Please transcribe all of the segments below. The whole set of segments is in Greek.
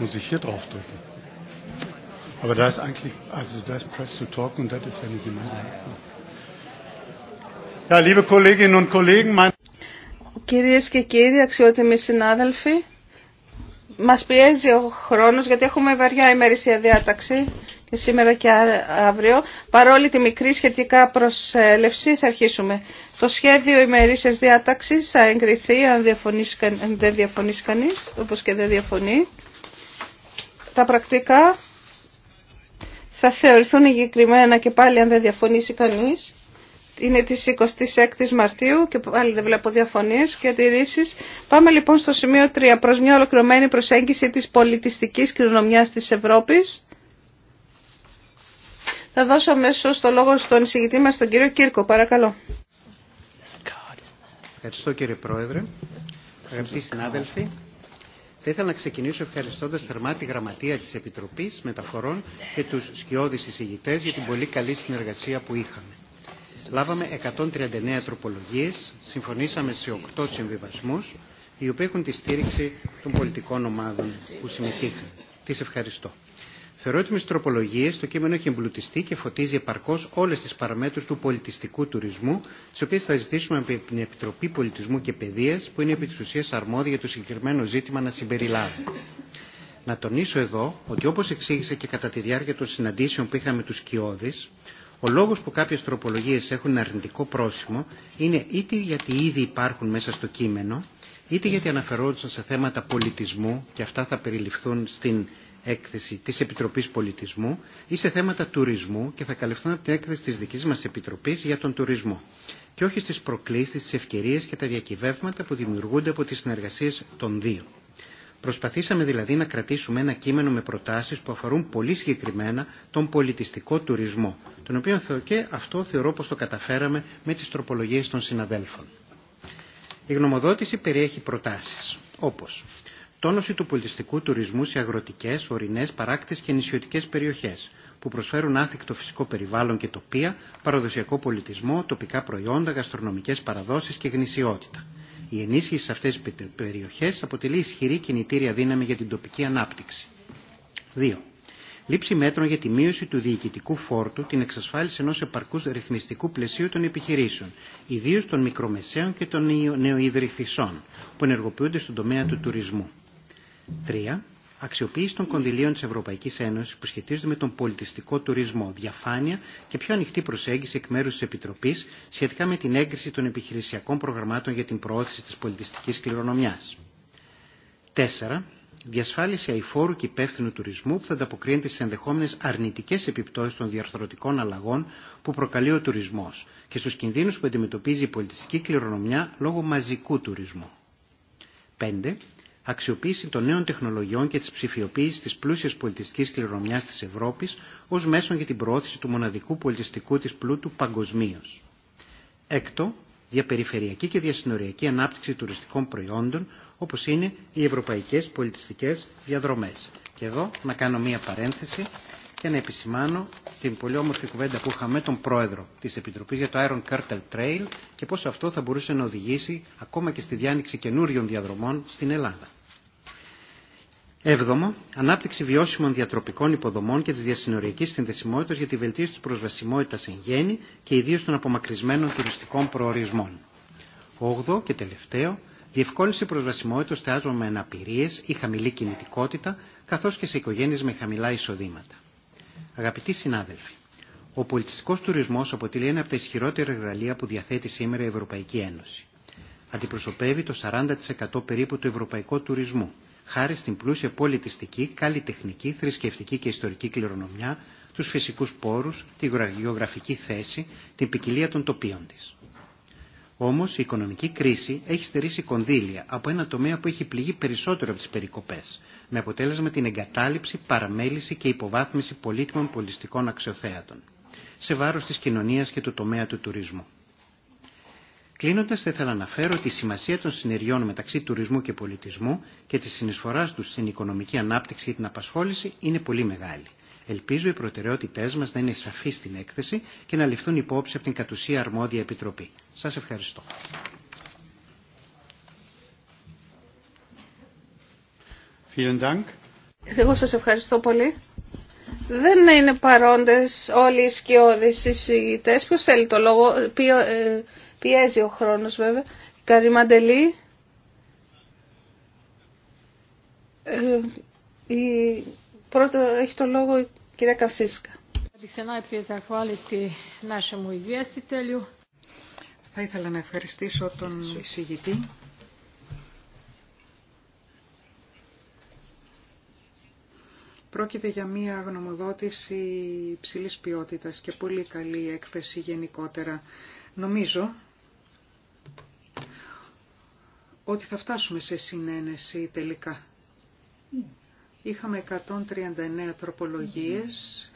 Muss ich hier drauf drücken? Aber da ist eigentlich, also da ist Press to Talk und das ist ja nicht immer. Ja, liebe Kolleginnen und Kollegen, mein Κυρίες και κύριοι, αξιότιμοι συνάδελφοι, μας πιέζει ο χρόνος γιατί έχουμε βαριά ημερήσια διάταξη και σήμερα και αύριο. Παρόλη τη μικρή σχετικά προσέλευση θα αρχίσουμε. Το σχέδιο ημερήσια διάταξης θα εγκριθεί αν, αν δεν διαφωνεί κανεί, όπως και δεν διαφωνεί. Τα πρακτικά θα θεωρηθούν εγκεκριμένα και πάλι αν δεν διαφωνήσει κανείς. Είναι της 26ης Μαρτίου και πάλι δεν βλέπω διαφωνίες και αντιρρήσεις. Πάμε λοιπόν στο σημείο 3 προς μια ολοκληρωμένη προσέγγιση της πολιτιστικής κληρονομιάς της Ευρώπης. Θα δώσω αμέσω το λόγο στον εισηγητή μας, τον κύριο Κίρκο. Παρακαλώ. Ευχαριστώ κύριε Πρόεδρε. Αγαπητοί συνάδελφοι, θα ήθελα να ξεκινήσω ευχαριστώντας θερμά τη γραμματεία της Επιτροπής Μεταφορών και τους σκιώδεις εισηγητές για την πολύ καλή συνεργασία που είχαμε. Λάβαμε 139 τροπολογίες, συμφωνήσαμε σε 8 συμβιβασμούς, οι οποίοι έχουν τη στήριξη των πολιτικών ομάδων που συμμετείχαν. Τις ευχαριστώ. Θεωρώ ότι με τροπολογίε το κείμενο έχει εμπλουτιστεί και φωτίζει επαρκώ όλε τι παραμέτρου του πολιτιστικού τουρισμού, τι οποίε θα ζητήσουμε από την Επιτροπή Πολιτισμού και Παιδεία, που είναι επί τη ουσία αρμόδια για το συγκεκριμένο ζήτημα να συμπεριλάβει. Να τονίσω εδώ ότι όπω εξήγησα και κατά τη διάρκεια των συναντήσεων που είχαμε του Κιώδη, ο λόγο που κάποιε τροπολογίε έχουν αρνητικό πρόσημο είναι είτε γιατί ήδη υπάρχουν μέσα στο κείμενο, είτε γιατί αναφερόντουσαν σε θέματα πολιτισμού και αυτά θα περιληφθούν στην έκθεση της Επιτροπής Πολιτισμού ή σε θέματα τουρισμού και θα καλυφθούν από την έκθεση της δικής μας Επιτροπής για τον τουρισμό και όχι στις προκλήσεις, τις ευκαιρίες και τα διακυβεύματα που δημιουργούνται από τις συνεργασίες των δύο. Προσπαθήσαμε δηλαδή να κρατήσουμε ένα κείμενο με προτάσεις που αφορούν πολύ συγκεκριμένα τον πολιτιστικό τουρισμό, τον οποίο και αυτό θεωρώ πως το καταφέραμε με τις τροπολογίες των συναδέλφων. Η γνωμοδότηση περιέχει προτάσεις, όπως τόνωση του πολιτιστικού τουρισμού σε αγροτικέ, ορεινέ, παράκτε και νησιωτικέ περιοχέ, που προσφέρουν άθικτο φυσικό περιβάλλον και τοπία, παραδοσιακό πολιτισμό, τοπικά προϊόντα, γαστρονομικέ παραδόσει και γνησιότητα. Η ενίσχυση σε αυτέ τι περιοχέ αποτελεί ισχυρή κινητήρια δύναμη για την τοπική ανάπτυξη. 2. Λήψη μέτρων για τη μείωση του διοικητικού φόρτου, την εξασφάλιση ενό επαρκού ρυθμιστικού πλαισίου των επιχειρήσεων, ιδίω των μικρομεσαίων και των νεοειδρυθισών, που ενεργοποιούνται στον τομέα του τουρισμού. 3. Αξιοποίηση των κονδυλίων τη Ευρωπαϊκή Ένωση που σχετίζονται με τον πολιτιστικό τουρισμό, διαφάνεια και πιο ανοιχτή προσέγγιση εκ μέρου τη Επιτροπή σχετικά με την έγκριση των επιχειρησιακών προγραμμάτων για την προώθηση τη πολιτιστική κληρονομιά. 4. Διασφάλιση αηφόρου και υπεύθυνου τουρισμού που θα ανταποκρίνεται στι ενδεχόμενε αρνητικέ επιπτώσει των διαρθρωτικών αλλαγών που προκαλεί ο τουρισμό και στου κινδύνου που αντιμετωπίζει η πολιτιστική κληρονομιά λόγω μαζικού τουρισμού αξιοποίηση των νέων τεχνολογιών και τη ψηφιοποίηση τη πλούσια πολιτιστική κληρονομιά τη Ευρώπη ω μέσο για την προώθηση του μοναδικού πολιτιστικού τη πλούτου παγκοσμίω. Έκτο, διαπεριφερειακή και διασυνοριακή ανάπτυξη τουριστικών προϊόντων όπω είναι οι ευρωπαϊκέ πολιτιστικέ διαδρομέ. Και εδώ να κάνω μία παρένθεση και να επισημάνω την πολύ όμορφη κουβέντα που είχαμε τον πρόεδρο της Επιτροπής για το Iron Curtain Trail και πώς αυτό θα μπορούσε να οδηγήσει ακόμα και στη διάνοιξη καινούριων διαδρομών στην Ελλάδα. Έβδομο, ανάπτυξη βιώσιμων διατροπικών υποδομών και τη διασυνοριακή συνδεσιμότητα για τη βελτίωση τη προσβασιμότητα εν γέννη και ιδίω των απομακρυσμένων τουριστικών προορισμών. Όγδο και τελευταίο, διευκόλυνση προσβασιμότητα σε άτομα με αναπηρίε ή χαμηλή κινητικότητα, καθώ και σε οικογένειε με χαμηλά εισοδήματα. Αγαπητοί συνάδελφοι, ο πολιτιστικό τουρισμό αποτελεί ένα από τα ισχυρότερα εργαλεία που διαθέτει σήμερα η Ευρωπαϊκή Ένωση. Αντιπροσωπεύει το 40% περίπου του ευρωπαϊκού τουρισμού χάρη στην πλούσια πολιτιστική, καλλιτεχνική, θρησκευτική και ιστορική κληρονομιά, τους φυσικούς πόρους, τη γεωγραφική θέση, την ποικιλία των τοπίων της. Όμως η οικονομική κρίση έχει στερήσει κονδύλια από ένα τομέα που έχει πληγεί περισσότερο από τις περικοπές, με αποτέλεσμα την εγκατάλειψη, παραμέληση και υποβάθμιση πολύτιμων πολιστικών αξιοθέατων, σε βάρος της κοινωνίας και του τομέα του τουρισμού. Κλείνοντα, θα ήθελα να αναφέρω τη σημασία των συνεργειών μεταξύ τουρισμού και πολιτισμού και τη συνεισφορά του στην οικονομική ανάπτυξη και την απασχόληση είναι πολύ μεγάλη. Ελπίζω οι προτεραιότητέ μα να είναι σαφεί στην έκθεση και να ληφθούν υπόψη από την κατουσία αρμόδια επιτροπή. Σα ευχαριστώ. Εγώ σας ευχαριστώ πολύ. Δεν είναι παρόντες όλοι οι σκιώδεις συζητητές. Ποιος θέλει το λόγο, ε, Πιέζει ο χρόνος βέβαια. Καριμαντελή. Ε, η... Πρώτα έχει το λόγο η κυρία Καυσίσκα. Θα ήθελα να ευχαριστήσω τον εισηγητή. Πρόκειται για μία γνωμοδότηση ψηλής ποιότητας και πολύ καλή έκθεση γενικότερα. Νομίζω ότι θα φτάσουμε σε συνένεση τελικά. Είχαμε 139 τροπολογίες.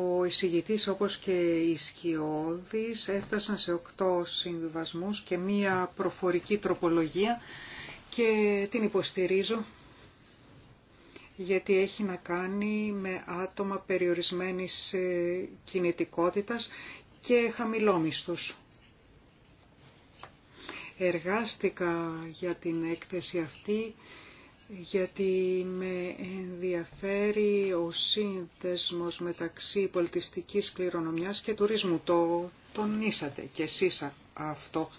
Ο εισηγητής όπως και οι σκιώδεις έφτασαν σε 8 συμβιβασμούς και μία προφορική τροπολογία και την υποστηρίζω γιατί έχει να κάνει με άτομα περιορισμένης ε, κινητικότητας και χαμηλόμισθους. Εργάστηκα για την έκθεση αυτή γιατί με ενδιαφέρει ο σύνδεσμος μεταξύ πολιτιστικής κληρονομιάς και τουρισμού. Το τονίσατε και εσείς αυτό.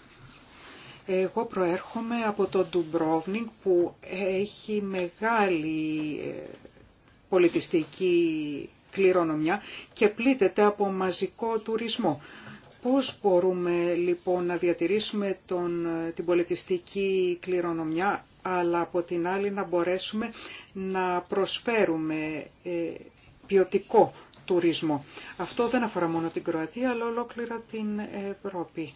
Εγώ προέρχομαι από το Ντουμπρόβνικ που έχει μεγάλη ε, πολιτιστική κληρονομιά και πλήττεται από μαζικό τουρισμό. Πώς μπορούμε λοιπόν να διατηρήσουμε τον, την πολιτιστική κληρονομιά, αλλά από την άλλη να μπορέσουμε να προσφέρουμε ε, ποιοτικό τουρισμό. Αυτό δεν αφορά μόνο την Κροατία, αλλά ολόκληρα την Ευρώπη.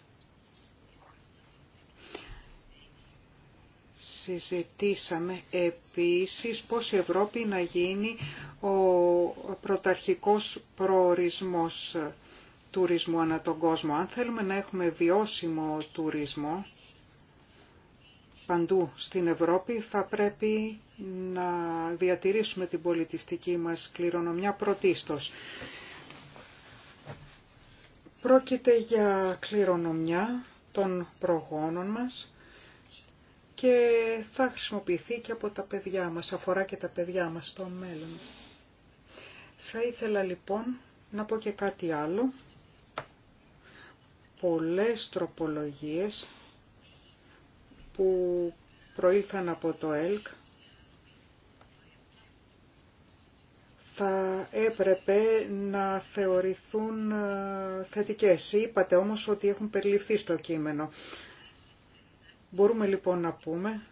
Συζητήσαμε επίσης πώς η Ευρώπη να γίνει ο πρωταρχικός προορισμός τουρισμού ανά τον κόσμο. Αν θέλουμε να έχουμε βιώσιμο τουρισμό παντού στην Ευρώπη, θα πρέπει να διατηρήσουμε την πολιτιστική μας κληρονομιά πρωτίστως. Πρόκειται για κληρονομιά των προγόνων μας και θα χρησιμοποιηθεί και από τα παιδιά μας, αφορά και τα παιδιά μας στο μέλλον. Θα ήθελα λοιπόν να πω και κάτι άλλο πολλές τροπολογίες που προήλθαν από το ΕΛΚ θα έπρεπε να θεωρηθούν ε, θετικές. Είπατε όμως ότι έχουν περιληφθεί στο κείμενο. Μπορούμε λοιπόν να πούμε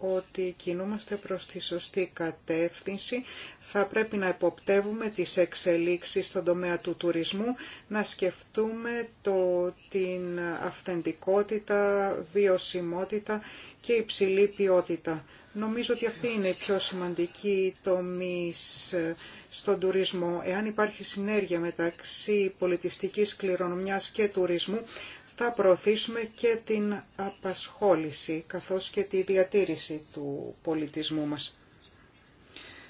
ότι κινούμαστε προς τη σωστή κατεύθυνση. Θα πρέπει να υποπτεύουμε τις εξελίξεις στον τομέα του τουρισμού, να σκεφτούμε το, την αυθεντικότητα, βιωσιμότητα και υψηλή ποιότητα. Νομίζω ότι αυτή είναι η πιο σημαντική τομή στον τουρισμό. Εάν υπάρχει συνέργεια μεταξύ πολιτιστικής κληρονομιάς και τουρισμού, θα προωθήσουμε και την απασχόληση καθώς και τη διατήρηση του πολιτισμού μας.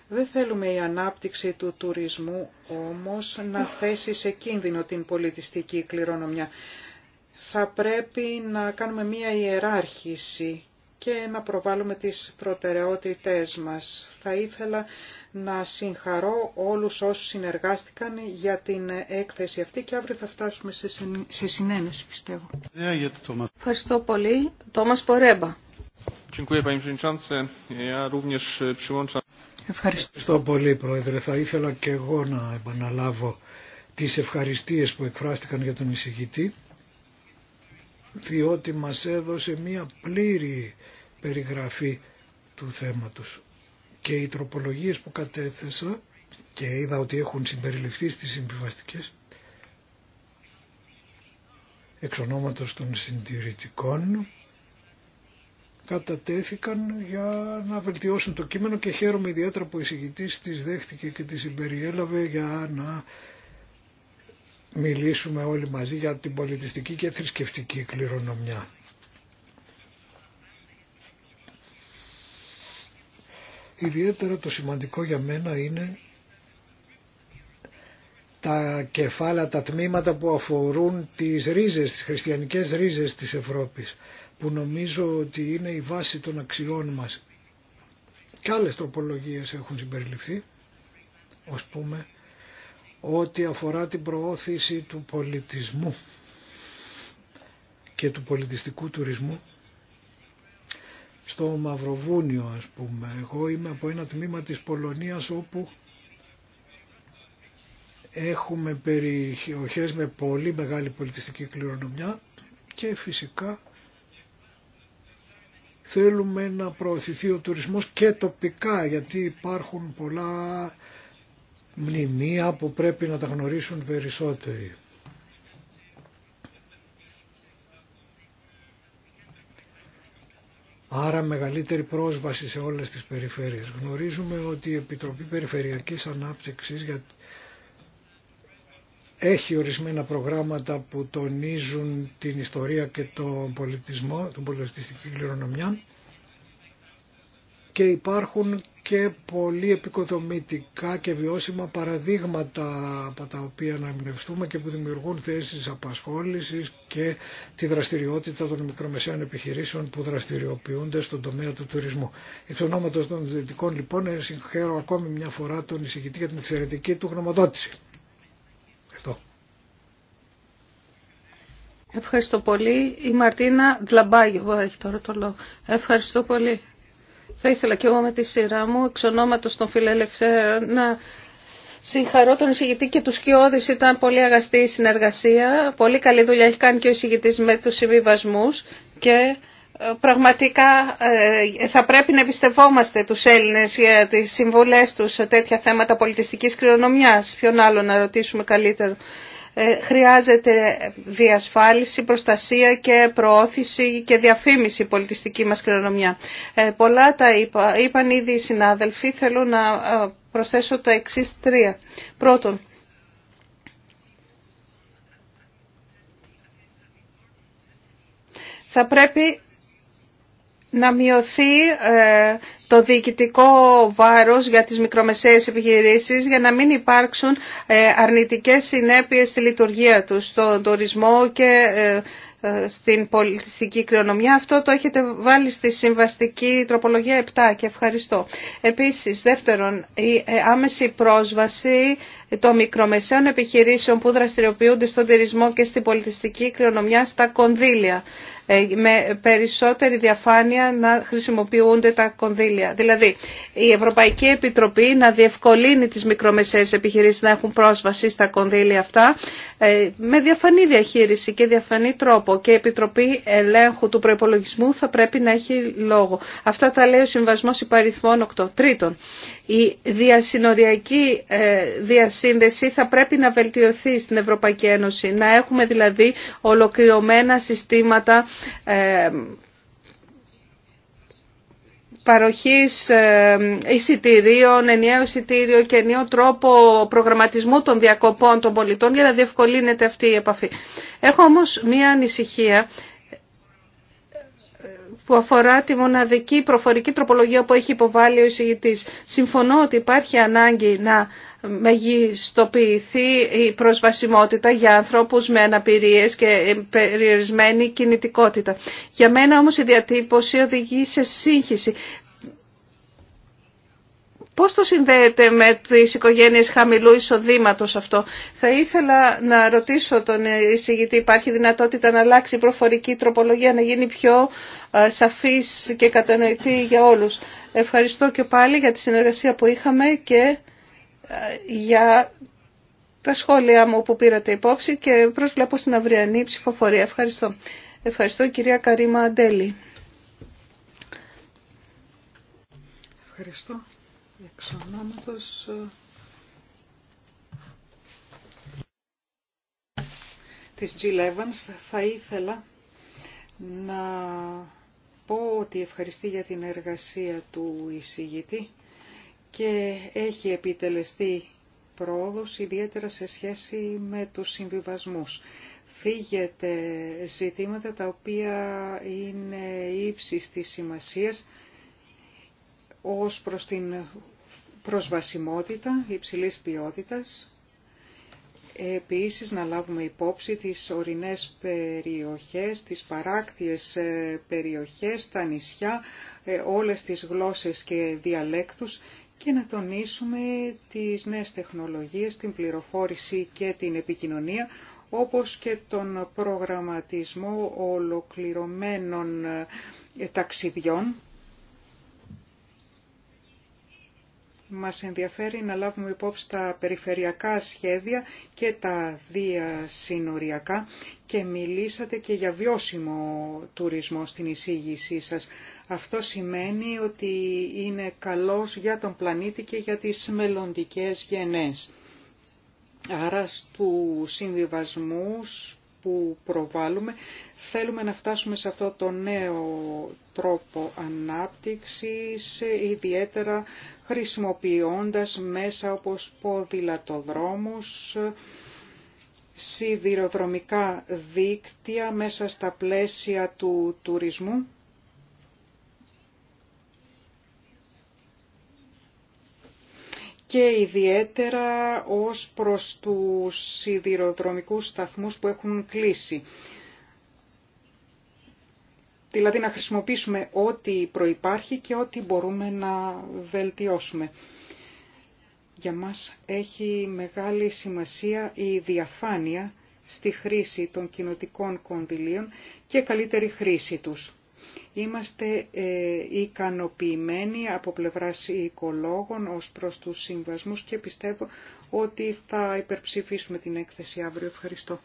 Δεν θέλουμε η ανάπτυξη του τουρισμού όμως να θέσει σε κίνδυνο την πολιτιστική κληρονομιά. Θα πρέπει να κάνουμε μία ιεράρχηση και να προβάλλουμε τις προτεραιότητές μας. Θα ήθελα να συγχαρώ όλους όσους συνεργάστηκαν για την έκθεση αυτή και αύριο θα φτάσουμε σε συνένεση πιστεύω. Ευχαριστώ πολύ. Τόμας Πορέμπα. E, Ευχαριστώ πολύ Πρόεδρε. Θα ήθελα και εγώ να επαναλάβω τις ευχαριστίες που εκφράστηκαν για τον εισηγητή διότι μας έδωσε μία πλήρη περιγραφή του θέματος και οι τροπολογίες που κατέθεσα και είδα ότι έχουν συμπεριληφθεί στις συμβιβαστικές εξ ονόματος των συντηρητικών κατατέθηκαν για να βελτιώσουν το κείμενο και χαίρομαι ιδιαίτερα που η εισηγητής τις δέχτηκε και τις συμπεριέλαβε για να μιλήσουμε όλοι μαζί για την πολιτιστική και θρησκευτική κληρονομιά. Ιδιαίτερα το σημαντικό για μένα είναι τα κεφάλαια, τα τμήματα που αφορούν τις ρίζες, τις χριστιανικές ρίζες της Ευρώπης, που νομίζω ότι είναι η βάση των αξιών μας. Και άλλες τροπολογίες έχουν συμπεριληφθεί, ως πούμε, ό,τι αφορά την προώθηση του πολιτισμού και του πολιτιστικού τουρισμού στο Μαυροβούνιο ας πούμε. Εγώ είμαι από ένα τμήμα της Πολωνίας όπου έχουμε περιοχές με πολύ μεγάλη πολιτιστική κληρονομιά και φυσικά θέλουμε να προωθηθεί ο τουρισμός και τοπικά γιατί υπάρχουν πολλά μνημεία που πρέπει να τα γνωρίσουν περισσότεροι. Άρα μεγαλύτερη πρόσβαση σε όλες τις περιφέρειες. Γνωρίζουμε ότι η Επιτροπή Περιφερειακής Ανάπτυξης έχει ορισμένα προγράμματα που τονίζουν την ιστορία και τον πολιτισμό, τον πολιτιστική κληρονομιά και υπάρχουν και πολύ επικοδομητικά και βιώσιμα παραδείγματα από τα οποία να εμπνευστούμε και που δημιουργούν θέσεις απασχόλησης και τη δραστηριότητα των μικρομεσαίων επιχειρήσεων που δραστηριοποιούνται στον τομέα του τουρισμού. Εξ ονόματος των Δυτικών λοιπόν συγχαίρω ακόμη μια φορά τον εισηγητή για την εξαιρετική του γνωμοδότηση. Ευχαριστώ πολύ. Η Μαρτίνα Δλαμπάγιο έχει τώρα το λόγο. Ευχαριστώ πολύ. Θα ήθελα και εγώ με τη σειρά μου, εξ ονόματος των φιλελευθέρων, να συγχαρώ τον εισηγητή και του σκιώδης. Ήταν πολύ αγαστή η συνεργασία, πολύ καλή δουλειά έχει κάνει και ο εισηγητής με τους συμβιβασμού και ε, πραγματικά ε, θα πρέπει να εμπιστευόμαστε τους Έλληνες για τις συμβουλές τους σε τέτοια θέματα πολιτιστικής κληρονομιάς. Ποιον άλλο να ρωτήσουμε καλύτερο. Ε, χρειάζεται διασφάλιση, προστασία και προώθηση και διαφήμιση πολιτιστική μας κληρονομιά. Ε, πολλά τα είπαν ήδη οι συνάδελφοι, θέλω να ε, προσθέσω τα εξής τρία. Πρώτον, θα πρέπει να μειωθεί ε, το διοικητικό βάρος για τις μικρομεσαίες επιχειρήσεις για να μην υπάρξουν ε, αρνητικές συνέπειες στη λειτουργία τους, στον τουρισμό και ε, στην πολιτιστική κληρονομιά. Αυτό το έχετε βάλει στη συμβαστική τροπολογία 7 και ευχαριστώ. Επίσης, δεύτερον, η άμεση πρόσβαση των μικρομεσαίων επιχειρήσεων που δραστηριοποιούνται στον τουρισμό και στην πολιτιστική κληρονομιά στα κονδύλια. Ε, με περισσότερη διαφάνεια να χρησιμοποιούνται τα κονδύλια. Δηλαδή, η Ευρωπαϊκή Επιτροπή να διευκολύνει τις μικρομεσαίες επιχειρήσεις να έχουν πρόσβαση στα κονδύλια αυτά ε, με διαφανή διαχείριση και διαφανή τρόπο και η Επιτροπή Ελέγχου του Προϋπολογισμού θα πρέπει να έχει λόγο. Αυτά τα λέει ο Συμβασμός Υπαριθμών 8. Τρίτον, η διασυνοριακή ε, διασύνδεση θα πρέπει να βελτιωθεί στην Ευρωπαϊκή Ένωση. Να έχουμε δηλαδή ολοκληρωμένα συστήματα ε, παροχής ε, εισιτηρίων, ενιαίο εισιτήριο και ενιαίο τρόπο προγραμματισμού των διακοπών των πολιτών για να διευκολύνεται αυτή η επαφή. Έχω όμως μία ανησυχία που αφορά τη μοναδική προφορική τροπολογία που έχει υποβάλει ο εισηγητής. Συμφωνώ ότι υπάρχει ανάγκη να μεγιστοποιηθεί η προσβασιμότητα για ανθρώπους με αναπηρίες και περιορισμένη κινητικότητα. Για μένα όμως η διατύπωση οδηγεί σε σύγχυση. Πώς το συνδέεται με τις οικογένειες χαμηλού εισοδήματος αυτό. Θα ήθελα να ρωτήσω τον εισηγητή, υπάρχει δυνατότητα να αλλάξει η προφορική τροπολογία, να γίνει πιο ε, σαφής και κατανοητή για όλους. Ευχαριστώ και πάλι για τη συνεργασία που είχαμε και ε, για τα σχόλια μου που πήρατε υπόψη και προσβλέπω στην αυριανή ψηφοφορία. Ευχαριστώ. Ευχαριστώ κυρία Καρίμα Αντέλη. Ευχαριστώ εξ ε, της G. 11 θα ήθελα να πω ότι ευχαριστεί για την εργασία του εισηγητή και έχει επιτελεστεί πρόοδος ιδιαίτερα σε σχέση με τους συμβιβασμούς. Φύγεται ζητήματα τα οποία είναι ύψης της σημασίας ως προς την προσβασιμότητα υψηλής ποιότητας. Επίσης να λάβουμε υπόψη τις ορεινές περιοχές, τις παράκτιες ε, περιοχές, τα νησιά, ε, όλες τις γλώσσες και διαλέκτους και να τονίσουμε τις νέες τεχνολογίες, την πληροφόρηση και την επικοινωνία, όπως και τον προγραμματισμό ολοκληρωμένων ε, ταξιδιών Μας ενδιαφέρει να λάβουμε υπόψη τα περιφερειακά σχέδια και τα διασυνοριακά και μιλήσατε και για βιώσιμο τουρισμό στην εισήγησή σας. Αυτό σημαίνει ότι είναι καλός για τον πλανήτη και για τις μελλοντικές γενές. Άρα στους συμβιβασμούς που προβάλλουμε. Θέλουμε να φτάσουμε σε αυτό το νέο τρόπο ανάπτυξης, ιδιαίτερα χρησιμοποιώντας μέσα όπως ποδηλατοδρόμους, σιδηροδρομικά δίκτυα μέσα στα πλαίσια του τουρισμού και ιδιαίτερα ως προς τους σιδηροδρομικούς σταθμούς που έχουν κλείσει. Δηλαδή να χρησιμοποιήσουμε ό,τι προϋπάρχει και ό,τι μπορούμε να βελτιώσουμε. Για μας έχει μεγάλη σημασία η διαφάνεια στη χρήση των κοινοτικών κονδυλίων και καλύτερη χρήση τους. Είμαστε ε, ικανοποιημένοι από πλευράς οικολόγων ως προς τους συμβασμούς και πιστεύω ότι θα υπερψηφίσουμε την έκθεση αύριο. Ευχαριστώ.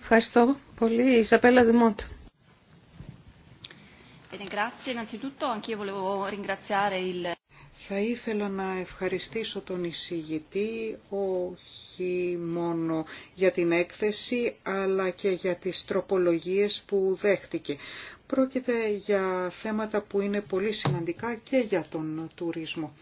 Ευχαριστώ πολύ. Ισαπέλα Δημότ. Θα ήθελα να ευχαριστήσω τον εισηγητή όχι μόνο για την έκθεση αλλά και για τις τροπολογίες που δέχτηκε. Πρόκειται για θέματα που είναι πολύ σημαντικά και για τον τουρισμό.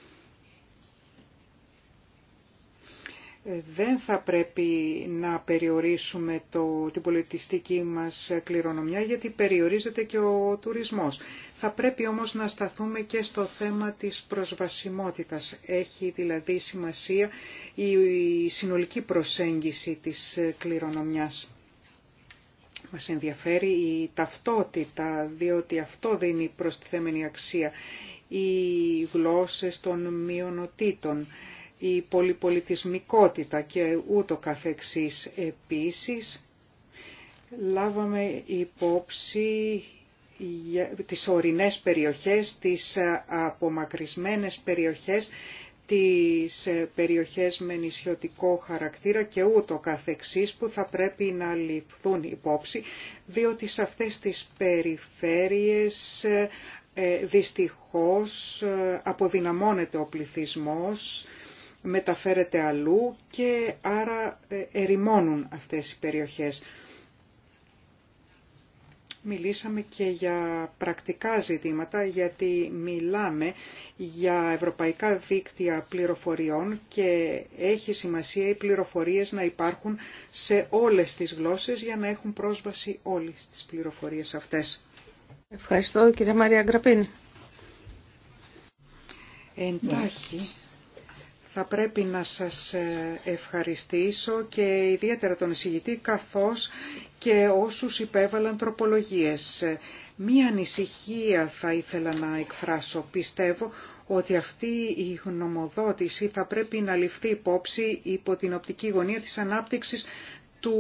Δεν θα πρέπει να περιορίσουμε το, την πολιτιστική μας κληρονομιά γιατί περιορίζεται και ο τουρισμός. Θα πρέπει όμως να σταθούμε και στο θέμα της προσβασιμότητας. Έχει δηλαδή σημασία η συνολική προσέγγιση της κληρονομιάς. Μας ενδιαφέρει η ταυτότητα, διότι αυτό δίνει προστιθέμενη αξία. Οι γλώσσες των μειονοτήτων, η πολυπολιτισμικότητα και ούτω καθεξής επίσης. Λάβαμε υπόψη τις ορεινές περιοχές, τις απομακρυσμένες περιοχές τις ε, περιοχές με νησιωτικό χαρακτήρα και ούτω καθεξής που θα πρέπει να ληφθούν υπόψη, διότι σε αυτές τις περιφέρειες ε, ε, δυστυχώς αποδυναμώνεται ο πληθυσμός, μεταφέρεται αλλού και άρα ερημώνουν αυτές οι περιοχές μιλήσαμε και για πρακτικά ζητήματα, γιατί μιλάμε για ευρωπαϊκά δίκτυα πληροφοριών και έχει σημασία οι πληροφορίες να υπάρχουν σε όλες τις γλώσσες για να έχουν πρόσβαση όλες τις πληροφορίες αυτές. Ευχαριστώ κυρία Μαρία Γκραπίν. Εντάχει, θα πρέπει να σας ε, ευχαριστήσω και ιδιαίτερα τον εισηγητή καθώς και όσους υπέβαλαν τροπολογίες. Μία ανησυχία θα ήθελα να εκφράσω. Πιστεύω ότι αυτή η γνωμοδότηση θα πρέπει να ληφθεί υπόψη υπό την οπτική γωνία της ανάπτυξης του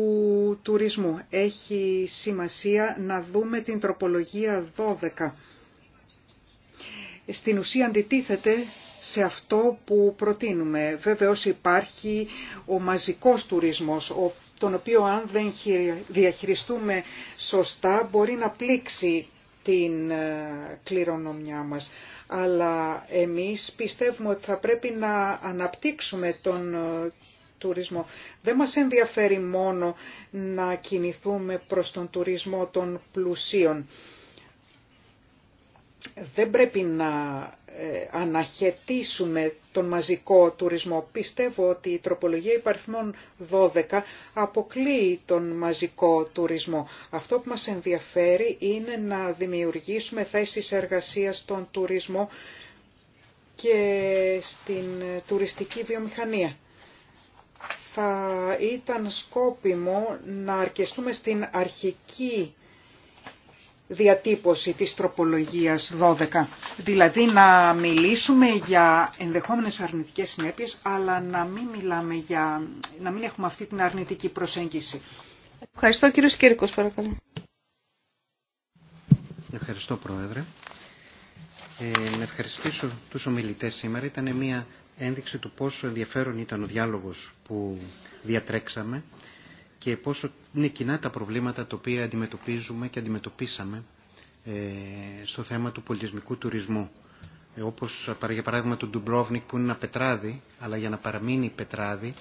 τουρισμού. Έχει σημασία να δούμε την τροπολογία 12. Στην ουσία αντιτίθεται σε αυτό που προτείνουμε. Βεβαίως υπάρχει ο μαζικός τουρισμός, τον οποίο αν δεν διαχειριστούμε σωστά μπορεί να πλήξει την ε, κληρονομιά μας. Αλλά εμείς πιστεύουμε ότι θα πρέπει να αναπτύξουμε τον ε, τουρισμό. Δεν μας ενδιαφέρει μόνο να κινηθούμε προς τον τουρισμό των πλουσίων δεν πρέπει να ε, αναχαιτήσουμε τον μαζικό τουρισμό. Πιστεύω ότι η τροπολογία υπαριθμών 12 αποκλείει τον μαζικό τουρισμό. Αυτό που μας ενδιαφέρει είναι να δημιουργήσουμε θέσεις εργασίας στον τουρισμό και στην τουριστική βιομηχανία. Θα ήταν σκόπιμο να αρκεστούμε στην αρχική διατύπωση της τροπολογίας 12. Δηλαδή να μιλήσουμε για ενδεχόμενες αρνητικές συνέπειες, αλλά να μην, μιλάμε για, να μην έχουμε αυτή την αρνητική προσέγγιση. Ευχαριστώ κύριο Σκύρικος, παρακαλώ. Ευχαριστώ Πρόεδρε. Ε, να ευχαριστήσω τους ομιλητές σήμερα. Ήταν μια ένδειξη του πόσο ενδιαφέρον ήταν ο διάλογος που διατρέξαμε και πόσο είναι κοινά τα προβλήματα τα οποία αντιμετωπίζουμε και αντιμετωπίσαμε ε, στο θέμα του πολιτισμικού τουρισμού. Ε, όπως για παράδειγμα το Ντουμπρόβνικ που είναι ένα πετράδι, αλλά για να παραμείνει πετράδι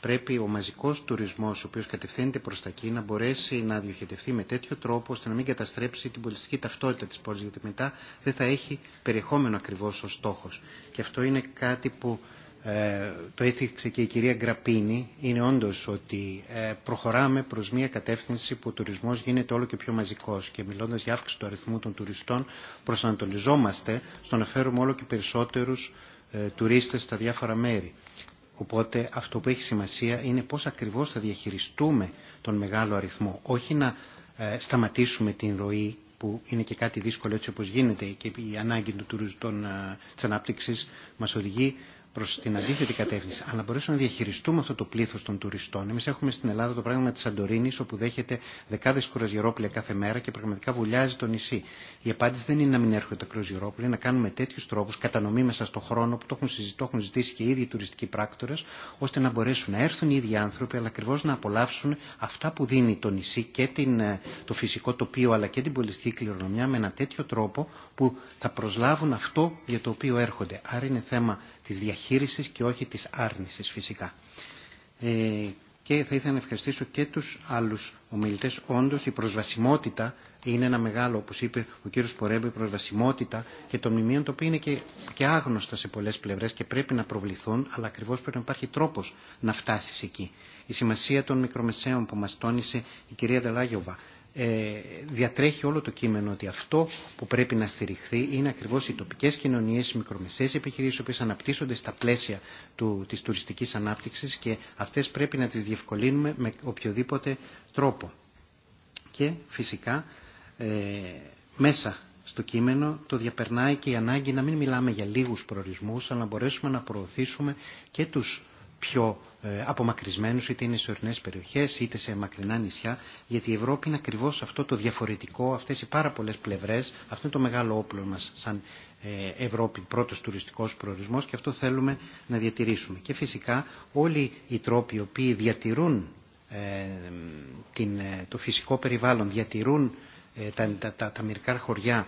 πρέπει ο μαζικός τουρισμός ο οποίος κατευθύνεται προς τα εκεί να μπορέσει να διοχετευτεί με τέτοιο τρόπο ώστε να μην καταστρέψει την πολιτιστική ταυτότητα της πόλης γιατί μετά δεν θα έχει περιεχόμενο ακριβώς ο στόχος. Και αυτό είναι κάτι που ε, το έθιξε και η κυρία Γκραπίνη είναι όντως ότι ε, προχωράμε προς μια κατεύθυνση που ο τουρισμός γίνεται όλο και πιο μαζικός και μιλώντας για αύξηση του αριθμού των τουριστών προσανατολιζόμαστε στο να φέρουμε όλο και περισσότερους ε, τουρίστες στα διάφορα μέρη. Οπότε αυτό που έχει σημασία είναι πώς ακριβώς θα διαχειριστούμε τον μεγάλο αριθμό. Όχι να σταματήσουμε την ροή που είναι και κάτι δύσκολο έτσι όπως γίνεται και η ανάγκη του, των, της ανάπτυξης οδηγεί προ την αντίθετη κατεύθυνση, αλλά να μπορέσουμε να διαχειριστούμε αυτό το πλήθο των τουριστών. Εμεί έχουμε στην Ελλάδα το πράγμα τη Σαντορίνη, όπου δέχεται δεκάδε κρουαζιερόπλια κάθε μέρα και πραγματικά βουλιάζει το νησί. Η απάντηση δεν είναι να μην έρχονται τα κρουαζιερόπλια, να κάνουμε τέτοιου τρόπου κατανομή μέσα στον χρόνο που το έχουν, συζητήσει, έχουν ζητήσει και οι ίδιοι οι τουριστικοί πράκτορε, ώστε να μπορέσουν να έρθουν οι ίδιοι άνθρωποι, αλλά ακριβώ να απολαύσουν αυτά που δίνει το νησί και την, ε, το φυσικό τοπίο, αλλά και την πολιτιστική κληρονομιά με ένα τέτοιο τρόπο που θα προσλάβουν αυτό για το οποίο έρχονται. Άρα είναι θέμα της διαχείρισης και όχι της άρνησης φυσικά. Ε, και θα ήθελα να ευχαριστήσω και τους άλλους ομιλητές. Όντως η προσβασιμότητα είναι ένα μεγάλο, όπως είπε ο κύριος Πορέμπη, η προσβασιμότητα και των μνημείων, το οποίο είναι και, και άγνωστα σε πολλές πλευρές και πρέπει να προβληθούν, αλλά ακριβώς πρέπει να υπάρχει τρόπος να φτάσεις εκεί. Η σημασία των μικρομεσαίων που μας τόνισε η κυρία Δελάγιοβα. Ε, διατρέχει όλο το κείμενο ότι αυτό που πρέπει να στηριχθεί είναι ακριβώς οι τοπικές κοινωνίες, οι μικρομεσαίες επιχειρήσεις, οι οποίες αναπτύσσονται στα πλαίσια του, της τουριστικής ανάπτυξης και αυτές πρέπει να τις διευκολύνουμε με οποιοδήποτε τρόπο. Και φυσικά ε, μέσα στο κείμενο το διαπερνάει και η ανάγκη να μην μιλάμε για λίγους προορισμούς, αλλά να μπορέσουμε να προωθήσουμε και τους πιο ε, απομακρυσμένους, είτε είναι σε ορεινές περιοχές, είτε σε μακρινά νησιά, γιατί η Ευρώπη είναι ακριβώς αυτό το διαφορετικό, αυτές οι πάρα πολλές πλευρές, αυτό είναι το μεγάλο όπλο μας σαν ε, Ευρώπη πρώτος τουριστικός προορισμός και αυτό θέλουμε να διατηρήσουμε. Και φυσικά όλοι οι τρόποι οι οποίοι διατηρούν ε, το φυσικό περιβάλλον, διατηρούν τα, τα, χωριά,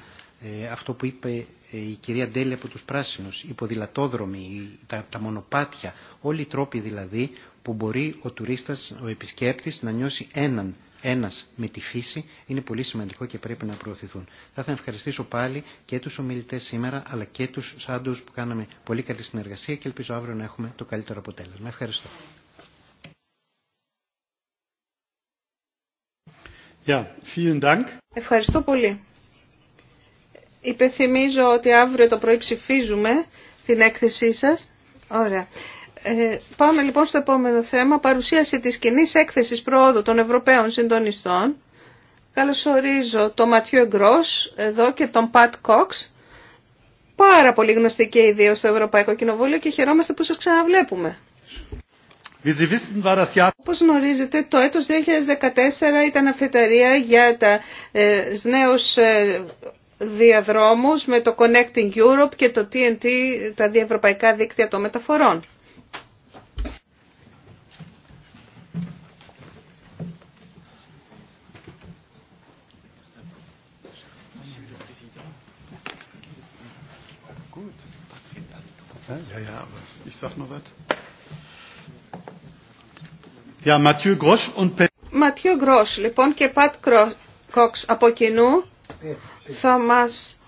αυτό που είπε ε, η κυρία Ντέλη από τους Πράσινους, οι ποδηλατόδρομοι, τα, τα μονοπάτια, όλοι οι τρόποι δηλαδή που μπορεί ο τουρίστας, ο επισκέπτης να νιώσει έναν ένας με τη φύση είναι πολύ σημαντικό και πρέπει να προωθηθούν. Θα ήθελα να ευχαριστήσω πάλι και τους ομιλητές σήμερα αλλά και τους σάντους που κάναμε πολύ καλή συνεργασία και ελπίζω αύριο να έχουμε το καλύτερο αποτέλεσμα. Ευχαριστώ. vielen Dank. Ευχαριστώ πολύ. Υπενθυμίζω ότι αύριο το πρωί ψηφίζουμε την έκθεσή σας. Ωραία. Ε, πάμε λοιπόν στο επόμενο θέμα. Παρουσίαση της κοινή έκθεσης προόδου των Ευρωπαίων Συντονιστών. Καλωσορίζω τον Ματιό Εγκρό εδώ και τον Πατ Κόξ. Πάρα πολύ γνωστή και οι στο Ευρωπαϊκό Κοινοβούλιο και χαιρόμαστε που σας ξαναβλέπουμε. Όπως γνωρίζετε, το έτος 2014 ήταν αφεταρία για τα ε, νέους ε, διαδρόμους με το Connecting Europe και το TNT, τα διευρωπαϊκά δίκτυα των μεταφορών. Ματιού Γκρός λοιπόν και Πατ Κόξ από κοινού θα μας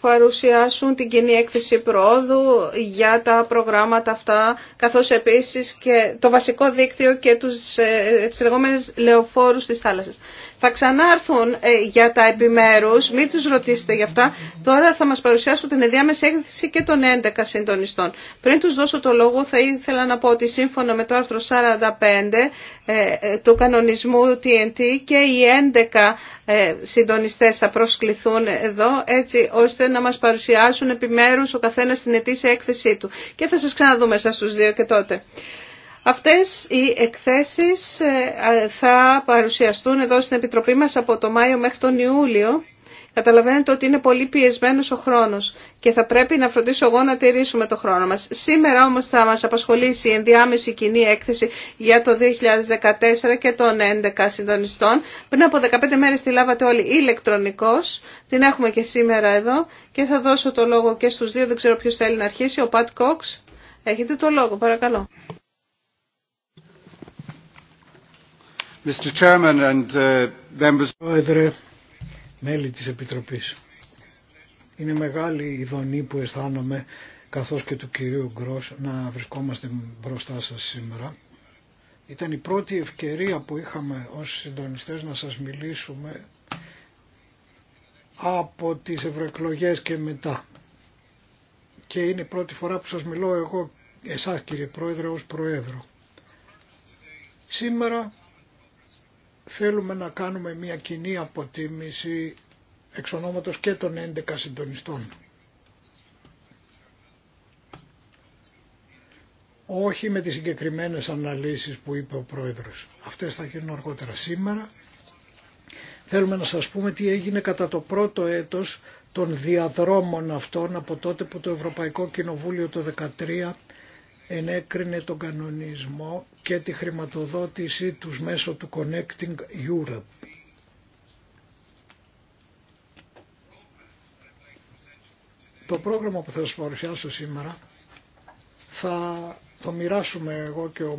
παρουσιάσουν την κοινή έκθεση προόδου για τα προγράμματα αυτά, καθώς επίσης και το βασικό δίκτυο και τους, ε, τις λεγόμενες λεωφόρους της θάλασσας. Θα ξανάρθουν ε, για τα επιμέρους, μην τους ρωτήσετε γι' αυτά. Τώρα θα μας παρουσιάσουν την ενδιάμεση έκθεση και των 11 συντονιστών. Πριν τους δώσω το λόγο θα ήθελα να πω ότι σύμφωνα με το άρθρο 45 ε, ε, του κανονισμού TNT και οι 11 συντονιστές θα προσκληθούν εδώ έτσι ώστε να μας παρουσιάσουν επιμέρους ο καθένας την ετήσια έκθεσή του. Και θα σας ξαναδούμε σας δύο και τότε. Αυτές οι εκθέσεις ε, θα παρουσιαστούν εδώ στην Επιτροπή μας από το Μάιο μέχρι τον Ιούλιο. Καταλαβαίνετε ότι είναι πολύ πιεσμένος ο χρόνος και θα πρέπει να φροντίσω εγώ να τηρήσουμε το χρόνο μας. Σήμερα όμως θα μας απασχολήσει η ενδιάμεση κοινή έκθεση για το 2014 και των 11 συντονιστών. Πριν από 15 μέρες τη λάβατε όλοι ηλεκτρονικώς, την έχουμε και σήμερα εδώ και θα δώσω το λόγο και στους δύο, δεν ξέρω ποιος θέλει να αρχίσει, ο Πατ Κόξ. Έχετε το λόγο, παρακαλώ. Mr. Uh, Πρόεδρε, μέλη της Επιτροπής. Είναι μεγάλη η δονή που αισθάνομαι καθώς και του κυρίου Γκρός να βρισκόμαστε μπροστά σας σήμερα. Ήταν η πρώτη ευκαιρία που είχαμε ως συντονιστές να σας μιλήσουμε από τις ευρωεκλογέ και μετά. Και είναι η πρώτη φορά που σας μιλώ εγώ, εσάς κύριε Πρόεδρε, ως Προέδρο. Σήμερα θέλουμε να κάνουμε μια κοινή αποτίμηση εξ και των 11 συντονιστών. Όχι με τις συγκεκριμένες αναλύσεις που είπε ο Πρόεδρος. Αυτές θα γίνουν αργότερα σήμερα. Θέλουμε να σας πούμε τι έγινε κατά το πρώτο έτος των διαδρόμων αυτών από τότε που το Ευρωπαϊκό Κοινοβούλιο το 2013 ενέκρινε τον κανονισμό και τη χρηματοδότησή τους μέσω του Connecting Europe. Το πρόγραμμα που θα σας παρουσιάσω σήμερα θα το μοιράσουμε εγώ και ο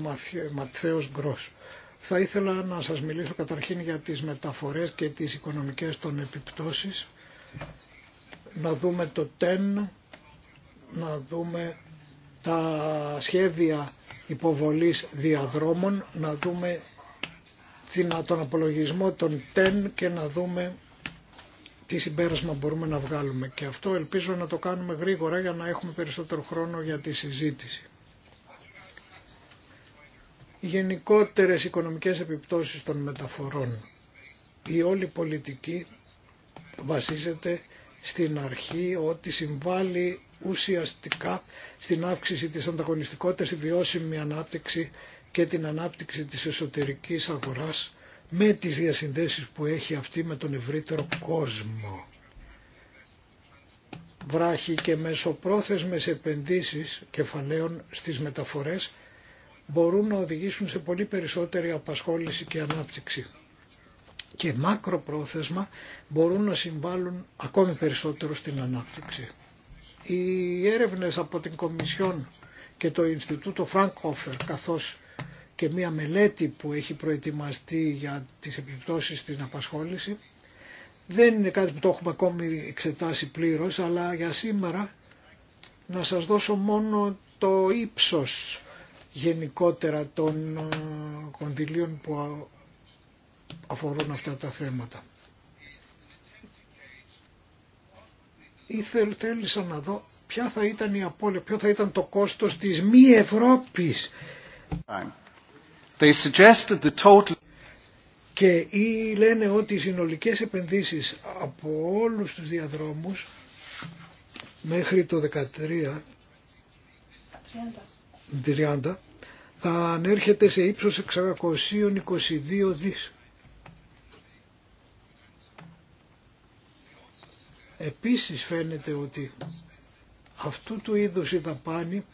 Ματθαίος Γκρός. Θα ήθελα να σας μιλήσω καταρχήν για τις μεταφορές και τις οικονομικές των επιπτώσεις. Να δούμε το TEN, να δούμε τα σχέδια υποβολής διαδρόμων, να δούμε τον απολογισμό των τεν και να δούμε τι συμπέρασμα μπορούμε να βγάλουμε. Και αυτό ελπίζω να το κάνουμε γρήγορα για να έχουμε περισσότερο χρόνο για τη συζήτηση. Οι γενικότερες οικονομικές επιπτώσεις των μεταφορών. Η όλη πολιτική βασίζεται στην αρχή ότι συμβάλλει ουσιαστικά στην αύξηση της ανταγωνιστικότητας, τη βιώσιμη ανάπτυξη και την ανάπτυξη της εσωτερικής αγοράς με τις διασυνδέσεις που έχει αυτή με τον ευρύτερο κόσμο. Βράχοι και μεσοπρόθεσμες επενδύσεις κεφαλαίων στις μεταφορές μπορούν να οδηγήσουν σε πολύ περισσότερη απασχόληση και ανάπτυξη και μακροπρόθεσμα μπορούν να συμβάλλουν ακόμη περισσότερο στην ανάπτυξη οι έρευνες από την Κομισιόν και το Ινστιτούτο Φρανκόφερ καθώς και μία μελέτη που έχει προετοιμαστεί για τις επιπτώσεις στην απασχόληση δεν είναι κάτι που το έχουμε ακόμη εξετάσει πλήρως αλλά για σήμερα να σας δώσω μόνο το ύψος γενικότερα των ε, κονδυλίων που αφορούν αυτά τα θέματα. Ήθελ, θέλησα να δω ποια θα ήταν η απώλεια, ποιο θα ήταν το κόστος της μη Ευρώπης. They suggested the total... Και ή λένε ότι οι συνολικές επενδύσεις από όλους τους διαδρόμους μέχρι το 13 30 θα ανέρχεται σε ύψος 622 δις. Επίσης φαίνεται ότι αυτού του είδους η δαπάνη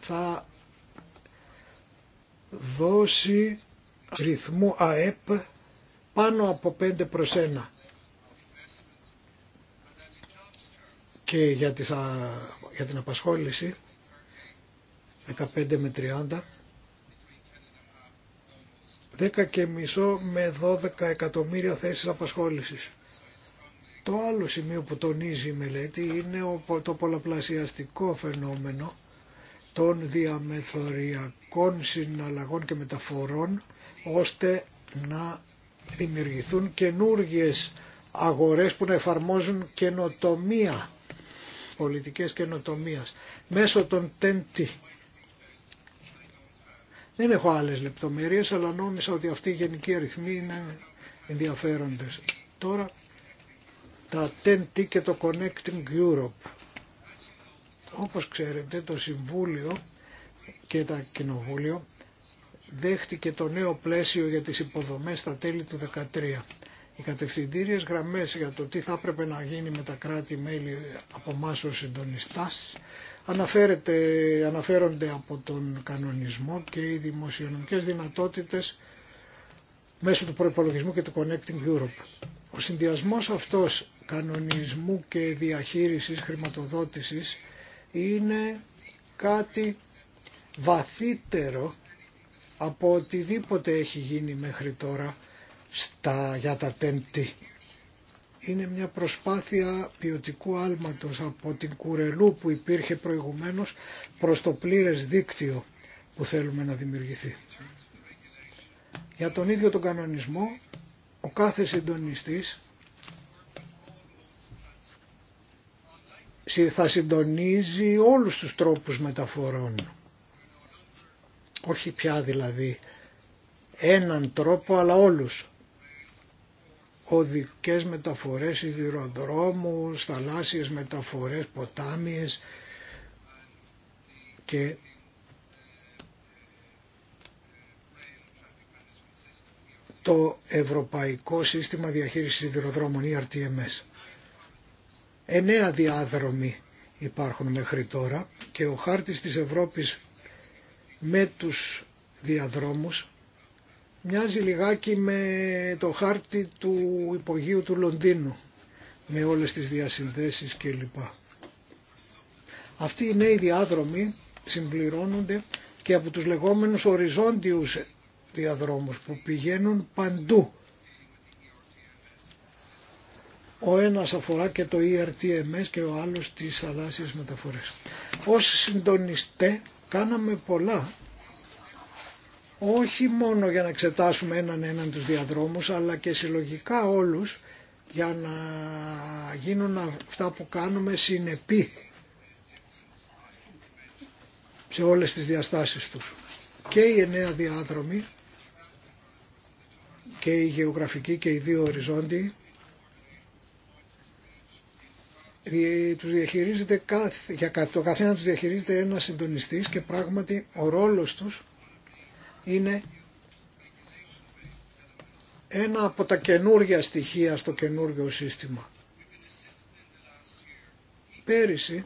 θα δώσει ρυθμό ΑΕΠ πάνω από 5 προς 1. Και για, τις, για την απασχόληση 15 με 30 10 και μισό με 12 εκατομμύρια θέσεις απασχόλησης. Το άλλο σημείο που τονίζει η μελέτη είναι το πολλαπλασιαστικό φαινόμενο των διαμεθοριακών συναλλαγών και μεταφορών ώστε να δημιουργηθούν καινούργιε αγορές που να εφαρμόζουν καινοτομία, πολιτικές καινοτομίας, μέσω των τέντι. Δεν έχω άλλες λεπτομέρειες, αλλά νόμισα ότι αυτοί οι γενικοί αριθμοί είναι ενδιαφέροντες. Τώρα τα TEN-T και το Connecting Europe. Όπως ξέρετε το Συμβούλιο και τα Κοινοβούλιο δέχτηκε το νέο πλαίσιο για τις υποδομές στα τέλη του 2013. Οι κατευθυντήριες γραμμές για το τι θα έπρεπε να γίνει με τα κράτη-μέλη από εμάς ως συντονιστάς αναφέρονται από τον κανονισμό και οι δημοσιονομικές δυνατότητες μέσω του προπολογισμού και του Connecting Europe. Ο συνδυασμός αυτός κανονισμού και διαχείρισης χρηματοδότησης είναι κάτι βαθύτερο από οτιδήποτε έχει γίνει μέχρι τώρα στα, για τα τέντη. Είναι μια προσπάθεια ποιοτικού άλματος από την κουρελού που υπήρχε προηγουμένως προς το πλήρες δίκτυο που θέλουμε να δημιουργηθεί. Για τον ίδιο τον κανονισμό, ο κάθε συντονιστής θα συντονίζει όλους τους τρόπους μεταφορών. Όχι πια δηλαδή έναν τρόπο αλλά όλους. Οδικές μεταφορές, σιδηροδρόμους, θαλάσσιες μεταφορές, ποτάμιες και το Ευρωπαϊκό Σύστημα Διαχείρισης Σιδηροδρόμων, RTMS. Εννέα διάδρομοι υπάρχουν μέχρι τώρα και ο χάρτης της Ευρώπης με τους διαδρόμους μοιάζει λιγάκι με το χάρτη του υπογείου του Λονδίνου με όλες τις διασυνδέσεις κλπ. Αυτοί οι νέοι διάδρομοι συμπληρώνονται και από τους λεγόμενους οριζόντιους διαδρόμους που πηγαίνουν παντού ο ένας αφορά και το ERTMS και ο άλλος τις θαλάσσιες μεταφορές. Ως συντονιστέ κάναμε πολλά. Όχι μόνο για να εξετάσουμε έναν έναν τους διαδρόμους, αλλά και συλλογικά όλους για να γίνουν αυτά που κάνουμε συνεπή σε όλες τις διαστάσεις τους. Και οι εννέα διάδρομοι και η γεωγραφική, και οι δύο οριζόντιοι τους διαχειρίζεται για το καθένα τους διαχειρίζεται ένα συντονιστής και πράγματι ο ρόλος τους είναι ένα από τα καινούργια στοιχεία στο καινούργιο σύστημα. Πέρυσι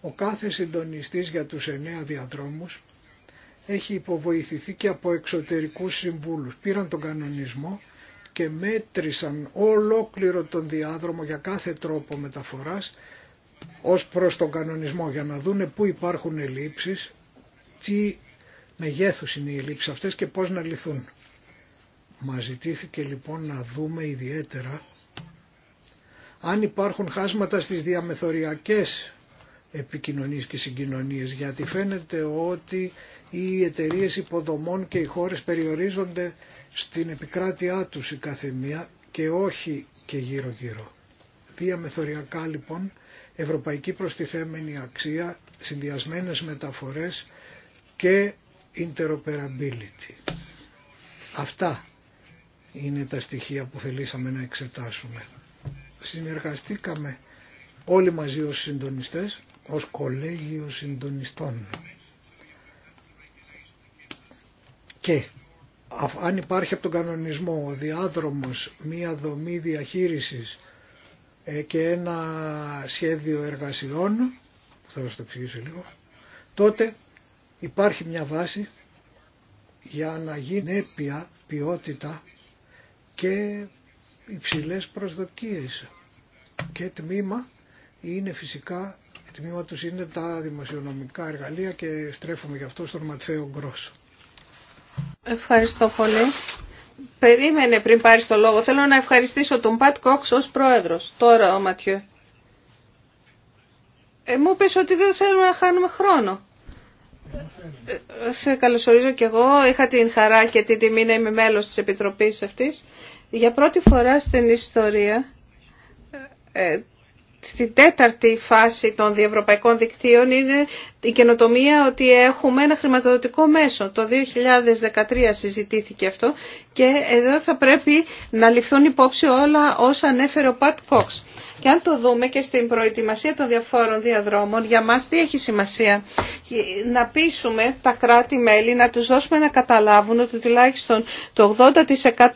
ο κάθε συντονιστής για τους εννέα διαδρόμους έχει υποβοηθηθεί και από εξωτερικούς συμβούλους. Πήραν τον κανονισμό και μέτρησαν ολόκληρο τον διάδρομο για κάθε τρόπο μεταφοράς ως προς τον κανονισμό για να δούνε πού υπάρχουν ελλείψεις, τι μεγέθους είναι οι ελλείψεις αυτές και πώς να λυθούν. Μα ζητήθηκε λοιπόν να δούμε ιδιαίτερα αν υπάρχουν χάσματα στις διαμεθοριακές επικοινωνίες και συγκοινωνίες γιατί φαίνεται ότι οι εταιρείες υποδομών και οι χώρες περιορίζονται στην επικράτειά τους η καθεμία και όχι και γύρω γύρω. Διαμεθοριακά λοιπόν ευρωπαϊκή προστιθέμενη αξία, συνδυασμένες μεταφορές και interoperability. Αυτά είναι τα στοιχεία που θελήσαμε να εξετάσουμε. Συνεργαστήκαμε όλοι μαζί ως συντονιστές, ως κολέγιο συντονιστών. Και αν υπάρχει από τον κανονισμό ο διάδρομος, μία δομή διαχείρισης ε, και ένα σχέδιο εργασιών, που θα σας το εξηγήσω λίγο, τότε υπάρχει μια βάση για να γίνει έπια ποιότητα και υψηλές προσδοκίες. Και τμήμα είναι φυσικά, τμήμα τους είναι τα δημοσιονομικά εργαλεία και στρέφουμε γι' αυτό στον Ματθαίο Γκρόσο. Ευχαριστώ πολύ. Περίμενε πριν πάρει το λόγο. Θέλω να ευχαριστήσω τον Πατ Κόξ ως πρόεδρος. Τώρα ο ματιού. Ε, μου ότι δεν θέλουμε να χάνουμε χρόνο. σε καλωσορίζω κι εγώ. Είχα την χαρά και την τιμή να είμαι μέλος τη Επιτροπή αυτής. Για πρώτη φορά στην ιστορία ε, στην τέταρτη φάση των διευρωπαϊκών δικτύων είναι η καινοτομία ότι έχουμε ένα χρηματοδοτικό μέσο. Το 2013 συζητήθηκε αυτό και εδώ θα πρέπει να ληφθούν υπόψη όλα όσα ανέφερε ο Πατ Κόξ. Και αν το δούμε και στην προετοιμασία των διαφόρων διαδρόμων, για μας τι έχει σημασία. Να πείσουμε τα κράτη-μέλη, να τους δώσουμε να καταλάβουν ότι τουλάχιστον το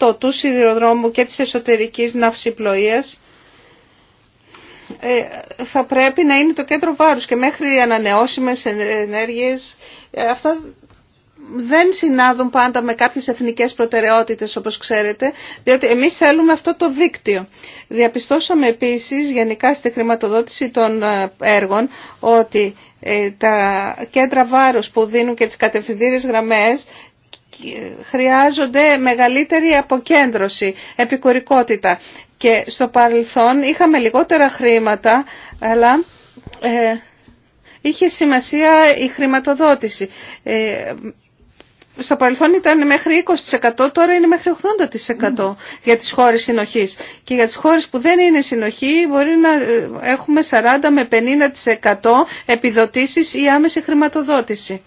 80% του σιδηροδρόμου και της εσωτερικής ναυσιπλοείας ε, θα πρέπει να είναι το κέντρο βάρους και μέχρι ανανεώσιμες ενέργειες ε, αυτά δεν συνάδουν πάντα με κάποιες εθνικές προτεραιότητες όπως ξέρετε, διότι εμείς θέλουμε αυτό το δίκτυο. Διαπιστώσαμε επίσης γενικά στη χρηματοδότηση των ε, έργων ότι τα κέντρα βάρους που δίνουν και τις κατευθυντήριες γραμμές χρειάζονται μεγαλύτερη αποκέντρωση, επικουρικότητα. Και στο παρελθόν είχαμε λιγότερα χρήματα, αλλά ε, είχε σημασία η χρηματοδότηση. Ε, στο παρελθόν ήταν μέχρι 20%, τώρα είναι μέχρι 80% για τις χώρες συνοχής. Και για τις χώρες που δεν είναι συνοχή μπορεί να ε, έχουμε 40 με 50% επιδοτήσεις ή άμεση χρηματοδότηση.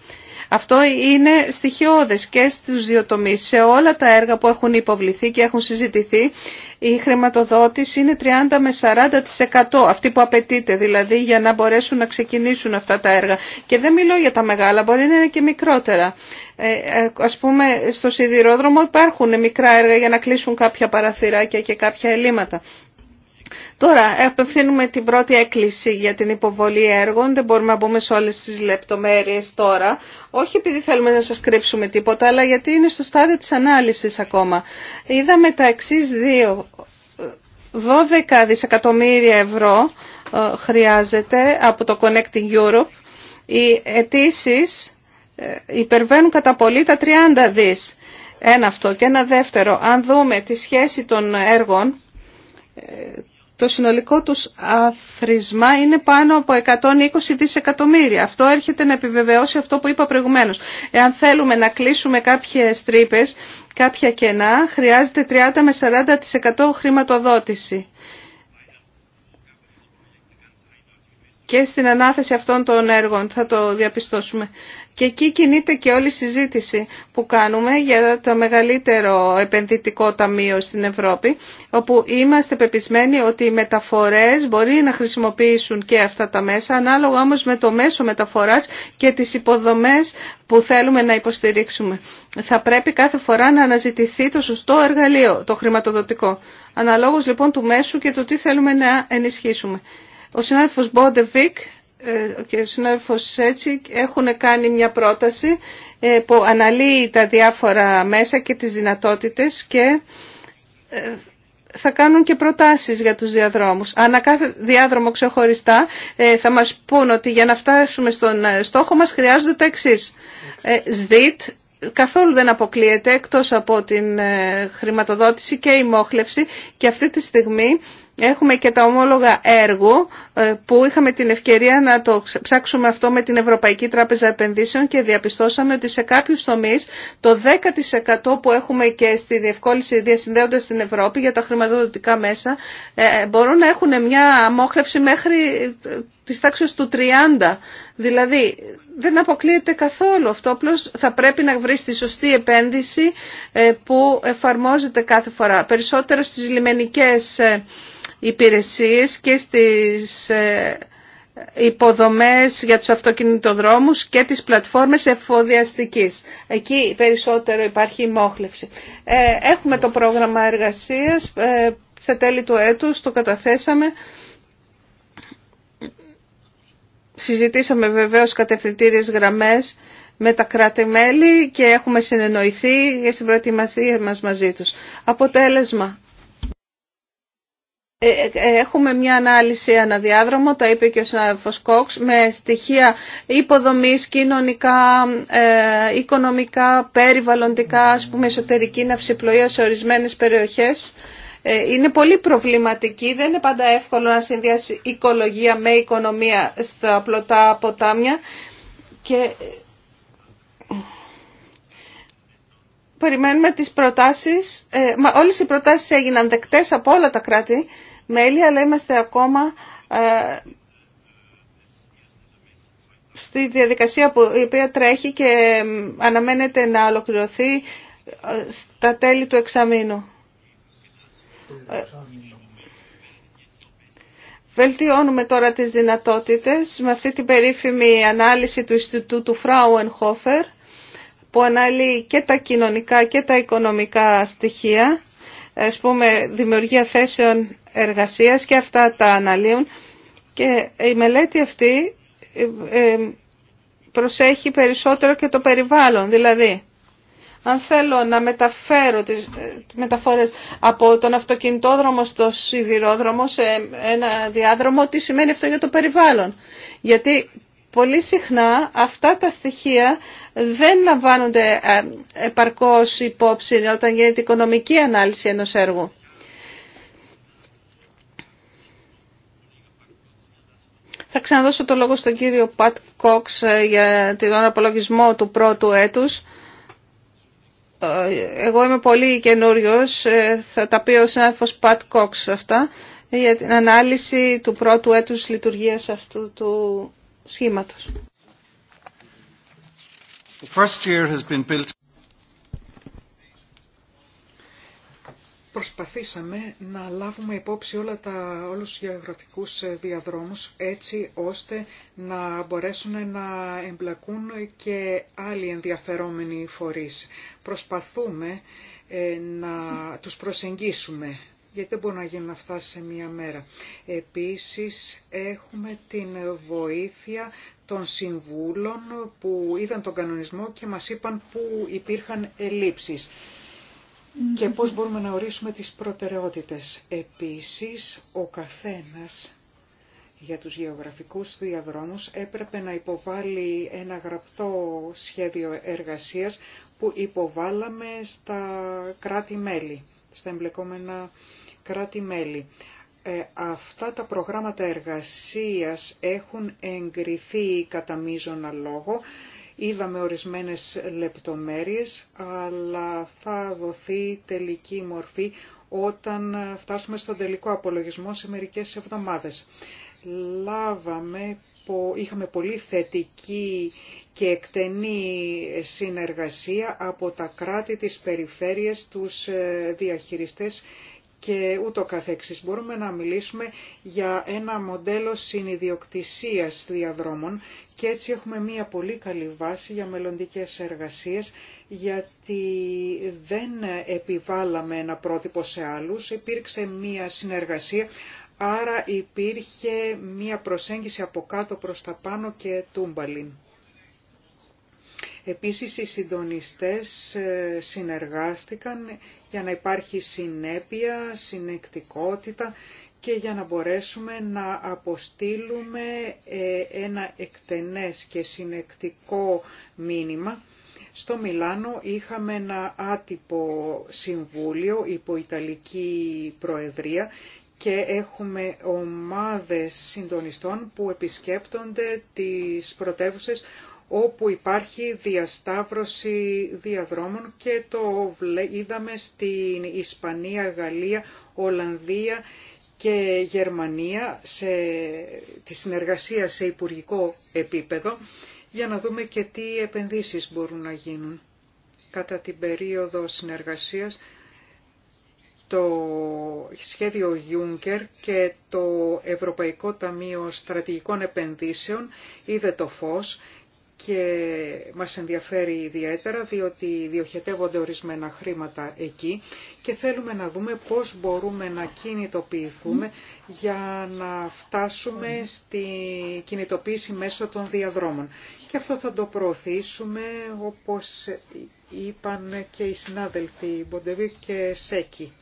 Αυτό είναι στοιχειώδες και στους δύο τομείς. Σε όλα τα έργα που έχουν υποβληθεί και έχουν συζητηθεί, η χρηματοδότηση είναι 30 με 40% αυτή που απαιτείται, δηλαδή για να μπορέσουν να ξεκινήσουν αυτά τα έργα. Και δεν μιλώ για τα μεγάλα, μπορεί να είναι και μικρότερα. Ε, ε ας πούμε στο σιδηρόδρομο υπάρχουν μικρά έργα για να κλείσουν κάποια παραθυράκια και κάποια ελλείμματα. Τώρα, απευθύνουμε την πρώτη έκκληση για την υποβολή έργων. Δεν μπορούμε να μπούμε σε όλε τις λεπτομέρειες τώρα. Όχι επειδή θέλουμε να σας κρύψουμε τίποτα, αλλά γιατί είναι στο στάδιο της ανάλυσης ακόμα. Είδαμε τα εξή δύο. 12 δισεκατομμύρια ευρώ ε, χρειάζεται από το Connecting Europe. Οι αιτήσει ε, υπερβαίνουν κατά πολύ τα 30 δις. Ένα αυτό και ένα δεύτερο. Αν δούμε τη σχέση των έργων ε, το συνολικό τους αθροισμά είναι πάνω από 120 δισεκατομμύρια. Αυτό έρχεται να επιβεβαιώσει αυτό που είπα προηγουμένως. Εάν θέλουμε να κλείσουμε κάποιες τρύπε, κάποια κενά, χρειάζεται 30 με 40% χρηματοδότηση. Και στην ανάθεση αυτών των έργων θα το διαπιστώσουμε. Και εκεί κινείται και όλη η συζήτηση που κάνουμε για το μεγαλύτερο επενδυτικό ταμείο στην Ευρώπη, όπου είμαστε πεπισμένοι ότι οι μεταφορές μπορεί να χρησιμοποιήσουν και αυτά τα μέσα, ανάλογα όμως με το μέσο μεταφοράς και τις υποδομές που θέλουμε να υποστηρίξουμε. Θα πρέπει κάθε φορά να αναζητηθεί το σωστό εργαλείο, το χρηματοδοτικό, αναλόγως λοιπόν του μέσου και το τι θέλουμε να ενισχύσουμε. Ο συνάδελφος Μπόντεβικ ε, ο συνάδελφος έτσι έχουν κάνει μια πρόταση ε, που αναλύει τα διάφορα μέσα και τις δυνατότητες και ε, θα κάνουν και προτάσεις για τους διαδρόμους. Ανά κάθε διάδρομο ξεχωριστά θα μας πούν ότι για να φτάσουμε στον στόχο μας χρειάζονται τα εξής. ΣΔΙΤ καθόλου δεν αποκλείεται εκτός από την χρηματοδότηση και η μόχλευση και αυτή τη στιγμή Έχουμε και τα ομόλογα έργου ε, που είχαμε την ευκαιρία να το ψάξουμε αυτό με την Ευρωπαϊκή Τράπεζα Επενδύσεων και διαπιστώσαμε ότι σε κάποιους τομείς το 10% που έχουμε και στη διευκόλυνση διασυνδέοντας στην Ευρώπη για τα χρηματοδοτικά μέσα ε, μπορούν να έχουν μια αμόχρευση μέχρι ε, της τάξης του 30. Δηλαδή δεν αποκλείεται καθόλου αυτό, απλώς θα πρέπει να βρει τη σωστή επένδυση που εφαρμόζεται κάθε φορά. Περισσότερο στις λιμενικές υπηρεσίες και στις ε, υποδομές για τους αυτοκινητοδρόμους και τις πλατφόρμες εφοδιαστικής. Εκεί περισσότερο υπάρχει μόχλευση. Ε, έχουμε το πρόγραμμα εργασίας, ε, Σε τέλη του έτους το καταθέσαμε. Συζητήσαμε βεβαίως κατευθυντήριες γραμμές με τα κράτη-μέλη και έχουμε συνεννοηθεί για την προετοιμασία μας μαζί τους. Αποτέλεσμα, ε, ε, έχουμε μια ανάλυση αναδιάδρομο, τα είπε και ο Σάφος με στοιχεία υποδομής, κοινωνικά, ε, οικονομικά, περιβαλλοντικά, ας πούμε εσωτερική ναυσιπλοεία σε ορισμένες περιοχές. Είναι πολύ προβληματική, δεν είναι πάντα εύκολο να συνδυάσει οικολογία με οικονομία στα πλωτά ποτάμια και περιμένουμε τις προτάσεις, όλες οι προτάσεις έγιναν δεκτές από όλα τα κράτη μέλη, αλλά είμαστε ακόμα ε, στη διαδικασία που, η οποία τρέχει και αναμένεται να ολοκληρωθεί ε, στα τέλη του εξαμήνου. Ε, βελτιώνουμε τώρα τις δυνατότητες με αυτή την περίφημη ανάλυση του Ινστιτούτου Φράουενχόφερ που αναλύει και τα κοινωνικά και τα οικονομικά στοιχεία ας πούμε, δημιουργία θέσεων εργασίας και αυτά τα αναλύουν. Και η μελέτη αυτή ε, ε, προσέχει περισσότερο και το περιβάλλον. Δηλαδή, αν θέλω να μεταφέρω ε, τις μεταφορές από τον αυτοκινητόδρομο στο σιδηρόδρομο σε ένα διάδρομο, τι σημαίνει αυτό για το περιβάλλον. Γιατί πολύ συχνά αυτά τα στοιχεία δεν λαμβάνονται ε, επαρκώς υπόψη όταν γίνεται οικονομική ανάλυση ενός έργου. Θα ξαναδώσω το λόγο στον κύριο Πατ Κόξ ε, για τον απολογισμό του πρώτου έτους. Ε, εγώ είμαι πολύ καινούριο, θα τα πει ο συνάδελφος Πατ Κόξ αυτά, για την ανάλυση του πρώτου έτους λειτουργίας αυτού του Προσπαθήσαμε να λάβουμε υπόψη όλα τα, όλους τους γεωγραφικούς ε, διαδρόμους έτσι ώστε να μπορέσουν να εμπλακούν και άλλοι ενδιαφερόμενοι φορείς. Προσπαθούμε ε, να τους προσεγγίσουμε γιατί δεν μπορούν να γίνουν αυτά σε μία μέρα. Επίσης έχουμε την βοήθεια των συμβούλων που είδαν τον κανονισμό και μας είπαν που υπήρχαν ελλείψεις και πώς μπορούμε να ορίσουμε τις προτεραιότητες. Επίσης, ο καθένας για τους γεωγραφικούς διαδρόμους έπρεπε να υποβάλει ένα γραπτό σχέδιο εργασίας που υποβάλαμε στα κράτη-μέλη, στα εμπλεκόμενα κρατη ε, αυτά τα προγράμματα εργασίας έχουν εγκριθεί κατά μείζωνα λόγο. Είδαμε ορισμένες λεπτομέρειες, αλλά θα δοθεί τελική μορφή όταν φτάσουμε στον τελικό απολογισμό σε μερικές εβδομάδες. Λάβαμε είχαμε πολύ θετική και εκτενή συνεργασία από τα κράτη της περιφέρειας, τους ε, διαχειριστές και ούτω καθεξής. Μπορούμε να μιλήσουμε για ένα μοντέλο συνειδιοκτησίας διαδρόμων και έτσι έχουμε μία πολύ καλή βάση για μελλοντικές εργασίες γιατί δεν επιβάλαμε ένα πρότυπο σε άλλους, υπήρξε μία συνεργασία άρα υπήρχε μία προσέγγιση από κάτω προς τα πάνω και τούμπαλιν. Επίσης οι συντονιστές ε, συνεργάστηκαν για να υπάρχει συνέπεια, συνεκτικότητα και για να μπορέσουμε να αποστείλουμε ε, ένα εκτενές και συνεκτικό μήνυμα. Στο Μιλάνο είχαμε ένα άτυπο συμβούλιο υπό Ιταλική Προεδρία και έχουμε ομάδες συντονιστών που επισκέπτονται τις πρωτεύουσες όπου υπάρχει διασταύρωση διαδρόμων και το είδαμε στην Ισπανία, Γαλλία, Ολλανδία και Γερμανία σε τη συνεργασία σε υπουργικό επίπεδο για να δούμε και τι επενδύσεις μπορούν να γίνουν. Κατά την περίοδο συνεργασίας το σχέδιο Juncker και το Ευρωπαϊκό Ταμείο Στρατηγικών Επενδύσεων είδε το φως και μας ενδιαφέρει ιδιαίτερα διότι διοχετεύονται ορισμένα χρήματα εκεί και θέλουμε να δούμε πώς μπορούμε να κινητοποιηθούμε για να φτάσουμε στη κινητοποίηση μέσω των διαδρόμων. Και αυτό θα το προωθήσουμε όπως είπαν και οι συνάδελφοι Μποντεβίκ και Σέκη.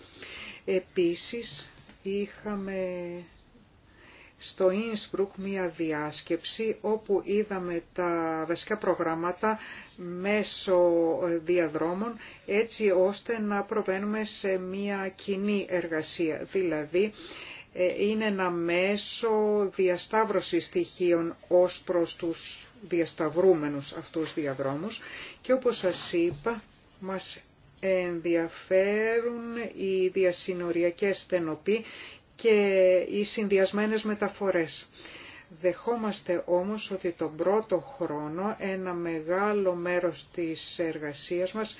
Επίσης είχαμε στο Ίνσπρουκ μία διάσκεψη όπου είδαμε τα βασικά προγράμματα μέσω διαδρόμων έτσι ώστε να προβαίνουμε σε μία κοινή εργασία. Δηλαδή ε, είναι ένα μέσο διασταύρωση στοιχείων ως προς τους διασταυρούμενους αυτούς διαδρόμους και όπως σας είπα μας ενδιαφέρουν οι διασυνοριακές στενοποί και οι συνδυασμένες μεταφορές. Δεχόμαστε όμως ότι τον πρώτο χρόνο ένα μεγάλο μέρος της εργασίας μας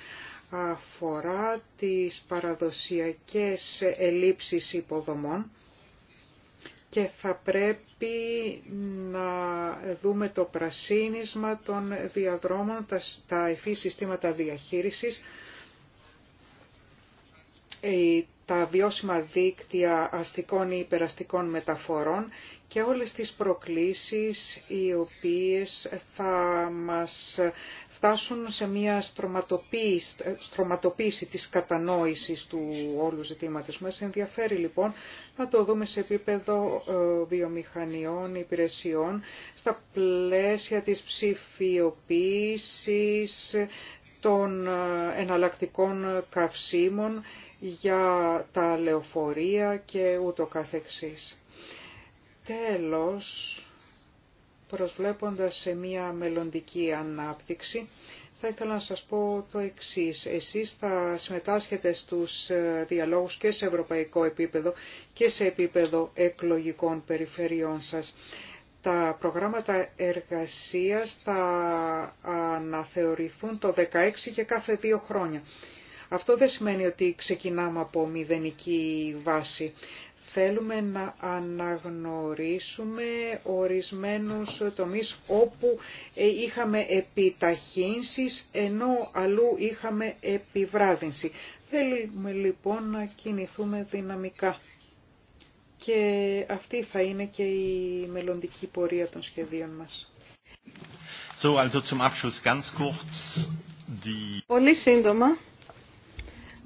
αφορά τις παραδοσιακές ελλείψεις υποδομών και θα πρέπει να δούμε το πρασίνισμα των διαδρόμων, τα ευφύ συστήματα διαχείρισης, τα βιώσιμα δίκτυα αστικών ή υπεραστικών μεταφορών και όλες τις προκλήσεις οι οποίες θα μας φτάσουν σε μια στρωματοποίηση, στρωματοποίηση της κατανόησης του όλου ζητήματος. Μας ενδιαφέρει λοιπόν να το δούμε σε επίπεδο ε, βιομηχανιών, υπηρεσιών, στα πλαίσια της ψηφιοποίησης, των ε, εναλλακτικών καυσίμων για τα λεωφορεία και ούτω καθεξής. Τέλος, προσβλέποντας σε μία μελλοντική ανάπτυξη, θα ήθελα να σας πω το εξής. Εσείς θα συμμετάσχετε στους ε, διαλόγους και σε ευρωπαϊκό επίπεδο και σε επίπεδο εκλογικών περιφερειών σας τα προγράμματα εργασίας θα αναθεωρηθούν το 16 και κάθε δύο χρόνια. Αυτό δεν σημαίνει ότι ξεκινάμε από μηδενική βάση. Θέλουμε να αναγνωρίσουμε ορισμένους τομείς όπου ε, είχαμε επιταχύνσεις ενώ αλλού είχαμε επιβράδυνση. Θέλουμε λοιπόν να κινηθούμε δυναμικά και αυτή θα είναι και η μελλοντική πορεία των σχεδίων μας. also zum Abschluss ganz kurz Πολύ σύντομα,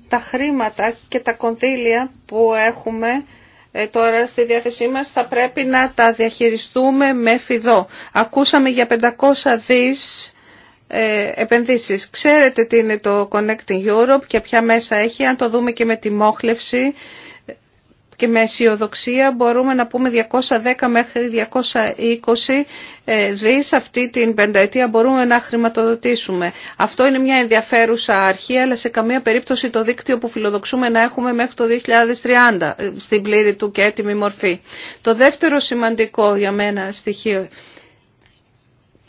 τα χρήματα και τα κονδύλια που έχουμε ε, τώρα στη διάθεσή μας θα πρέπει να τα διαχειριστούμε με φιδό. Ακούσαμε για 500 δις ε, επενδύσεις. Ξέρετε τι είναι το Connecting Europe και ποια μέσα έχει, αν το δούμε και με τη μόχλευση και με αισιοδοξία μπορούμε να πούμε 210 μέχρι 220 ε, δις αυτή την πενταετία μπορούμε να χρηματοδοτήσουμε. Αυτό είναι μια ενδιαφέρουσα αρχή, αλλά σε καμία περίπτωση το δίκτυο που φιλοδοξούμε να έχουμε μέχρι το 2030 ε, στην πλήρη του και έτοιμη μορφή. Το δεύτερο σημαντικό για μένα στοιχείο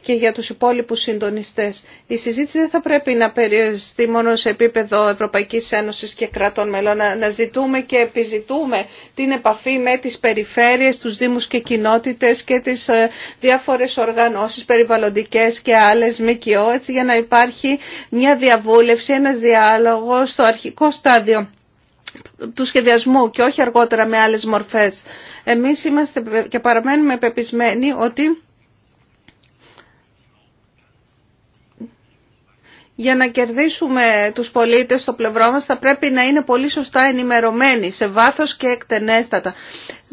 και για τους υπόλοιπους συντονιστές. Η συζήτηση δεν θα πρέπει να περιοριστεί μόνο σε επίπεδο Ευρωπαϊκής Ένωσης και κρατών μελών, να ζητούμε και επιζητούμε την επαφή με τις περιφέρειες, τους δήμους και κοινότητες και τις ε, διάφορες οργανώσεις περιβαλλοντικές και άλλες ΜΚΟ, έτσι για να υπάρχει μια διαβούλευση, ένας διάλογος στο αρχικό στάδιο του σχεδιασμού και όχι αργότερα με άλλες μορφές. Εμείς είμαστε και παραμένουμε πεπισμένοι ότι για να κερδίσουμε τους πολίτες στο πλευρό μας θα πρέπει να είναι πολύ σωστά ενημερωμένοι σε βάθος και εκτενέστατα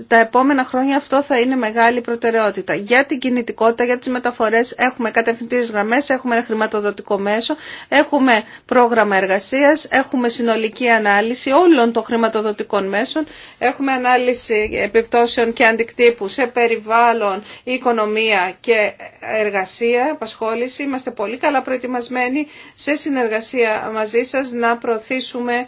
τα επόμενα χρόνια αυτό θα είναι μεγάλη προτεραιότητα. Για την κινητικότητα, για τις μεταφορές έχουμε κατευθυντήριες γραμμές, έχουμε ένα χρηματοδοτικό μέσο, έχουμε πρόγραμμα εργασίας, έχουμε συνολική ανάλυση όλων των χρηματοδοτικών μέσων, έχουμε ανάλυση επιπτώσεων και αντικτύπου σε περιβάλλον, οικονομία και εργασία, απασχόληση. Είμαστε πολύ καλά προετοιμασμένοι σε συνεργασία μαζί σας να προωθήσουμε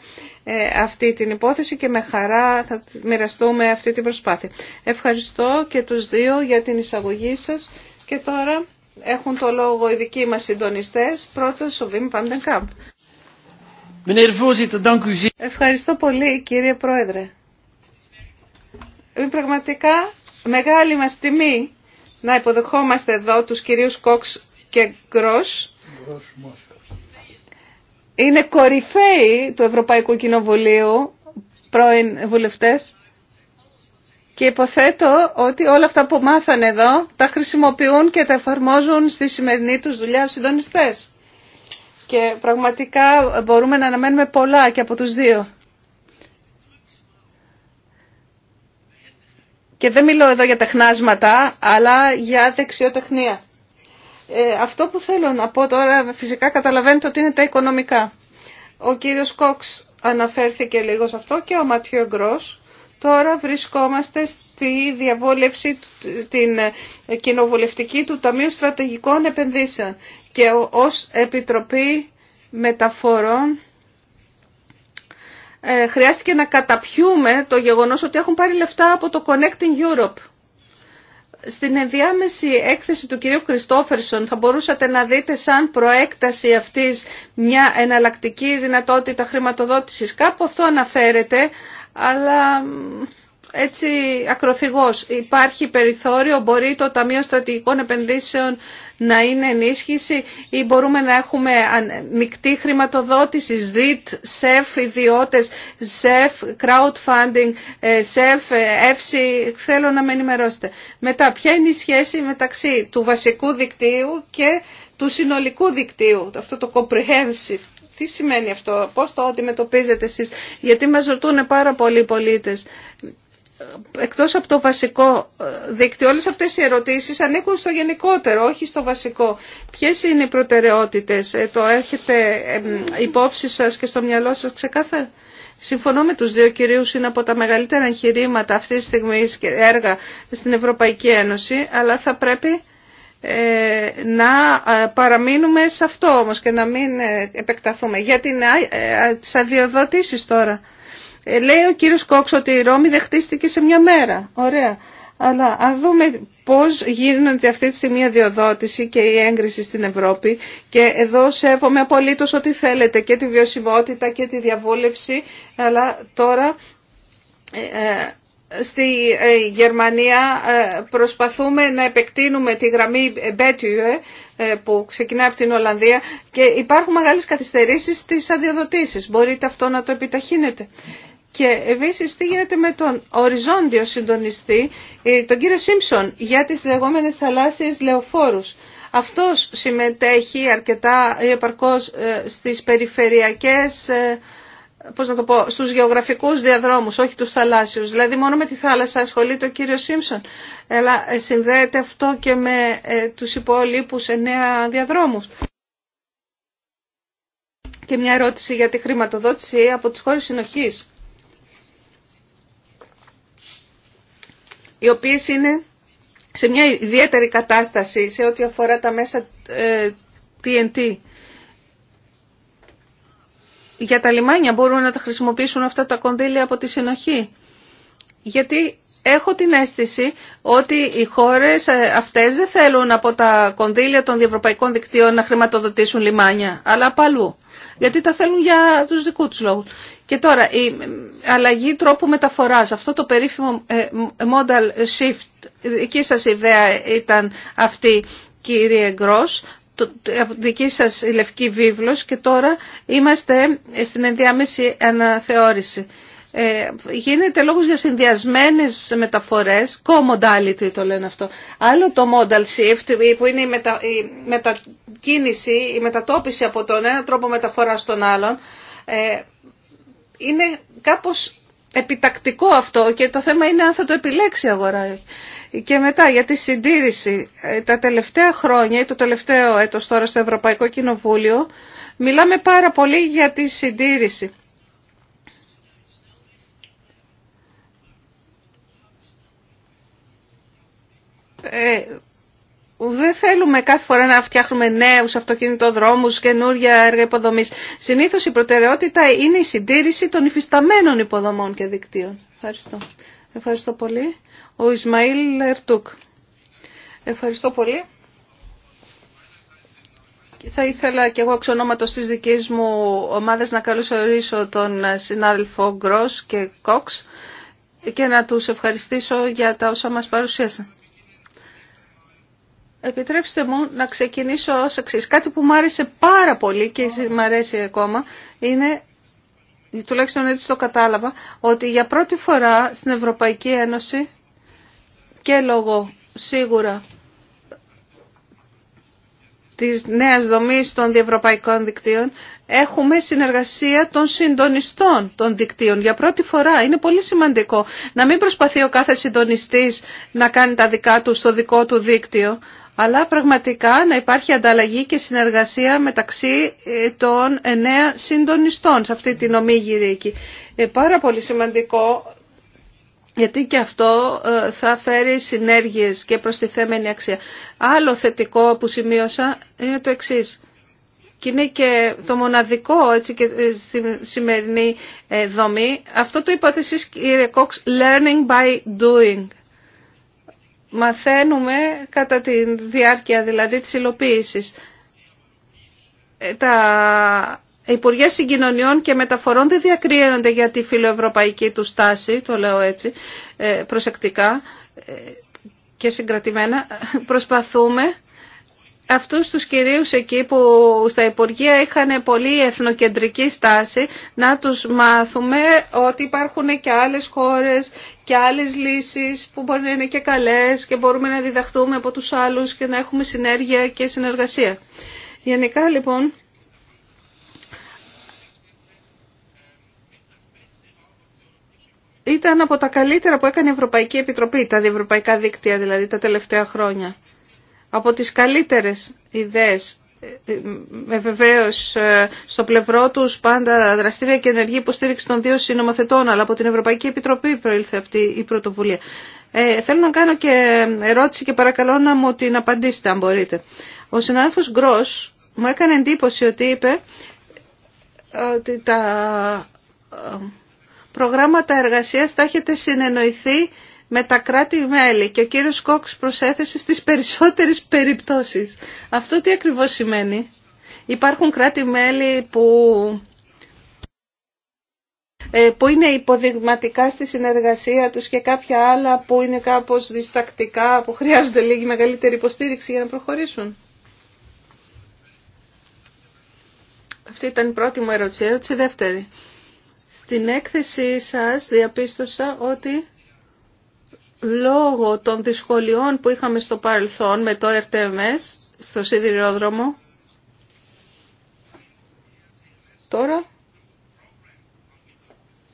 ε, αυτή την υπόθεση και με χαρά θα μοιραστούμε αυτή την προσπάθεια. Ευχαριστώ και τους δύο για την εισαγωγή σας και τώρα έχουν το λόγο οι δικοί μας συντονιστές. Πρώτος ο Βίμ Παντενκάμπ. Ευχαριστώ πολύ κύριε Πρόεδρε. Είναι πραγματικά μεγάλη μας τιμή να υποδεχόμαστε εδώ τους κυρίους Κόξ και Γκρός είναι κορυφαίοι του Ευρωπαϊκού Κοινοβουλίου, πρώην βουλευτές, και υποθέτω ότι όλα αυτά που μάθανε εδώ τα χρησιμοποιούν και τα εφαρμόζουν στη σημερινή τους δουλειά ως συντονιστές. Και πραγματικά μπορούμε να αναμένουμε πολλά και από τους δύο. Και δεν μιλώ εδώ για τεχνάσματα, αλλά για δεξιοτεχνία. Ε, αυτό που θέλω να πω τώρα, φυσικά καταλαβαίνετε ότι είναι τα οικονομικά. Ο κύριος Κόξ αναφέρθηκε λίγο σε αυτό και ο Ματιό Γκρός. Τώρα βρισκόμαστε στη διαβόλευση την ε, κοινοβουλευτική του Ταμείου Στρατηγικών Επενδύσεων και ως Επιτροπή Μεταφορών ε, χρειάστηκε να καταπιούμε το γεγονός ότι έχουν πάρει λεφτά από το Connecting Europe στην ενδιάμεση έκθεση του κυρίου Κριστόφερσον θα μπορούσατε να δείτε σαν προέκταση αυτής μια εναλλακτική δυνατότητα χρηματοδότησης. Κάπου αυτό αναφέρεται, αλλά έτσι ακροθυγός. Υπάρχει περιθώριο, μπορεί το Ταμείο Στρατηγικών Επενδύσεων να είναι ενίσχυση ή μπορούμε να έχουμε μεικτή χρηματοδότηση, ΣΔΙΤ, ΣΕΦ, ιδιώτες, ΣΕΦ, crowdfunding, ε, ΣΕΦ, ε, ΕΦΣΥ, θέλω να με ενημερώσετε. Μετά, ποια είναι η σχέση μεταξύ του βασικού δικτύου και του συνολικού δικτύου, αυτό το comprehensive. Τι σημαίνει αυτό, πώς το αντιμετωπίζετε εσείς, γιατί μας ρωτούν πάρα πολλοί πολίτες εκτός από το βασικό ε, δίκτυο, όλες αυτές οι ερωτήσεις ανήκουν στο γενικότερο, όχι στο βασικό. Ποιες είναι οι προτεραιότητες, ε, το έχετε υπόψη σας και στο μυαλό σας ξεκάθαρα. Συμφωνώ με τους δύο κυρίους, είναι από τα μεγαλύτερα εγχειρήματα αυτή τη στιγμή και έργα στην Ευρωπαϊκή Ένωση, αλλά θα πρέπει ε, να παραμείνουμε σε αυτό όμως και να μην επεκταθούμε. Για την, ε, τις τώρα. Ε, λέει ο κύριος Κόξ ότι η Ρώμη δεν χτίστηκε σε μια μέρα. Ωραία. Αλλά αν δούμε πώς γίνεται αυτή τη στιγμή η αδειοδότηση και η έγκριση στην Ευρώπη και εδώ σέβομαι απολύτως ό,τι θέλετε και τη βιωσιμότητα και τη διαβούλευση αλλά τώρα ε, ε, στη Γερμανία προσπαθούμε να επεκτείνουμε τη γραμμή Betue που ξεκινάει από την Ολλανδία και υπάρχουν μεγάλες καθυστερήσεις στις αδειοδοτήσεις. Μπορείτε αυτό να το επιταχύνετε. Και επίση τι γίνεται με τον οριζόντιο συντονιστή, ε, τον κύριο Σίμψον, για τις λεγόμενε θαλάσσιες λεωφόρους. Αυτός συμμετέχει αρκετά επαρκώς ε, στις περιφερειακές, ε, πώς να το πω, στους γεωγραφικούς διαδρόμους, όχι τους θαλάσσιους. Δηλαδή μόνο με τη θάλασσα ασχολείται ο κύριο Σίμψον. Αλλά συνδέεται αυτό και με τους υπόλοιπους εννέα διαδρόμους. Και μια ερώτηση για τη χρηματοδότηση από τις χώρες συνοχής. οι οποίες είναι σε μια ιδιαίτερη κατάσταση σε ό,τι αφορά τα μέσα TNT. Ε, για τα λιμάνια μπορούν να τα χρησιμοποιήσουν αυτά τα κονδύλια από τη συνοχή. Γιατί έχω την αίσθηση ότι οι χώρες ε, αυτές δεν θέλουν από τα κονδύλια των διευρωπαϊκών δικτύων να χρηματοδοτήσουν λιμάνια, αλλά απαλού. Γιατί τα θέλουν για τους δικούς τους λόγους. Και τώρα η αλλαγή τρόπου μεταφοράς, αυτό το περίφημο ε, modal shift, δική σας ιδέα ήταν αυτή κύριε Γκρός, δική σας η λευκή βίβλος και τώρα είμαστε στην ενδιάμεση αναθεώρηση. Ε, γίνεται λόγος για συνδυασμένες μεταφορές, co-modality το λένε αυτό. Άλλο το modal shift που είναι η, μετακίνηση, η μετατόπιση από τον ένα τρόπο μεταφορά στον άλλον. Ε, είναι κάπως επιτακτικό αυτό και το θέμα είναι αν θα το επιλέξει η αγορά. Και μετά για τη συντήρηση. Ε, τα τελευταία χρόνια, ή το τελευταίο έτος τώρα στο Ευρωπαϊκό Κοινοβούλιο, μιλάμε πάρα πολύ για τη συντήρηση. Ε, δεν θέλουμε κάθε φορά να φτιάχνουμε νέους αυτοκινητοδρόμους, καινούργια έργα υποδομής. Συνήθως η προτεραιότητα είναι η συντήρηση των υφισταμένων υποδομών και δικτύων. Ευχαριστώ. Ευχαριστώ πολύ. Ο Ισμαήλ Ερτούκ. Ευχαριστώ πολύ. Θα ήθελα και εγώ εξ ονόματος της δικής μου ομάδας να καλωσορίσω τον συνάδελφο Γκρός και Κόξ και να τους ευχαριστήσω για τα όσα μας παρουσίασαν. Επιτρέψτε μου να ξεκινήσω ως εξή. Κάτι που μου άρεσε πάρα πολύ και μου αρέσει ακόμα είναι, τουλάχιστον έτσι το κατάλαβα, ότι για πρώτη φορά στην Ευρωπαϊκή Ένωση και λόγω σίγουρα της νέας δομής των διευρωπαϊκών δικτύων έχουμε συνεργασία των συντονιστών των δικτύων για πρώτη φορά. Είναι πολύ σημαντικό να μην προσπαθεί ο κάθε συντονιστής να κάνει τα δικά του στο δικό του δίκτυο αλλά πραγματικά να υπάρχει ανταλλαγή και συνεργασία μεταξύ ε, των εννέα συντονιστών σε αυτή την ομίγυρη εκεί. Ε, πάρα πολύ σημαντικό γιατί και αυτό ε, θα φέρει συνέργειες και προστιθέμενη αξία. Άλλο θετικό που σημείωσα είναι το εξής. Και είναι και το μοναδικό έτσι και στη σημερινή δομή. Αυτό το είπατε εσείς κύριε Κόξ, learning by doing μαθαίνουμε κατά τη διάρκεια δηλαδή της υλοποίησης. Ε, τα Υπουργεία Συγκοινωνιών και Μεταφορών δεν διακρίνονται για τη φιλοευρωπαϊκή του τάση, το λέω έτσι ε, προσεκτικά ε, και συγκρατημένα. Προσπαθούμε αυτούς τους κυρίους εκεί που στα Υπουργεία είχαν πολύ εθνοκεντρική στάση, να τους μάθουμε ότι υπάρχουν και άλλες χώρες και άλλες λύσεις που μπορεί να είναι και καλές και μπορούμε να διδαχθούμε από τους άλλους και να έχουμε συνέργεια και συνεργασία. Γενικά λοιπόν... Ήταν από τα καλύτερα που έκανε η Ευρωπαϊκή Επιτροπή, τα διευρωπαϊκά δίκτυα δηλαδή τα τελευταία χρόνια από τις καλύτερες ιδέες ε, ε, με βεβαίω ε, στο πλευρό τους πάντα δραστήρια και ενεργή υποστήριξη των δύο συνομοθετών, αλλά από την Ευρωπαϊκή Επιτροπή προήλθε αυτή η πρωτοβουλία. Ε, θέλω να κάνω και ερώτηση και παρακαλώ να μου την απαντήσετε αν μπορείτε. Ο συνάδελφος Γκρός μου έκανε εντύπωση ότι είπε ότι τα προγράμματα εργασίας θα έχετε συνεννοηθεί με τα κράτη-μέλη και ο κύριος Κόξ προσέθεσε στις περισσότερες περιπτώσεις. Αυτό τι ακριβώς σημαίνει. Υπάρχουν κράτη-μέλη που, ε, που είναι υποδειγματικά στη συνεργασία τους και κάποια άλλα που είναι κάπως διστακτικά, που χρειάζονται λίγη μεγαλύτερη υποστήριξη για να προχωρήσουν. Αυτή ήταν η πρώτη μου ερώτηση. Ερώτηση δεύτερη. Στην έκθεσή σας διαπίστωσα ότι λόγω των δυσκολιών που είχαμε στο παρελθόν με το RTMS στο σιδηρόδρομο, τώρα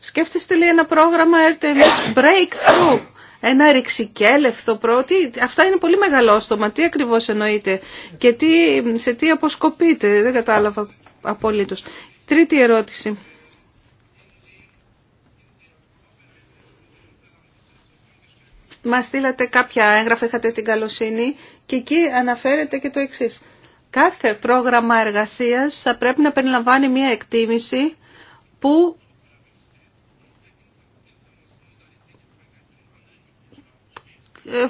σκέφτεστε λέει ένα πρόγραμμα RTMS Breakthrough, ένα ρηξικέλευθο πρώτη. Αυτά είναι πολύ μεγαλόστομα. Τι ακριβώς εννοείται και τι, σε τι αποσκοπείτε. Δεν κατάλαβα απολύτως. Τρίτη ερώτηση. Μας στείλατε κάποια έγγραφα, είχατε την καλοσύνη και εκεί αναφέρεται και το εξής. Κάθε πρόγραμμα εργασίας θα πρέπει να περιλαμβάνει μια εκτίμηση που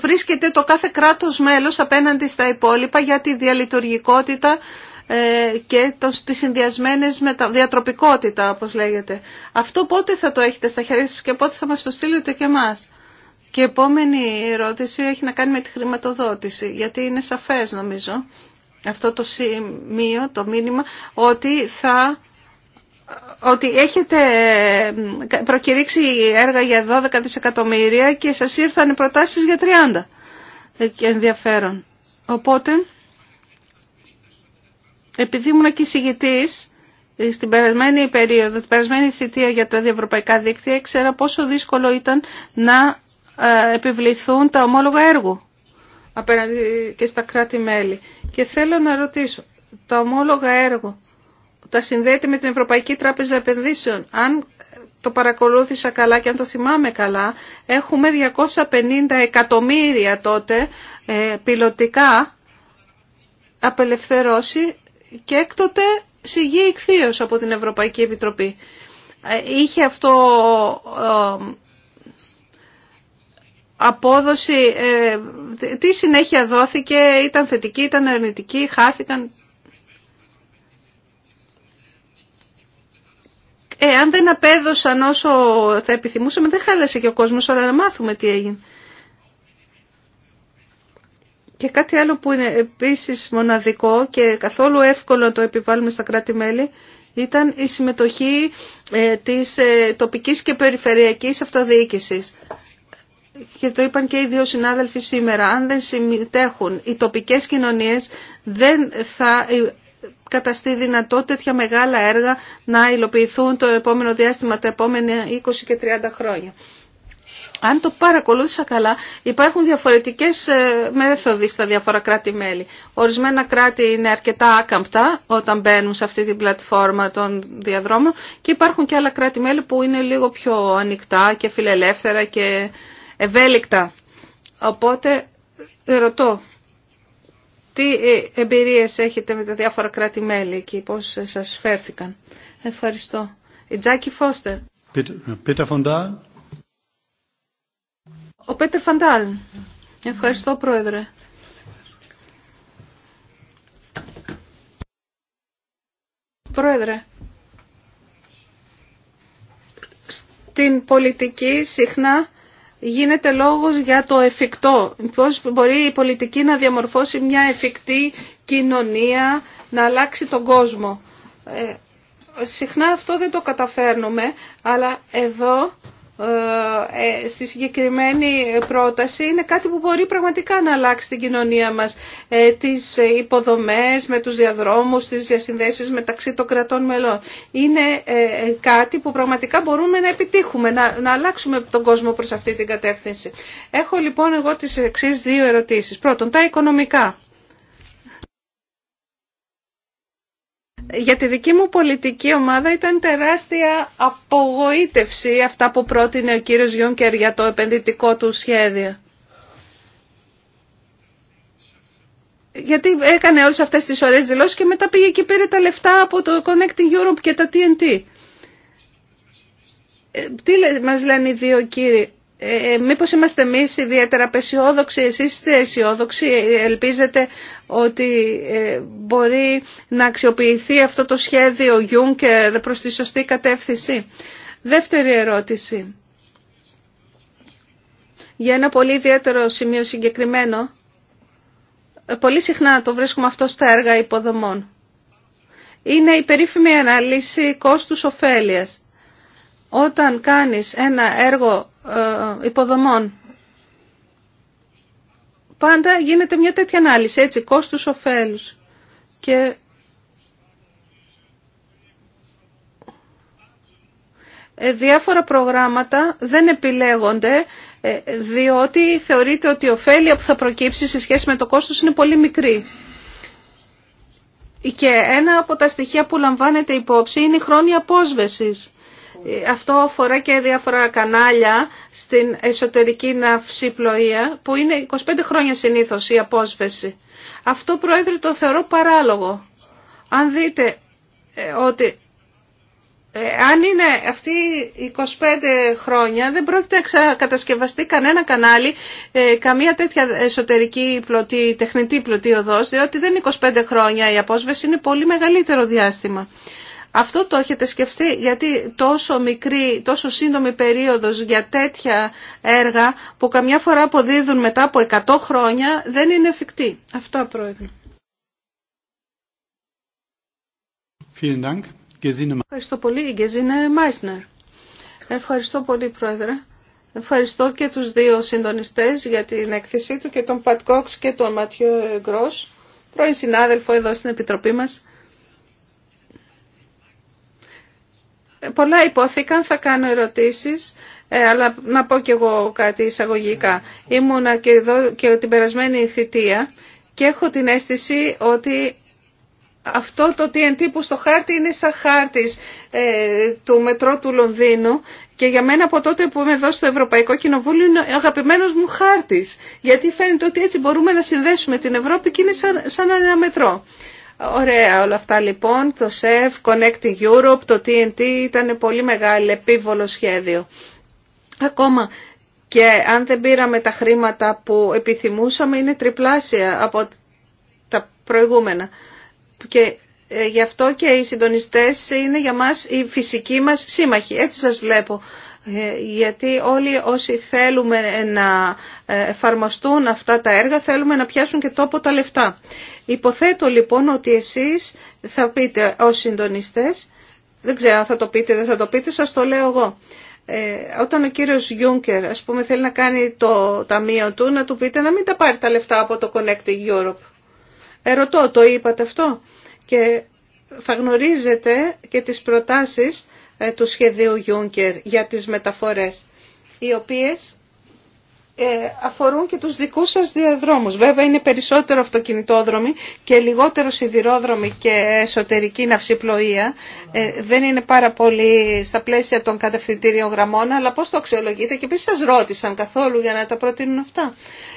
βρίσκεται το κάθε κράτος μέλος απέναντι στα υπόλοιπα για τη διαλειτουργικότητα ε, και τις συνδυασμένες με τα διατροπικότητα όπως λέγεται. Αυτό πότε θα το έχετε στα χέρια σας και πότε θα μας το στείλετε και εμάς. Και η επόμενη ερώτηση έχει να κάνει με τη χρηματοδότηση, γιατί είναι σαφές νομίζω αυτό το σημείο, το μήνυμα, ότι θα ότι έχετε ε, προκηρύξει έργα για 12 δισεκατομμύρια και σας ήρθαν προτάσεις για 30 ε, και ενδιαφέρον. Οπότε, επειδή ήμουν και συγητής, ε, στην περασμένη περίοδο, την περασμένη θητεία για τα διευρωπαϊκά δίκτυα, ήξερα πόσο δύσκολο ήταν να ε, επιβληθούν τα ομόλογα έργου απέναντι και στα κράτη-μέλη. Και θέλω να ρωτήσω, τα ομόλογα έργου τα συνδέεται με την Ευρωπαϊκή Τράπεζα Επενδύσεων. Αν το παρακολούθησα καλά και αν το θυμάμαι καλά, έχουμε 250 εκατομμύρια τότε ε, πιλωτικά απελευθερώσει και έκτοτε συγγεί από την Ευρωπαϊκή Επιτροπή. Ε, είχε αυτό ε, απόδοση, ε, τι συνέχεια δόθηκε, ήταν θετική, ήταν αρνητική, χάθηκαν. Ε, αν δεν απέδωσαν όσο θα επιθυμούσαμε, δεν χάλασε και ο κόσμος, αλλά να μάθουμε τι έγινε. Και κάτι άλλο που είναι επίσης μοναδικό και καθόλου εύκολο να το επιβάλλουμε στα κράτη-μέλη ήταν η συμμετοχή ε, της τοπικής και περιφερειακής αυτοδιοίκησης και το είπαν και οι δύο συνάδελφοι σήμερα, αν δεν συμμετέχουν οι τοπικές κοινωνίες δεν θα ε, καταστεί δυνατό τέτοια μεγάλα έργα να υλοποιηθούν το επόμενο διάστημα, τα επόμενα 20 και 30 χρόνια. Αν το παρακολούθησα καλά, υπάρχουν διαφορετικές ε, μέθοδοι στα διάφορα κράτη-μέλη. Ορισμένα κράτη είναι αρκετά άκαμπτα όταν μπαίνουν σε αυτή την πλατφόρμα των διαδρόμων και υπάρχουν και άλλα κράτη-μέλη που είναι λίγο πιο ανοιχτά και φιλελεύθερα και ευέλικτα. Οπότε ρωτώ, τι εμπειρίες έχετε με τα διάφορα κράτη-μέλη και πώς σας φέρθηκαν. Ευχαριστώ. Η Τζάκι Φώστερ. Πίτερ Φαντάλ. Ο Πίτερ Φαντάλ. Ευχαριστώ Πρόεδρε. Πρόεδρε, στην πολιτική συχνά γίνεται λόγος για το εφικτό. Πώς μπορεί η πολιτική να διαμορφώσει μια εφικτή κοινωνία, να αλλάξει τον κόσμο. Ε, συχνά αυτό δεν το καταφέρνουμε, αλλά εδώ ε, ε, στη συγκεκριμένη πρόταση είναι κάτι που μπορεί πραγματικά να αλλάξει την κοινωνία μας. Ε, τις υποδομές με τους διαδρόμους, τις διασυνδέσεις μεταξύ των κρατών μελών. Είναι κάτι που πραγματικά μπορούμε να επιτύχουμε, να αλλάξουμε τον κόσμο προς αυτή την κατεύθυνση. Έχω λοιπόν εγώ τις εξής δύο ερωτήσεις. Πρώτον, τα οικονομικά. Για τη δική μου πολιτική ομάδα ήταν τεράστια απογοήτευση αυτά που πρότεινε ο κύριος Γιούνκερ για το επενδυτικό του σχέδιο. Γιατί έκανε όλες αυτές τις ωραίες δηλώσεις και μετά πήγε και πήρε τα λεφτά από το Connecting Europe και τα TNT. Ε, τι μας λένε οι δύο κύριοι ε, μήπως είμαστε εμείς ιδιαίτερα απεσιόδοξοι, εσείς είστε αισιόδοξοι, ελπίζετε ότι ε, μπορεί να αξιοποιηθεί αυτό το σχέδιο Juncker προς τη σωστή κατεύθυνση. Δεύτερη ερώτηση. Για ένα πολύ ιδιαίτερο σημείο συγκεκριμένο, ε, πολύ συχνά το βρίσκουμε αυτό στα έργα υποδομών. Είναι η περίφημη ανάλυση κόστους ωφέλειας. Όταν κάνεις ένα έργο ε, υποδομών, πάντα γίνεται μια τέτοια ανάλυση, έτσι, κόστους κόστος-οφέλους. Και ε, διάφορα προγράμματα δεν επιλέγονται ε, διότι θεωρείται ότι η ωφέλεια που θα προκύψει σε σχέση με το κόστος είναι πολύ μικρή. Και ένα από τα στοιχεία που λαμβάνεται υπόψη είναι η χρόνια απόσβεσης. Αυτό αφορά και διάφορα κανάλια στην εσωτερική ναυσιπλοεία που είναι 25 χρόνια συνήθως η απόσβεση. Αυτό πρόεδρε το θεωρώ παράλογο. Αν δείτε ε, ότι ε, αν είναι αυτοί 25 χρόνια δεν πρόκειται να κατασκευαστεί κανένα κανάλι, ε, καμία τέτοια εσωτερική πλωτή, τεχνητή πλωτή οδός, διότι δεν είναι 25 χρόνια η απόσβεση, είναι πολύ μεγαλύτερο διάστημα. Αυτό το έχετε σκεφτεί γιατί τόσο μικρή, τόσο σύντομη περίοδος για τέτοια έργα που καμιά φορά αποδίδουν μετά από 100 χρόνια δεν είναι εφικτή. Αυτά πρόεδρε. Ευχαριστώ πολύ Μάισνερ. Ευχαριστώ πολύ πρόεδρε. Ευχαριστώ και τους δύο συντονιστές για την έκθεσή του και τον Πατ Κόξ και τον Ματιό Γκρός, πρώην συνάδελφο εδώ στην Επιτροπή μας. πολλά υπόθηκαν, θα κάνω ερωτήσεις, ε, αλλά να πω κι εγώ κάτι εισαγωγικά. Ήμουνα και εδώ και την περασμένη θητεία και έχω την αίσθηση ότι αυτό το TNT που στο χάρτη είναι σαν χάρτης ε, του μετρό του Λονδίνου και για μένα από τότε που είμαι εδώ στο Ευρωπαϊκό Κοινοβούλιο είναι ο αγαπημένος μου χάρτης γιατί φαίνεται ότι έτσι μπορούμε να συνδέσουμε την Ευρώπη και είναι σαν ένα μετρό. Ωραία όλα αυτά λοιπόν, το ΣΕΦ, Connect Europe, το TNT ήταν πολύ μεγάλο επίβολο σχέδιο. Ακόμα και αν δεν πήραμε τα χρήματα που επιθυμούσαμε είναι τριπλάσια από τα προηγούμενα. Και ε, γι' αυτό και οι συντονιστές είναι για μας οι φυσικοί μας σύμμαχοι. Έτσι σας βλέπω γιατί όλοι όσοι θέλουμε να εφαρμοστούν αυτά τα έργα θέλουμε να πιάσουν και τόπο τα λεφτά. Υποθέτω λοιπόν ότι εσείς θα πείτε ως συντονιστές, δεν ξέρω αν θα το πείτε δεν θα το πείτε, σας το λέω εγώ. Ε, όταν ο κύριος Γιούνκερ ας πούμε θέλει να κάνει το ταμείο του να του πείτε να μην τα πάρει τα λεφτά από το Connecting Europe. Ερωτώ, το είπατε αυτό και θα γνωρίζετε και τις προτάσεις ε, του σχεδίου Juncker για τις μεταφορές, οι οποίες ε, αφορούν και τους δικούς σας διαδρόμους. Βέβαια είναι περισσότερο αυτοκινητόδρομοι και λιγότερο σιδηρόδρομοι και εσωτερική ναυσιπλοεία. Ε, δεν είναι πάρα πολύ στα πλαίσια των κατευθυντήριων γραμμών, αλλά πώς το αξιολογείτε και επίσης σας ρώτησαν καθόλου για να τα προτείνουν αυτά.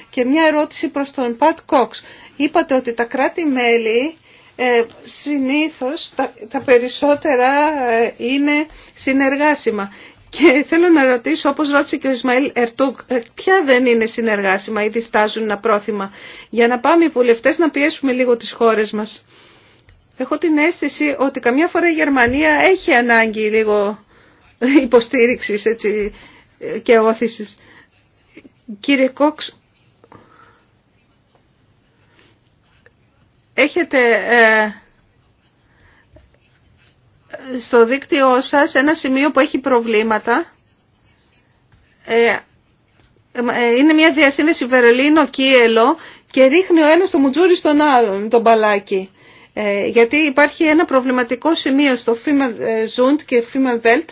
Και μια ερώτηση προς τον Πατ Κόξ. Είπατε ότι τα κράτη-μέλη ε, συνήθως τα περισσότερα ε, είναι συνεργάσιμα. Και θέλω να ρωτήσω, όπως ρώτησε και ο Ισμαήλ Ερτούκ, ε, ποια δεν είναι συνεργάσιμα ή διστάζουν ένα πρόθυμα, για να πάμε οι βουλευτές να πιέσουμε λίγο τις χώρες μας. Έχω την αίσθηση ότι καμιά φορά η Γερμανία έχει ανάγκη λίγο υποστήριξης έτσι, και όθησης. Κύριε Κόξ, έχετε ε, στο δίκτυό σας ένα σημείο που έχει προβλήματα. Ε, ε, είναι μια διασύνδεση Βερολίνο-Κίελο και ρίχνει ο ένας το μουτζούρι στον άλλον, τον μπαλάκι. γιατί υπάρχει ένα προβληματικό σημείο στο Φίμερ Ζούντ και Φίμερ Βέλτ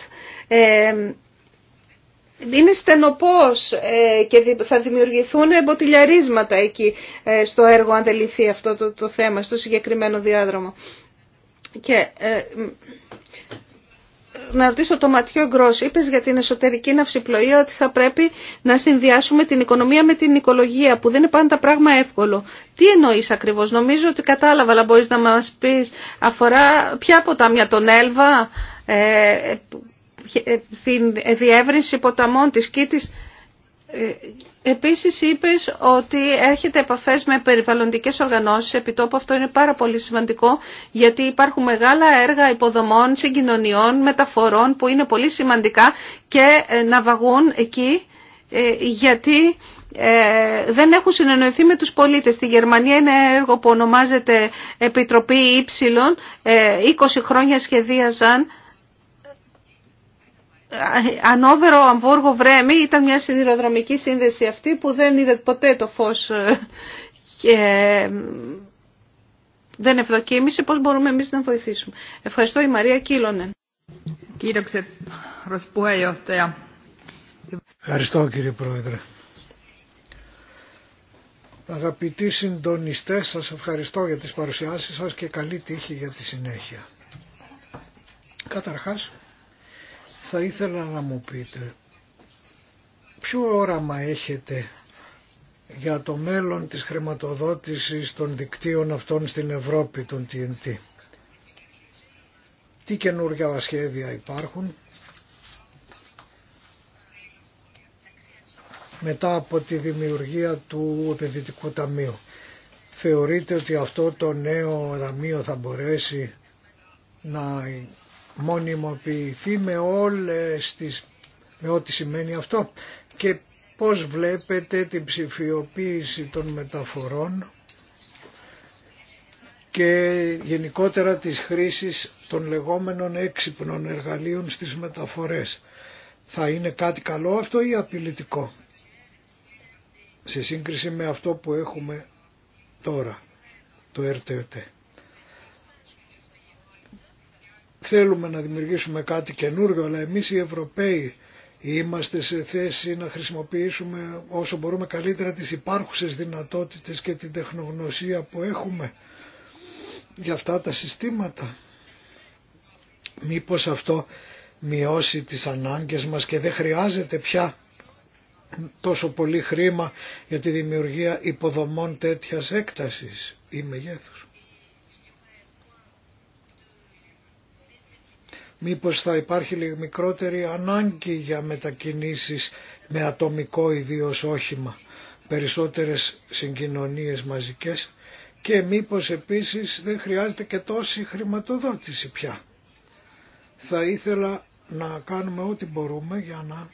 είναι στενοπός ε, και θα δημιουργηθούν εμποτιλιαρίσματα εκεί ε, στο έργο αν δεν λυθεί αυτό το, θέμα στο συγκεκριμένο διάδρομο. Και ε, να ρωτήσω το Ματιό Γκρός, είπες για την εσωτερική ναυσιπλοεία ότι θα πρέπει να συνδυάσουμε την οικονομία με την οικολογία που δεν είναι πάντα πράγμα εύκολο. Τι εννοείς ακριβώς, νομίζω ότι κατάλαβα, αλλά μπορείς να μας πεις αφορά ποια ποτάμια τον Έλβα, στην διεύρυνση ποταμών της Κίτης. Ε, επίσης είπες ότι έρχεται επαφές με περιβαλλοντικές οργανώσεις, επί τόπου αυτό είναι πάρα πολύ σημαντικό, γιατί υπάρχουν μεγάλα έργα υποδομών, συγκοινωνιών, μεταφορών που είναι πολύ σημαντικά και ε, να βαγούν εκεί, ε, γιατί δεν έχουν συνεννοηθεί με τους πολίτες. Στη Γερμανία είναι έργο που ονομάζεται Επιτροπή Υψηλών, 20 χρόνια σχεδίαζαν, Ανόβερο, Αμβούργο, Βρέμι ήταν μια σιδηροδρομική σύνδεση αυτή που δεν είδε ποτέ το φως ε, και ε, δεν ευδοκίμησε πώς μπορούμε εμείς να βοηθήσουμε. Ευχαριστώ η Μαρία Κίλωνεν. Ευχαριστώ κύριε Πρόεδρε. Αγαπητοί συντονιστές, σας ευχαριστώ για τις παρουσιάσεις σας και καλή τύχη για τη συνέχεια. Καταρχάς, θα ήθελα να μου πείτε ποιο όραμα έχετε για το μέλλον της χρηματοδότησης των δικτύων αυτών στην Ευρώπη των TNT. Τι καινούργια σχέδια υπάρχουν μετά από τη δημιουργία του επενδυτικού ταμείου. Θεωρείτε ότι αυτό το νέο ταμείο θα μπορέσει να μονιμοποιηθεί με όλες τις, με ό,τι σημαίνει αυτό και πώς βλέπετε την ψηφιοποίηση των μεταφορών και γενικότερα της χρήσης των λεγόμενων έξυπνων εργαλείων στις μεταφορές. Θα είναι κάτι καλό αυτό ή απειλητικό σε σύγκριση με αυτό που έχουμε τώρα, το RTT θέλουμε να δημιουργήσουμε κάτι καινούργιο, αλλά εμείς οι Ευρωπαίοι είμαστε σε θέση να χρησιμοποιήσουμε όσο μπορούμε καλύτερα τις υπάρχουσες δυνατότητες και την τεχνογνωσία που έχουμε για αυτά τα συστήματα. Μήπως αυτό μειώσει τις ανάγκες μας και δεν χρειάζεται πια τόσο πολύ χρήμα για τη δημιουργία υποδομών τέτοιας έκτασης ή μεγέθους. Μήπως θα υπάρχει μικρότερη ανάγκη για μετακινήσεις με ατομικό ιδίως όχημα, περισσότερες συγκοινωνίες μαζικές και μήπως επίσης δεν χρειάζεται και τόση χρηματοδότηση πια. Θα ήθελα να κάνουμε ό,τι μπορούμε για να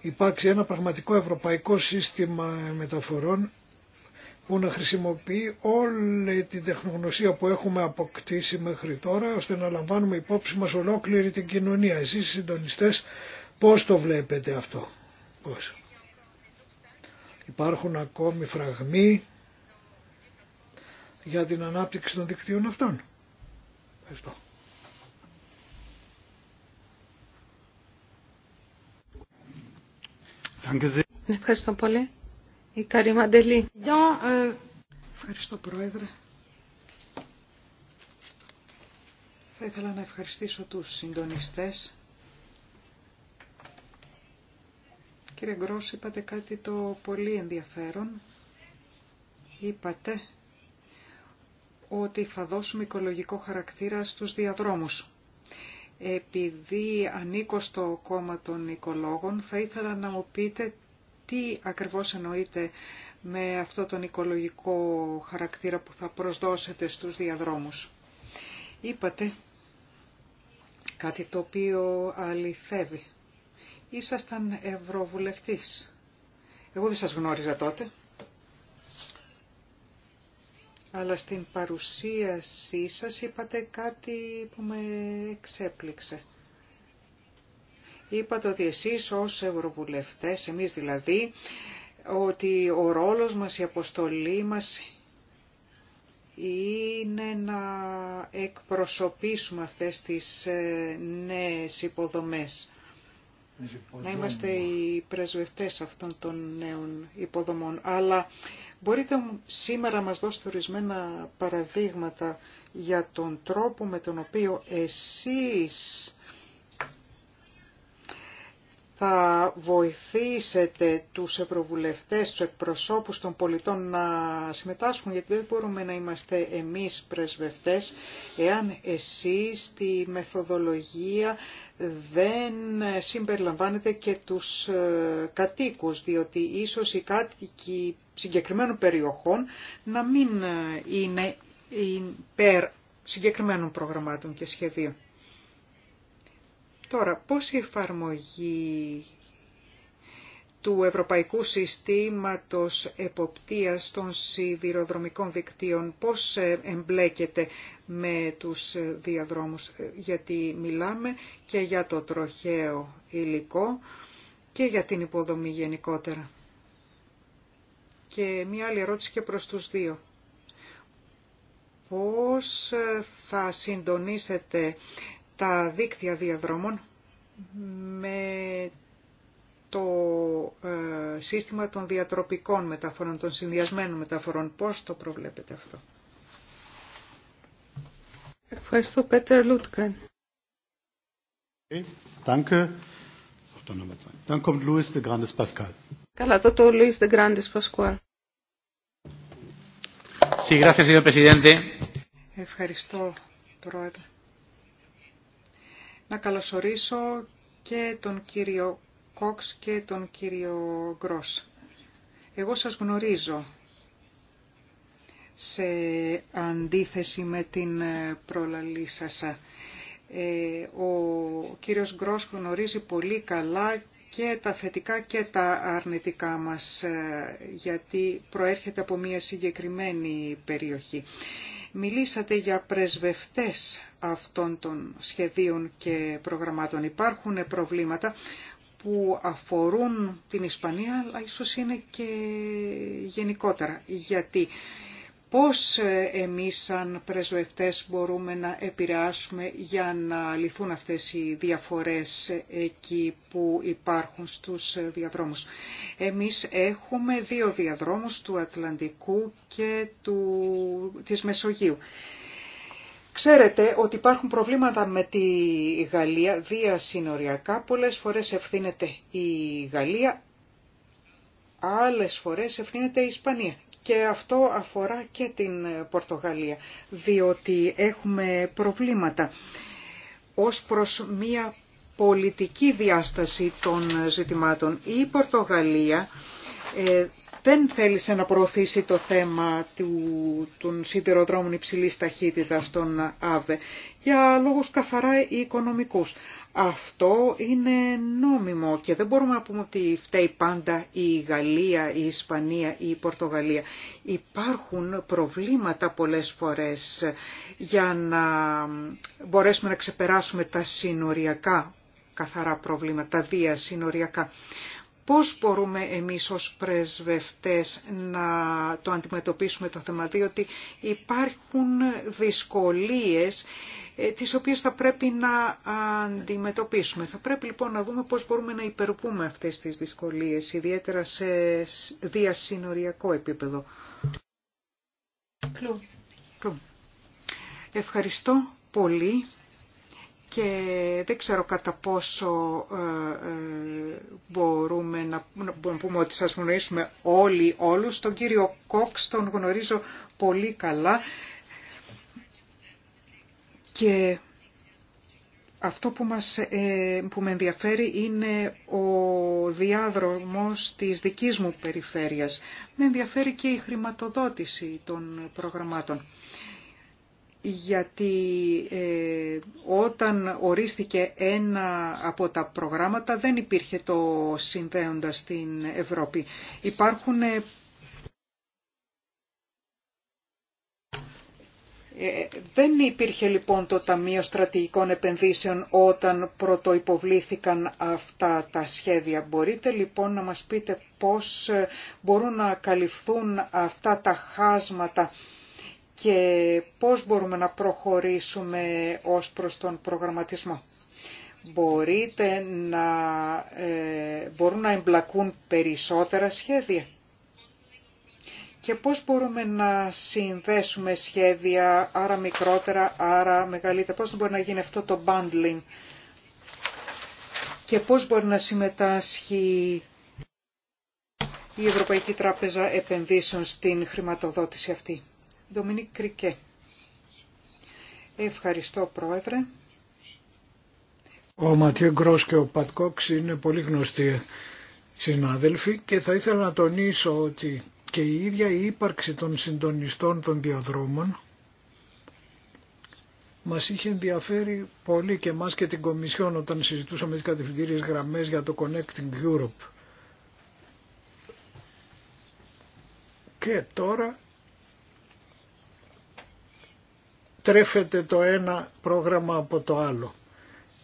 υπάρξει ένα πραγματικό ευρωπαϊκό σύστημα μεταφορών που να χρησιμοποιεί όλη την τεχνογνωσία που έχουμε αποκτήσει μέχρι τώρα ώστε να λαμβάνουμε υπόψη μας ολόκληρη την κοινωνία. Εσείς οι συντονιστές πώς το βλέπετε αυτό. Υπάρχουν ακόμη φραγμοί για την ανάπτυξη των δικτύων αυτών. Ευχαριστώ. Ευχαριστώ πολύ. Η euh, Ευχαριστώ Πρόεδρε. Θα ήθελα να ευχαριστήσω τους συντονιστές. Κύριε Γκρός, είπατε κάτι το πολύ ενδιαφέρον. Είπατε ότι θα δώσουμε οικολογικό χαρακτήρα στους διαδρόμους. Επειδή ανήκω στο κόμμα των οικολόγων, θα ήθελα να μου πείτε τι ακριβώς εννοείτε με αυτό τον οικολογικό χαρακτήρα που θα προσδώσετε στους διαδρόμους. Είπατε κάτι το οποίο αληθεύει. Ήσασταν ευρωβουλευτής. Εγώ δεν σας γνώριζα τότε. Αλλά στην παρουσίασή σας είπατε κάτι που με εξέπληξε. Είπατε ότι εσείς ως Ευρωβουλευτές, εμείς δηλαδή, ότι ο ρόλος μας, η αποστολή μας είναι να εκπροσωπήσουμε αυτές τις ε, νέες υποδομές. Να είμαστε οι πρεσβευτές αυτών των νέων υποδομών. Αλλά μπορείτε σήμερα να μας δώσετε ορισμένα παραδείγματα για τον τρόπο με τον οποίο εσείς θα βοηθήσετε τους ευρωβουλευτές, τους εκπροσώπους των πολιτών να συμμετάσχουν, γιατί δεν μπορούμε να είμαστε εμείς πρεσβευτές, εάν εσείς τη μεθοδολογία δεν συμπεριλαμβάνετε και τους ε, κατοίκους, διότι ίσως οι κάτοικοι συγκεκριμένων περιοχών να μην ε, είναι υπέρ συγκεκριμένων προγραμμάτων και σχεδίων. Τώρα, πώς η εφαρμογή του Ευρωπαϊκού Συστήματος Εποπτείας των Σιδηροδρομικών Δικτύων, πώς ε, εμπλέκεται με τους ε, διαδρόμους, ε, γιατί μιλάμε και για το τροχαίο υλικό και για την υποδομή γενικότερα. Και μία άλλη ερώτηση και προς τους δύο. Πώς θα συντονίσετε τα δίκτυα διαδρόμων με το ε, σύστημα των διατροπικών μεταφορών, των συνδυασμένων μεταφορών. Πώς το προβλέπετε αυτό. Ευχαριστώ Πέτερ Λούτκρεν. Okay, ε, Dann kommt Luis de Grandes Pascal. Καλά, τότε ο Luis de Grandes Pascal. Sí, gracias, señor presidente. Ευχαριστώ, Πρόεδρε να καλωσορίσω και τον κύριο Κόξ και τον κύριο Γκρός. Εγώ σας γνωρίζω σε αντίθεση με την προλαλή σας. Ε, ο κύριος Γκρός γνωρίζει πολύ καλά και τα θετικά και τα αρνητικά μας, ε, γιατί προέρχεται από μια συγκεκριμένη περιοχή. Μιλήσατε για πρεσβευτές αυτών των σχεδίων και προγραμμάτων. Υπάρχουν προβλήματα που αφορούν την Ισπανία, αλλά ίσως είναι και γενικότερα. Γιατί πώς ε, εμείς σαν πρεσβευτές μπορούμε να επηρεάσουμε για να λυθούν αυτές οι διαφορές εκεί που υπάρχουν στους διαδρόμους. Εμείς έχουμε δύο διαδρόμους του Ατλαντικού και του, της Μεσογείου. Ξέρετε ότι υπάρχουν προβλήματα με τη Γαλλία διασυνοριακά. Πολλές φορές ευθύνεται η Γαλλία, άλλες φορές ευθύνεται η Ισπανία και αυτό αφορά και την ε, Πορτογαλία, διότι έχουμε προβλήματα ως προς μία πολιτική διάσταση των ε, ζητημάτων. Η Πορτογαλία ε, δεν θέλησε να προωθήσει το θέμα του, των σιδηροδρόμων υψηλής ταχύτητας των ΑΒΕ για λόγους καθαρά οικονομικούς. Αυτό είναι νόμιμο και δεν μπορούμε να πούμε ότι φταίει πάντα η Γαλλία, η Ισπανία ή η Πορτογαλία. Υπάρχουν προβλήματα πολλές φορές για να μπορέσουμε να ξεπεράσουμε τα συνοριακά καθαρά προβλήματα, τα διασυνοριακά. Πώς μπορούμε εμείς ως πρεσβευτές να το αντιμετωπίσουμε το θέμα, διότι υπάρχουν δυσκολίες ε, τις οποίες θα πρέπει να αντιμετωπίσουμε. Θα πρέπει λοιπόν να δούμε πώς μπορούμε να υπερβούμε αυτές τις δυσκολίες, ιδιαίτερα σε διασυνοριακό επίπεδο. Ευχαριστώ πολύ και δεν ξέρω κατά πόσο ε, ε, μπορούμε να, πούμε ότι σας γνωρίσουμε όλοι όλους. Τον κύριο Κόξ τον γνωρίζω πολύ καλά και αυτό που, μας, ε, που με ενδιαφέρει είναι ο διάδρομος της δικής μου περιφέρειας. Με ενδιαφέρει και η χρηματοδότηση των προγραμμάτων γιατί ε, όταν ορίστηκε ένα από τα προγράμματα δεν υπήρχε το συνδέοντα στην Ευρώπη. Υπάρχουν ε, ε, δεν υπήρχε λοιπόν το Ταμείο Στρατηγικών Επενδύσεων όταν πρωτοϋποβλήθηκαν αυτά τα σχέδια. Μπορείτε λοιπόν να μας πείτε πώς μπορούν να καλυφθούν αυτά τα χάσματα και πώς μπορούμε να προχωρήσουμε ως προς τον προγραμματισμό. Μπορείτε να, ε, μπορούν να εμπλακούν περισσότερα σχέδια και πώς μπορούμε να συνδέσουμε σχέδια, άρα μικρότερα, άρα μεγαλύτερα. Πώς μπορεί να γίνει αυτό το bundling και πώς μπορεί να συμμετάσχει η Ευρωπαϊκή Τράπεζα Επενδύσεων στην χρηματοδότηση αυτή. Ντομινίκ Κρικέ. Ευχαριστώ Πρόεδρε. Ο Ματιέ Γκρός και ο Πατκόξ είναι πολύ γνωστοί συνάδελφοι και θα ήθελα να τονίσω ότι και η ίδια η ύπαρξη των συντονιστών των διαδρόμων μας είχε ενδιαφέρει πολύ και μας και την Κομισιόν όταν συζητούσαμε τις κατευθυντήριες γραμμές για το Connecting Europe. Και τώρα τρέφεται το ένα πρόγραμμα από το άλλο.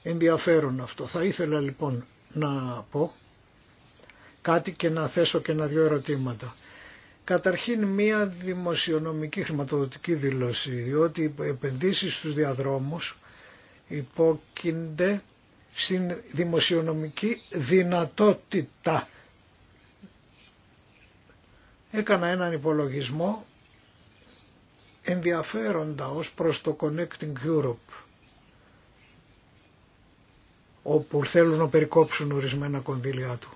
Ενδιαφέρον αυτό. Θα ήθελα λοιπόν να πω κάτι και να θέσω και ένα δύο ερωτήματα. Καταρχήν μία δημοσιονομική χρηματοδοτική δήλωση, διότι οι επενδύσεις στους διαδρόμους υπόκεινται στην δημοσιονομική δυνατότητα. Έκανα έναν υπολογισμό ενδιαφέροντα ως προς το Connecting Europe όπου θέλουν να περικόψουν ορισμένα κονδύλια του.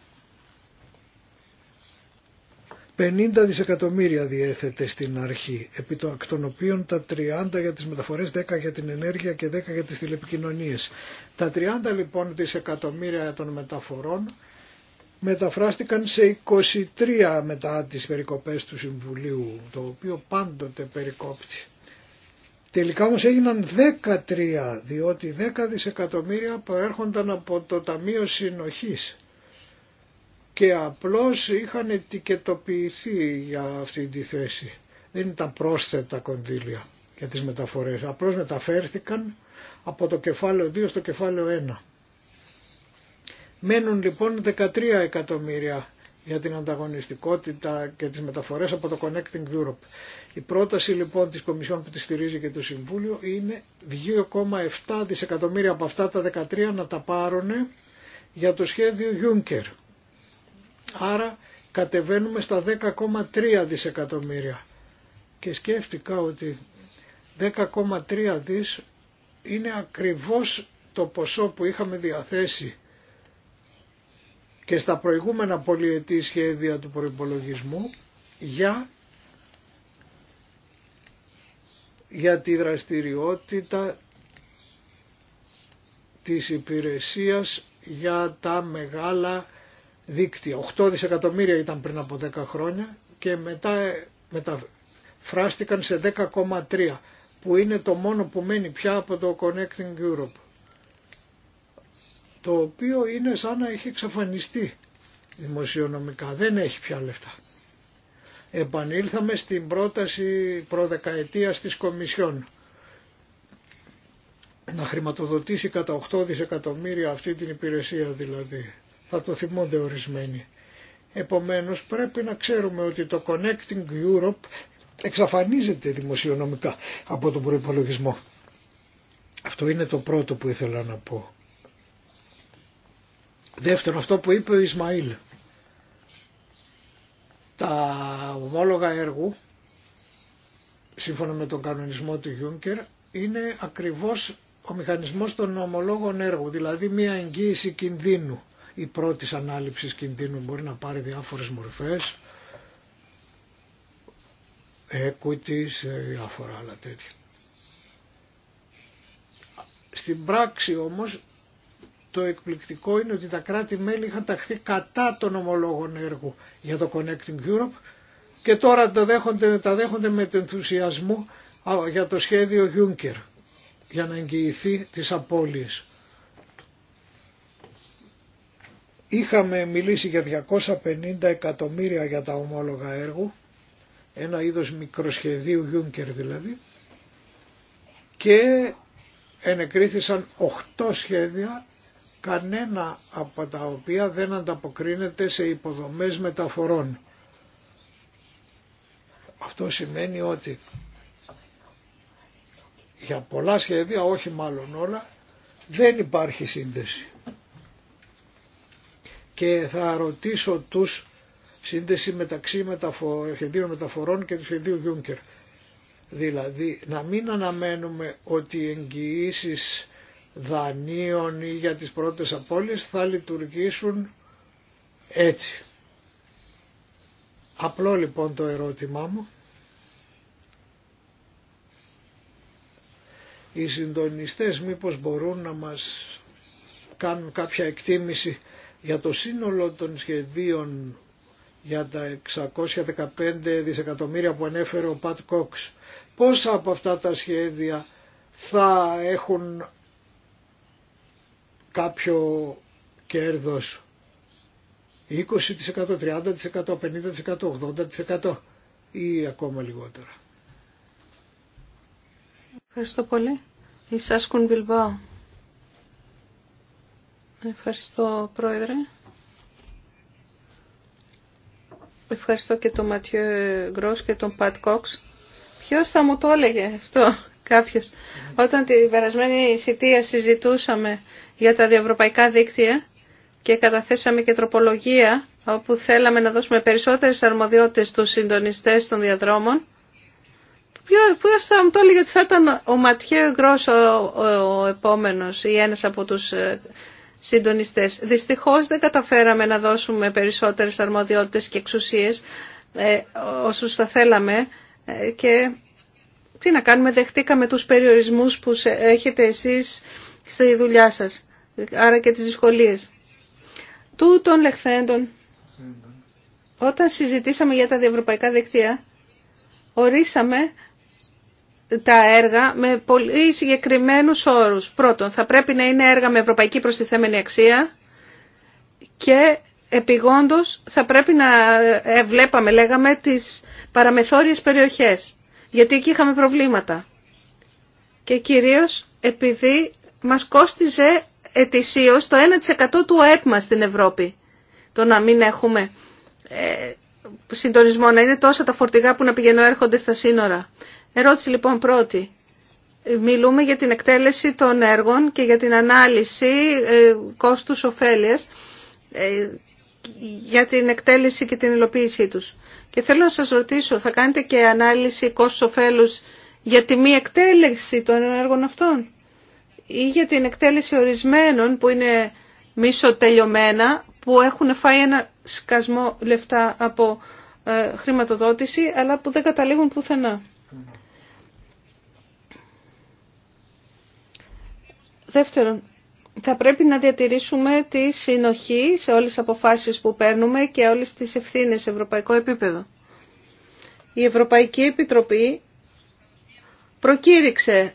50 δισεκατομμύρια διέθετε στην αρχή, επί των οποίων τα 30 για τις μεταφορές, 10 για την ενέργεια και 10 για τις τηλεπικοινωνίες. Τα 30 λοιπόν δισεκατομμύρια των μεταφορών μεταφράστηκαν σε 23 μετά τις περικοπές του Συμβουλίου, το οποίο πάντοτε περικόπτει. Τελικά όμως έγιναν 13, διότι 10 δισεκατομμύρια προέρχονταν από το Ταμείο Συνοχής και απλώς είχαν ετικετοποιηθεί για αυτή τη θέση. Δεν ήταν πρόσθετα κονδύλια για τις μεταφορές, απλώς μεταφέρθηκαν από το κεφάλαιο 2 στο κεφάλαιο 1. Μένουν λοιπόν 13 εκατομμύρια για την ανταγωνιστικότητα και τις μεταφορές από το Connecting Europe. Η πρόταση λοιπόν της Κομισιόν που τη στηρίζει και το Συμβούλιο είναι 2,7 δισεκατομμύρια από αυτά τα 13 να τα πάρουν για το σχέδιο Juncker. Άρα κατεβαίνουμε στα 10,3 δισεκατομμύρια. Και σκέφτηκα ότι 10,3 δις είναι ακριβώς το ποσό που είχαμε διαθέσει και στα προηγούμενα πολυετή σχέδια του προϋπολογισμού για, για τη δραστηριότητα της υπηρεσίας για τα μεγάλα δίκτυα. 8 δισεκατομμύρια ήταν πριν από 10 χρόνια και μετά μεταφράστηκαν σε 10,3 που είναι το μόνο που μένει πια από το Connecting Europe το οποίο είναι σαν να έχει εξαφανιστεί δημοσιονομικά. Δεν έχει πια λεφτά. Επανήλθαμε στην πρόταση προδεκαετίας της Κομισιόν να χρηματοδοτήσει κατά 8 δισεκατομμύρια αυτή την υπηρεσία δηλαδή. Θα το θυμούνται ορισμένοι. Επομένως πρέπει να ξέρουμε ότι το Connecting Europe εξαφανίζεται δημοσιονομικά από τον προϋπολογισμό. Αυτό είναι το πρώτο που ήθελα να πω. Δεύτερον, αυτό που είπε ο Ισμαήλ. Τα ομόλογα έργου, σύμφωνα με τον κανονισμό του Γιούνκερ, είναι ακριβώς ο μηχανισμός των ομολόγων έργου, δηλαδή μια εγγύηση κινδύνου. Η πρώτη ανάληψη κινδύνου μπορεί να πάρει διάφορες μορφές, equity ε, διάφορα άλλα τέτοια. Στην πράξη όμως το εκπληκτικό είναι ότι τα κράτη-μέλη είχαν ταχθεί κατά των ομολόγων έργου για το Connecting Europe και τώρα τα δέχονται, δέχονται με ενθουσιασμό για το σχέδιο Juncker για να εγγυηθεί τις απώλειες. Είχαμε μιλήσει για 250 εκατομμύρια για τα ομόλογα έργου, ένα είδος μικροσχεδίου Juncker δηλαδή, και ενεκρίθησαν 8 σχέδια κανένα από τα οποία δεν ανταποκρίνεται σε υποδομές μεταφορών. Αυτό σημαίνει ότι για πολλά σχέδια, όχι μάλλον όλα, δεν υπάρχει σύνδεση. Και θα ρωτήσω τους σύνδεση μεταξύ σχεδίων μεταφορών και του σχεδίου Γιούνκερ. Δηλαδή να μην αναμένουμε ότι οι εγγυήσεις δανείων ή για τις πρώτες απώλειες θα λειτουργήσουν έτσι. Απλό λοιπόν το ερώτημά μου. Οι συντονιστές μήπως μπορούν να μας κάνουν κάποια εκτίμηση για το σύνολο των σχεδίων για τα 615 δισεκατομμύρια που ανέφερε ο Πατ Κόξ. Πόσα από αυτά τα σχέδια θα έχουν κάποιο κέρδος 20%, 30%, 50%, 80% ή ακόμα λιγότερα. Ευχαριστώ πολύ. Η Σάσκουν Μπιλμπάου. ευχαριστω Ευχαριστώ και τον Ματιό Γκρός και τον Πατ Κόξ. Ποιος θα μου το έλεγε αυτό Κάποιο. Όταν τη περασμένη θητεία συζητούσαμε για τα διευρωπαϊκά δίκτυα και καταθέσαμε και τροπολογία όπου θέλαμε να δώσουμε περισσότερες αρμοδιότητες στους συντονιστές των διαδρόμων, που θα μου το έλεγε ότι θα ήταν ο Ματιέ Γκρός ο, επόμενος ή ένας από τους ε, συντονιστές. Δυστυχώς δεν καταφέραμε να δώσουμε περισσότερες αρμοδιότητες και εξουσίες ε, όσους θα θέλαμε ε, και τι να κάνουμε, δεχτήκαμε τους περιορισμούς που έχετε εσείς στη δουλειά σας, άρα και τις δυσκολίες. Τούτων λεχθέντων, όταν συζητήσαμε για τα διευρωπαϊκά δεκτία, ορίσαμε τα έργα με πολύ συγκεκριμένους όρους. Πρώτον, θα πρέπει να είναι έργα με ευρωπαϊκή προστιθέμενη αξία και επιγόντως θα πρέπει να ε, βλέπαμε, λέγαμε, τις παραμεθόριες περιοχές γιατί εκεί είχαμε προβλήματα. Και κυρίως επειδή μας κόστιζε ετησίως το 1% του ΑΕΠ μας στην Ευρώπη. Το να μην έχουμε ε, συντονισμό, να είναι τόσα τα φορτηγά που να πηγαίνουν έρχονται στα σύνορα. Ερώτηση λοιπόν πρώτη. Μιλούμε για την εκτέλεση των έργων και για την ανάλυση ε, κόστους ωφέλειας, ε, για την εκτέλεση και την υλοποίησή τους. Και θέλω να σας ρωτήσω, θα κάνετε και ανάλυση ωφέλους για τη μη εκτέλεση των έργων αυτών ή για την εκτέλεση ορισμένων που είναι μισοτελειωμένα, που έχουν φάει ένα σκασμό λεφτά από ε, χρηματοδότηση, αλλά που δεν καταλήγουν πουθενά. Δεύτερον, θα πρέπει να διατηρήσουμε τη συνοχή σε όλες τις αποφάσεις που παίρνουμε και όλες τις ευθύνες σε ευρωπαϊκό επίπεδο. Η Ευρωπαϊκή Επιτροπή προκήρυξε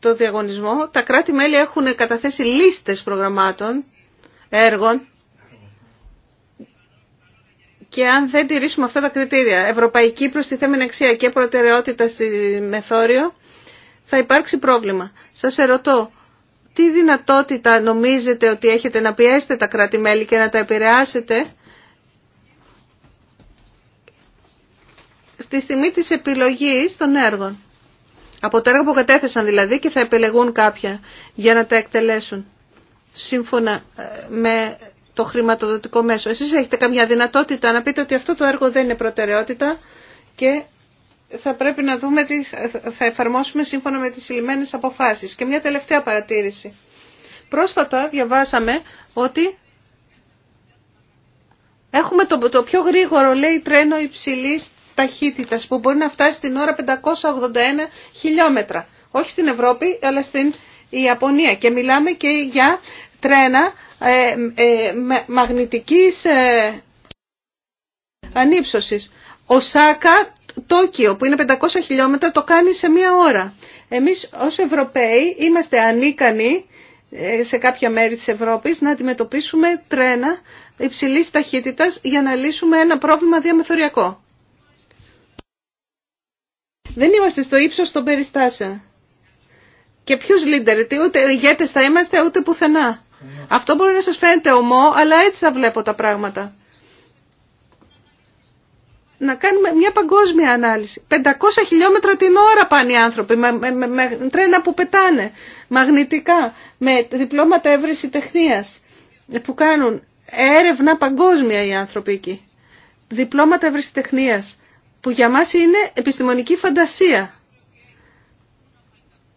το διαγωνισμό. Τα κράτη-μέλη έχουν καταθέσει λίστες προγραμμάτων, έργων και αν δεν τηρήσουμε αυτά τα κριτήρια, ευρωπαϊκή προστιθέμενη αξία και προτεραιότητα στη μεθόριο, θα υπάρξει πρόβλημα. Σας ερωτώ, τι δυνατότητα νομίζετε ότι έχετε να πιέσετε τα κράτη-μέλη και να τα επηρεάσετε στη στιγμή της επιλογής των έργων. Από τα έργα που κατέθεσαν δηλαδή και θα επιλεγούν κάποια για να τα εκτελέσουν σύμφωνα ε, με το χρηματοδοτικό μέσο. Εσείς έχετε καμιά δυνατότητα να πείτε ότι αυτό το έργο δεν είναι προτεραιότητα και θα πρέπει να δούμε τι θα εφαρμόσουμε σύμφωνα με τις λιμένες αποφάσεις. Και μια τελευταία παρατήρηση. Πρόσφατα διαβάσαμε ότι έχουμε το, το πιο γρήγορο, λέει, τρένο υψηλής ταχύτητας που μπορεί να φτάσει την ώρα 581 χιλιόμετρα. Όχι στην Ευρώπη, αλλά στην Ιαπωνία. Και μιλάμε και για τρένα ε, ε, μαγνητικής ε, ανύψωσης. Οσάκα, Τόκιο που είναι 500 χιλιόμετρα το κάνει σε μία ώρα. Εμείς ως Ευρωπαίοι είμαστε ανίκανοι ε, σε κάποια μέρη της Ευρώπης να αντιμετωπίσουμε τρένα υψηλής ταχύτητας για να λύσουμε ένα πρόβλημα διαμεθοριακό. Δεν είμαστε στο ύψος των περιστάσεων. Και ποιους λίντερ, ούτε ηγέτες θα είμαστε ούτε πουθενά. Αυτό μπορεί να σας φαίνεται ομό, αλλά έτσι θα βλέπω τα πράγματα να κάνουμε μια παγκόσμια ανάλυση. 500 χιλιόμετρα την ώρα πάνε οι άνθρωποι με, με, τρένα που πετάνε, μαγνητικά, με διπλώματα εύρεση τεχνίας που κάνουν έρευνα παγκόσμια οι άνθρωποι εκεί. Διπλώματα εύρεση τεχνίας που για μας είναι επιστημονική φαντασία.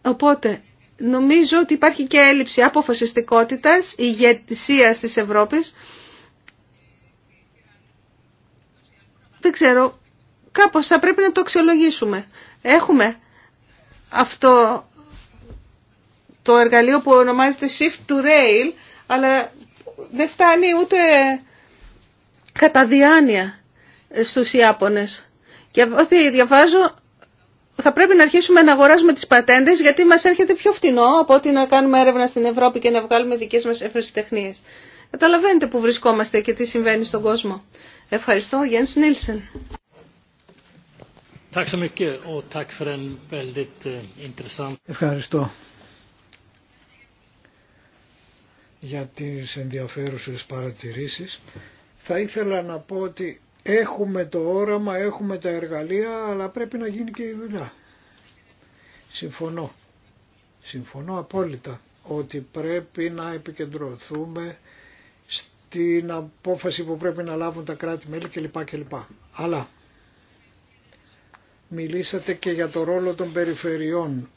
Οπότε νομίζω ότι υπάρχει και έλλειψη αποφασιστικότητας, ηγετησίας της Ευρώπης δεν ξέρω, κάπως θα πρέπει να το αξιολογήσουμε. Έχουμε αυτό το εργαλείο που ονομάζεται Shift to Rail, αλλά δεν φτάνει ούτε κατά διάνοια στους Ιάπωνες. Και ό,τι διαβάζω, θα πρέπει να αρχίσουμε να αγοράζουμε τις πατέντες, γιατί μας έρχεται πιο φτηνό από ότι να κάνουμε έρευνα στην Ευρώπη και να βγάλουμε δικές μας τεχνίες. Καταλαβαίνετε που βρισκόμαστε και τι συμβαίνει στον κόσμο. Ευχαριστώ, Γιάννης Νίλσεν. Eh, Ευχαριστώ για τις ενδιαφέρουσες παρατηρήσεις. Θα ήθελα να πω ότι έχουμε το όραμα, έχουμε τα εργαλεία, αλλά πρέπει να γίνει και η δουλειά. Συμφωνώ. Συμφωνώ απόλυτα ότι πρέπει να επικεντρωθούμε την απόφαση που πρέπει να λάβουν τα κράτη-μέλη κλπ. κλπ. Αλλά μιλήσατε και για το ρόλο των περιφερειών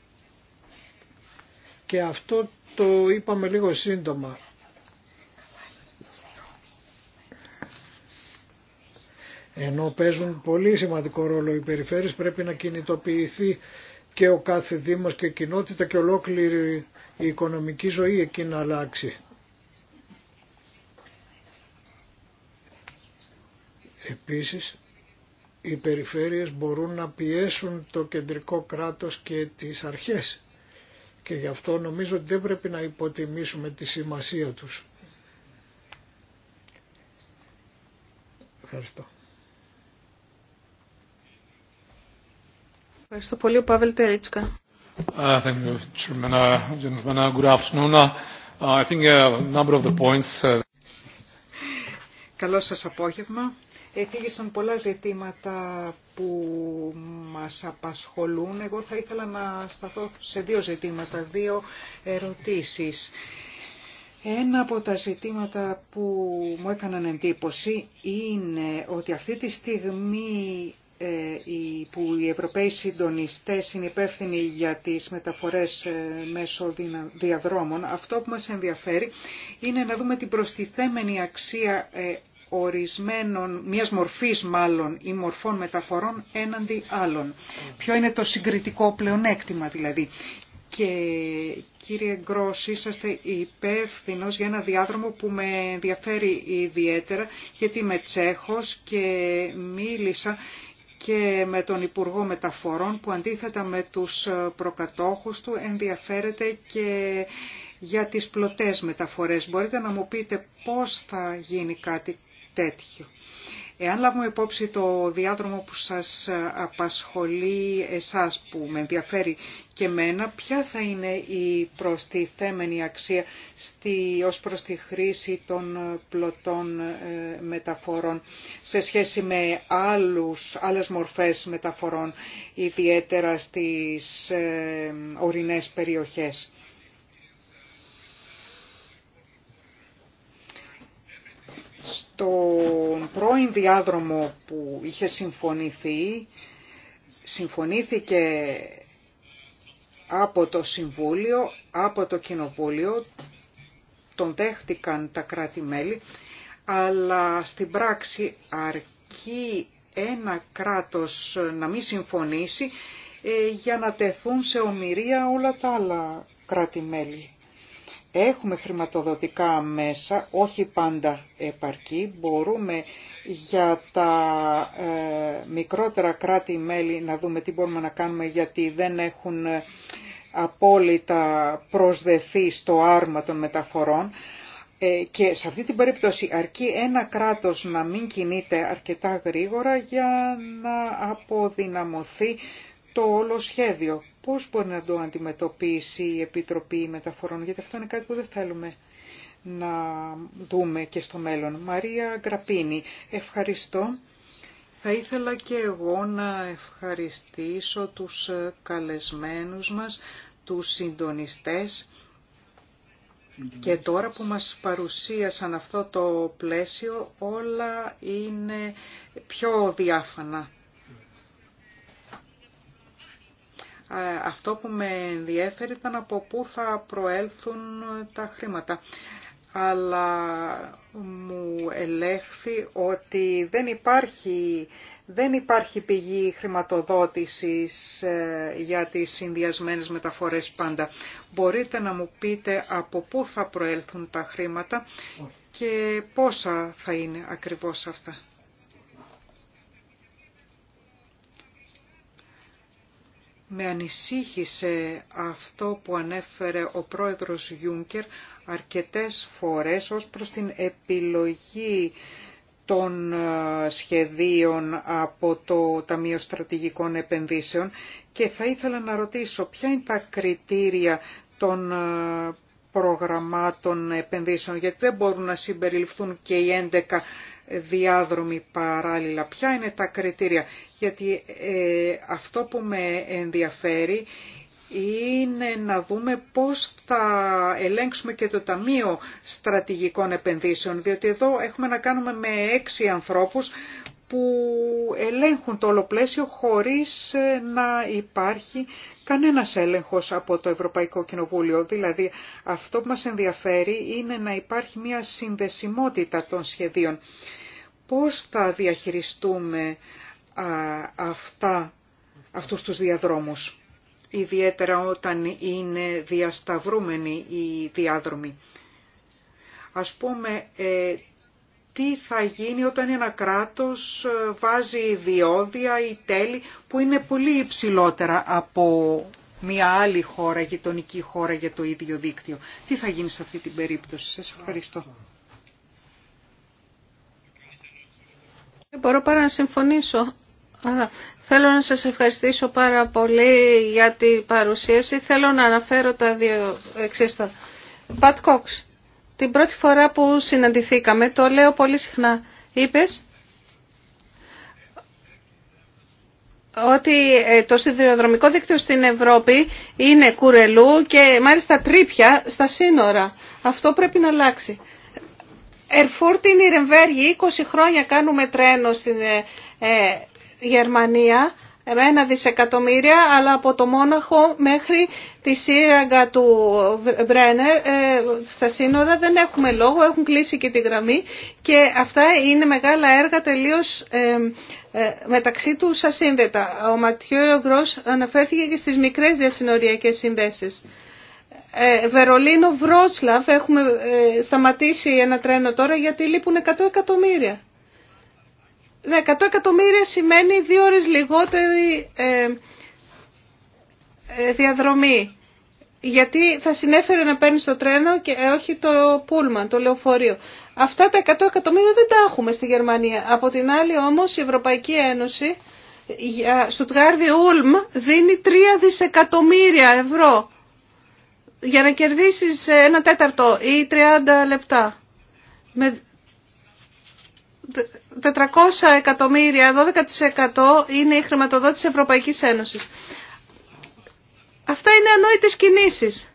και αυτό το είπαμε λίγο σύντομα. Ενώ παίζουν πολύ σημαντικό ρόλο οι περιφέρειες πρέπει να κινητοποιηθεί και ο κάθε δήμος και κοινότητα και ολόκληρη η οικονομική ζωή εκεί να αλλάξει. Επίσης, οι περιφέρειες μπορούν να πιέσουν το κεντρικό κράτος και τις αρχές και γι' αυτό νομίζω ότι δεν πρέπει να υποτιμήσουμε τη σημασία τους. Ευχαριστώ. Ευχαριστώ πολύ, ο Παύλ Τερίτσκα. Uh, uh, uh, Καλό σας απόγευμα. Εφήγησαν πολλά ζητήματα που μας απασχολούν. Εγώ θα ήθελα να σταθώ σε δύο ζητήματα, δύο ερωτήσεις. Ένα από τα ζητήματα που μου έκαναν εντύπωση είναι ότι αυτή τη στιγμή ε, που οι Ευρωπαίοι συντονιστές είναι υπεύθυνοι για τις μεταφορές ε, μέσω διαδρόμων, αυτό που μας ενδιαφέρει είναι να δούμε την προστιθέμενη αξία ε, ορισμένων, μιας μορφής μάλλον ή μορφών μεταφορών έναντι άλλων. Ποιο είναι το συγκριτικό πλεονέκτημα δηλαδή. Και κύριε Γκρός, είσαστε υπεύθυνο για ένα διάδρομο που με ενδιαφέρει ιδιαίτερα, γιατί είμαι Τσέχος και μίλησα και με τον Υπουργό Μεταφορών που αντίθετα με τους προκατόχους του ενδιαφέρεται και για τις πλωτές μεταφορές. Μπορείτε να μου πείτε πώς θα γίνει κάτι τέτοιο. Εάν λάβουμε υπόψη το διάδρομο που σας απασχολεί εσάς που με ενδιαφέρει και μένα, ποια θα είναι η προστιθέμενη αξία στη, ως προς τη χρήση των πλωτών ε, μεταφορών σε σχέση με άλλους, άλλες μορφές μεταφορών, ιδιαίτερα στις ε, ορεινές περιοχές. Στον πρώην διάδρομο που είχε συμφωνηθεί, συμφωνήθηκε από το Συμβούλιο, από το Κοινοβούλιο, τον δέχτηκαν τα κράτη-μέλη, αλλά στην πράξη αρκεί ένα κράτος να μην συμφωνήσει ε, για να τεθούν σε ομοιρία όλα τα άλλα κράτη-μέλη. Έχουμε χρηματοδοτικά μέσα, όχι πάντα επαρκή. Μπορούμε για τα ε, μικρότερα κράτη-μέλη να δούμε τι μπορούμε να κάνουμε γιατί δεν έχουν ε, απόλυτα προσδεθεί στο άρμα των μεταφορών. Ε, και σε αυτή την περίπτωση αρκεί ένα κράτος να μην κινείται αρκετά γρήγορα για να αποδυναμωθεί το όλο σχέδιο πώς μπορεί να το αντιμετωπίσει η Επιτροπή Μεταφορών, γιατί αυτό είναι κάτι που δεν θέλουμε να δούμε και στο μέλλον. Μαρία Γκραπίνη, ευχαριστώ. Θα ήθελα και εγώ να ευχαριστήσω τους καλεσμένους μας, τους συντονιστές και τώρα που μας παρουσίασαν αυτό το πλαίσιο όλα είναι πιο διάφανα Ε, αυτό που με ενδιέφερε ήταν από πού θα προέλθουν τα χρήματα. Αλλά μου ελέγχθη ότι δεν υπάρχει, δεν υπάρχει πηγή χρηματοδότησης ε, για τις συνδυασμένες μεταφορές πάντα. Μπορείτε να μου πείτε από πού θα προέλθουν τα χρήματα και πόσα θα είναι ακριβώς αυτά. με ανησύχησε αυτό που ανέφερε ο πρόεδρος Γιούνκερ αρκετές φορές ως προς την επιλογή των ε, σχεδίων από το Ταμείο Στρατηγικών Επενδύσεων και θα ήθελα να ρωτήσω ποια είναι τα κριτήρια των ε, προγραμμάτων επενδύσεων γιατί δεν μπορούν να συμπεριληφθούν και οι 11 διάδρομοι παράλληλα. Ποια είναι τα κριτήρια. Γιατί ε, αυτό που με ενδιαφέρει είναι να δούμε πώς θα ελέγξουμε και το Ταμείο Στρατηγικών Επενδύσεων, διότι εδώ έχουμε να κάνουμε με έξι ανθρώπους που ελέγχουν το όλο πλαίσιο χωρίς ε, να υπάρχει κανένας έλεγχος από το Ευρωπαϊκό Κοινοβούλιο. Δηλαδή αυτό που μας ενδιαφέρει είναι να υπάρχει μια συνδεσιμότητα των σχεδίων. Πώς θα διαχειριστούμε αυτά, αυτούς τους διαδρόμους, ιδιαίτερα όταν είναι διασταυρούμενοι οι διάδρομοι. Ας πούμε, ε, τι θα γίνει όταν ένα κράτος ε, βάζει διόδια ή τέλη που είναι πολύ υψηλότερα από μια άλλη χώρα, γειτονική χώρα για το ίδιο δίκτυο. Τι θα γίνει σε αυτή την περίπτωση. Σας ευχαριστώ. Δεν μπορώ παρά να συμφωνήσω. Θέλω να σας ευχαριστήσω πάρα πολύ για την παρουσίαση. Θέλω να αναφέρω τα δύο εξής την πρώτη φορά που συναντηθήκαμε, το λέω πολύ συχνά, είπες ότι ε, το σιδηροδρομικό δίκτυο στην Ευρώπη είναι κουρελού και μάλιστα τρίπια στα σύνορα. Αυτό πρέπει να αλλάξει. Ερφούρτη Ρεμβέργη, 20 χρόνια κάνουμε τρένο στην ε, ε, Γερμανία με ένα δισεκατομμύρια, αλλά από το Μόναχο μέχρι τη σύραγγα του Μπρένερ ε, στα σύνορα δεν έχουμε λόγο, έχουν κλείσει και τη γραμμή και αυτά είναι μεγάλα έργα τελείως ε, ε, μεταξύ του ασύνδετα. Ο Ματιό Γκρός αναφέρθηκε και στις μικρές διασυνοριακές συνδέσεις. Βερολίνο-Βρότσλαβ έχουμε σταματήσει ένα τρένο τώρα γιατί λείπουν 100 εκατομμύρια. Ναι, 100 εκατομμύρια σημαίνει δύο ώρες λιγότερη ε, ε, διαδρομή. Γιατί θα συνέφερε να παίρνει το τρένο και ε, όχι το πούλμα, το λεωφορείο. Αυτά τα 100 εκατομμύρια δεν τα έχουμε στη Γερμανία. Από την άλλη όμως η Ευρωπαϊκή Ένωση στο Τγάρδι Ούλμ δίνει 3 δισεκατομμύρια ευρώ για να κερδίσεις ένα τέταρτο ή 30 λεπτά. Με... 400 εκατομμύρια, 12% είναι η χρηματοδότηση Ευρωπαϊκής Ένωσης. Αυτά είναι ανόητες κινήσεις.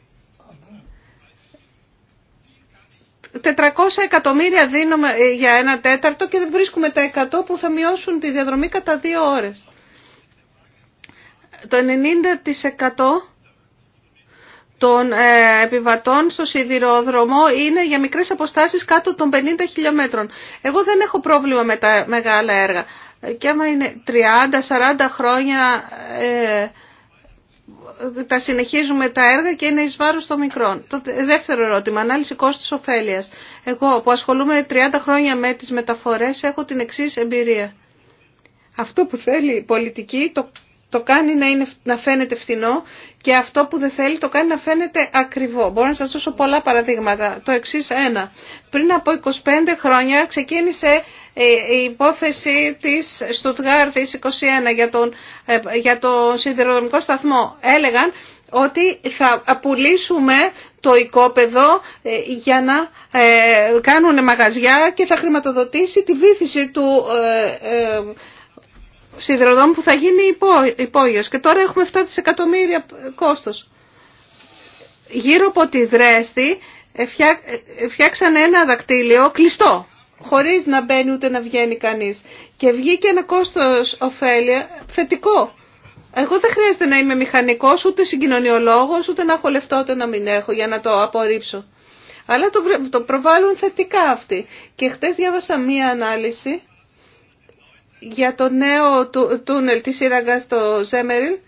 400 εκατομμύρια δίνουμε ε, για ένα τέταρτο και δεν βρίσκουμε τα 100 που θα μειώσουν τη διαδρομή κατά δύο ώρες. Το 90% των ε, επιβατών στο σιδηρόδρομο είναι για μικρές αποστάσεις κάτω των 50 χιλιόμετρων. Εγώ δεν έχω πρόβλημα με τα μεγάλα έργα. Και άμα είναι 30-40 χρόνια ε, τα συνεχίζουμε τα έργα και είναι εις βάρος των μικρών. Το δεύτερο ερώτημα, ανάλυση κόστους ωφέλειας. Εγώ που ασχολούμαι 30 χρόνια με τις μεταφορές έχω την εξής εμπειρία. Αυτό που θέλει η πολιτική το το κάνει να, είναι, να φαίνεται φθηνό και αυτό που δεν θέλει το κάνει να φαίνεται ακριβό. Μπορώ να σας δώσω πολλά παραδείγματα. Το εξή ένα. Πριν από 25 χρόνια ξεκίνησε ε, η υπόθεση της Στουτγάρδης 21 για τον, ε, για τον σιδηροδρομικό σταθμό. Έλεγαν ότι θα πουλήσουμε το οικόπεδο ε, για να κάνουν μαγαζιά και θα χρηματοδοτήσει τη βήθηση του σιδηροδρόμου που θα γίνει υπόγειος και τώρα έχουμε 7 δισεκατομμύρια κόστος. Γύρω από τη Δρέστη ε, ε, φτιάξανε ένα δακτύλιο κλειστό, χωρίς να μπαίνει ούτε να βγαίνει κανείς. Και βγήκε ένα κόστος ωφέλεια θετικό. Εγώ δεν χρειάζεται να είμαι μηχανικός, ούτε συγκοινωνιολόγος, ούτε να έχω λεφτά, ούτε να μην έχω για να το απορρίψω. Αλλά το προβάλλουν θετικά αυτοί. Και χτες διάβασα μία ανάλυση για το νέο του, τούνελ της στο Ζέμεριν.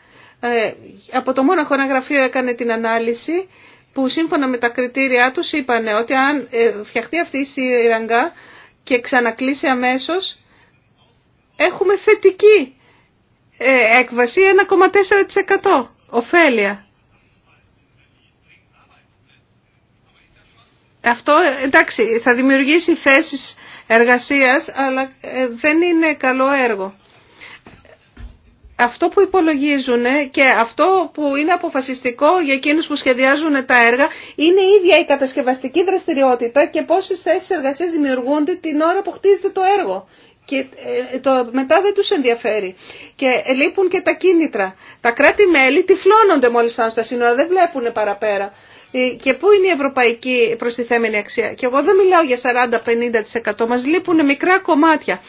Ε, από το μόνο ένα γραφείο έκανε την ανάλυση που σύμφωνα με τα κριτήρια τους είπαν ότι αν ε, φτιαχτεί αυτή η Ιραγκά και ξανακλείσει αμέσως έχουμε θετική ε, έκβαση 1,4% ωφέλεια. Αυτό εντάξει θα δημιουργήσει θέσεις εργασίας, αλλά ε, δεν είναι καλό έργο. Αυτό που υπολογίζουν ε, και αυτό που είναι αποφασιστικό για εκείνους που σχεδιάζουν τα έργα είναι η ίδια η κατασκευαστική δραστηριότητα και πόσες θέσεις εργασίας δημιουργούνται την ώρα που χτίζεται το έργο και ε, το, μετά δεν τους ενδιαφέρει. Και λείπουν και τα κίνητρα. Τα κράτη-μέλη τυφλώνονται μόλις φτάνουν στα σύνορα, δεν βλέπουν παραπέρα. Ε, και πού είναι η ευρωπαϊκή προστιθέμενη αξία. Και εγώ δεν μιλάω για 40-50%. Μας λείπουν μικρά κομμάτια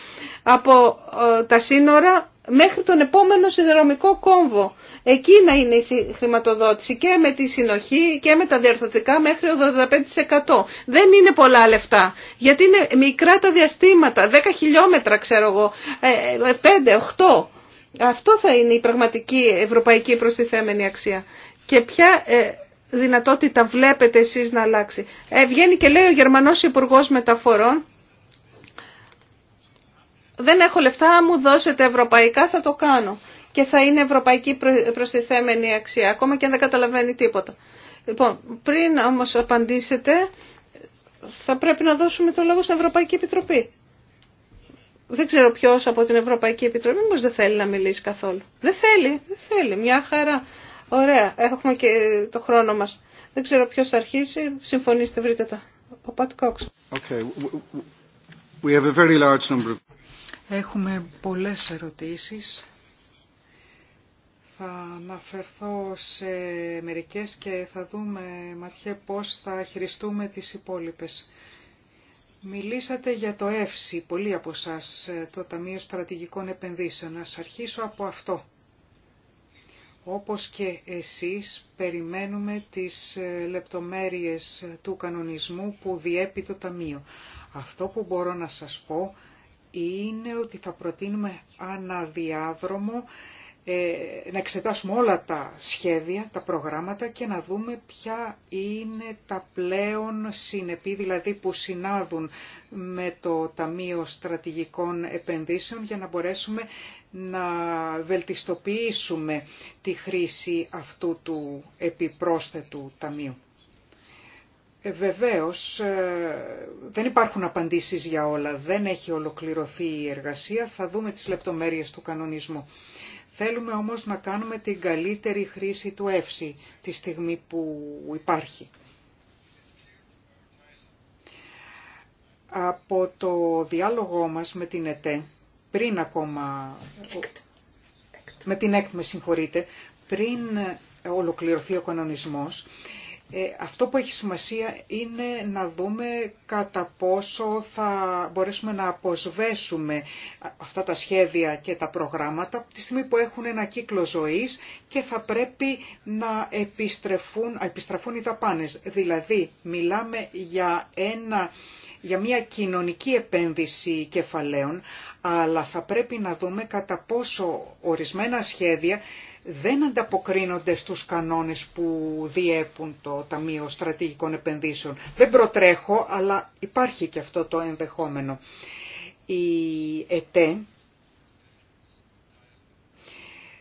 από ε, τα σύνορα μέχρι τον επόμενο συνδρομικό κόμβο. Εκεί να είναι η χρηματοδότηση και με τη συνοχή και με τα διαρθωτικά μέχρι το 85%. Δεν είναι πολλά λεφτά, γιατί είναι μικρά τα διαστήματα, 10 χιλιόμετρα ξέρω εγώ, 5, ε, 8. Αυτό θα είναι η πραγματική ευρωπαϊκή προστιθέμενη αξία. Και ποια δυνατότητα βλέπετε εσείς να αλλάξει. Ε, βγαίνει και λέει ο Γερμανός υπουργό Μεταφορών, δεν έχω λεφτά, μου δώσετε ευρωπαϊκά, θα το κάνω. Και θα είναι ευρωπαϊκή προστιθέμενη αξία, ακόμα και αν δεν καταλαβαίνει τίποτα. Λοιπόν, πριν όμως απαντήσετε, θα πρέπει να δώσουμε το λόγο στην Ευρωπαϊκή Επιτροπή. Δεν ξέρω ποιο από την Ευρωπαϊκή Επιτροπή, μήπω δεν θέλει να μιλήσει καθόλου. Δεν θέλει, δεν θέλει, μια χαρά. Ωραία, έχουμε και το χρόνο μας. Δεν ξέρω ποιος θα αρχίσει, συμφωνήστε, βρείτε τα. Ο Πατ Κόξ. Έχουμε πολλές ερωτήσεις. Θα αναφερθώ σε μερικές και θα δούμε, Ματιέ, πώς θα χειριστούμε τις υπόλοιπες. Μιλήσατε για το ΕΦΣΙ, πολλοί από εσά, το Ταμείο Στρατηγικών Επενδύσεων. Ας αρχίσω από αυτό. Όπως και εσείς περιμένουμε τις ε, λεπτομέρειες του κανονισμού που διέπει το Ταμείο. Αυτό που μπορώ να σας πω είναι ότι θα προτείνουμε αναδιάδρομο ε, να εξετάσουμε όλα τα σχέδια, τα προγράμματα και να δούμε ποια είναι τα πλέον συνεπή, δηλαδή που συνάδουν με το Ταμείο Στρατηγικών Επενδύσεων για να μπορέσουμε να βελτιστοποιήσουμε τη χρήση αυτού του επιπρόσθετου Ταμείου. Ε, βεβαίως ε, δεν υπάρχουν απαντήσεις για όλα, δεν έχει ολοκληρωθεί η εργασία, θα δούμε τις λεπτομέρειες του κανονισμού. Θέλουμε όμως να κάνουμε την καλύτερη χρήση του εύση τη στιγμή που υπάρχει. Από το διάλογό μας με την ΕΤΕ, πριν ακόμα... Με την ΕΚΤ, με συγχωρείτε, πριν ολοκληρωθεί ο κανονισμός, ε, αυτό που έχει σημασία είναι να δούμε κατά πόσο θα μπορέσουμε να αποσβέσουμε αυτά τα σχέδια και τα προγράμματα τη στιγμή που έχουν ένα κύκλο ζωής και θα πρέπει να επιστρεφούν, επιστραφούν οι δαπάνες. Δηλαδή μιλάμε για, ένα, για μια κοινωνική επένδυση κεφαλαίων αλλά θα πρέπει να δούμε κατά πόσο ορισμένα σχέδια δεν ανταποκρίνονται στους κανόνες που διέπουν το Ταμείο Στρατηγικών Επενδύσεων. Δεν προτρέχω, αλλά υπάρχει και αυτό το ενδεχόμενο. Η ΕΤΕ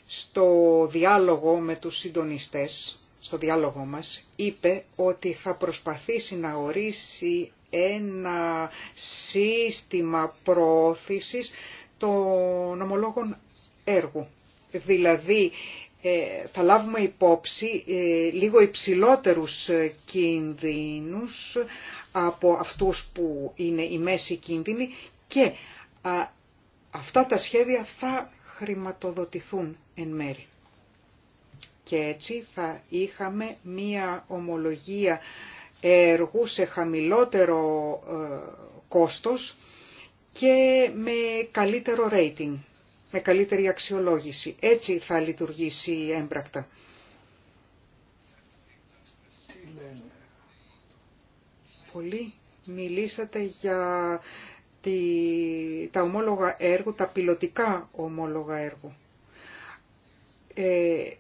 στο διάλογο με τους συντονιστές, στο διάλογο μας, είπε ότι θα προσπαθήσει να ορίσει ένα σύστημα προώθησης των ομολόγων έργου δηλαδή ε, θα λάβουμε υπόψη ε, λίγο υψηλότερους ε, κινδύνους από αυτούς που είναι οι μέση κίνδυνοι και αυτά τα σχέδια θα χρηματοδοτηθούν εν μέρη. Και έτσι θα είχαμε μία ομολογία έργου σε χαμηλότερο κόστος και με καλύτερο rating με καλύτερη αξιολόγηση. Έτσι θα λειτουργήσει έμπρακτα. Πολύ μιλήσατε για τη, τα ομόλογα έργου, τα πιλωτικά ομόλογα έργου. Ε,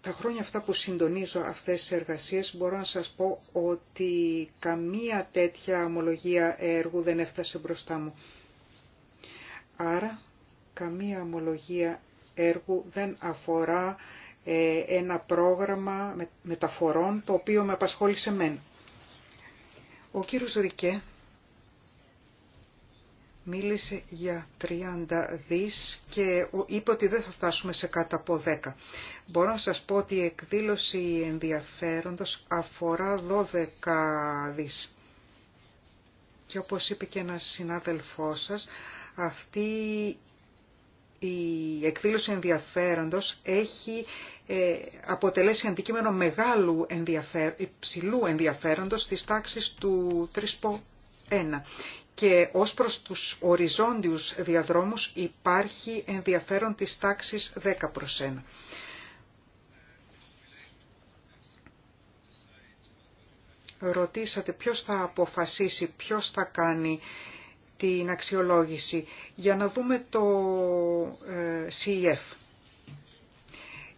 τα χρόνια αυτά που συντονίζω αυτές τις εργασίες μπορώ να σας πω ότι καμία τέτοια ομολογία έργου δεν έφτασε μπροστά μου. Άρα καμία ομολογία έργου δεν αφορά ε, ένα πρόγραμμα μεταφορών το οποίο με απασχόλησε μεν. Ο κύριος Ρικέ μίλησε για 30 δις και είπε ότι δεν θα φτάσουμε σε κάτω από 10. Μπορώ να σας πω ότι η εκδήλωση ενδιαφέροντος αφορά 12 δις. Και όπως είπε και ένας συνάδελφός σας, αυτή η εκδήλωση ενδιαφέροντος έχει ε, αποτελέσει αντικείμενο μεγάλου υψηλού ενδιαφέροντος στις τάξεις του 3 1. Και ως προς τους οριζόντιους διαδρόμους υπάρχει ενδιαφέρον της τάξης 10 προς 1. Ρωτήσατε ποιος θα αποφασίσει, ποιος θα κάνει την αξιολόγηση για να δούμε το ε, CEF.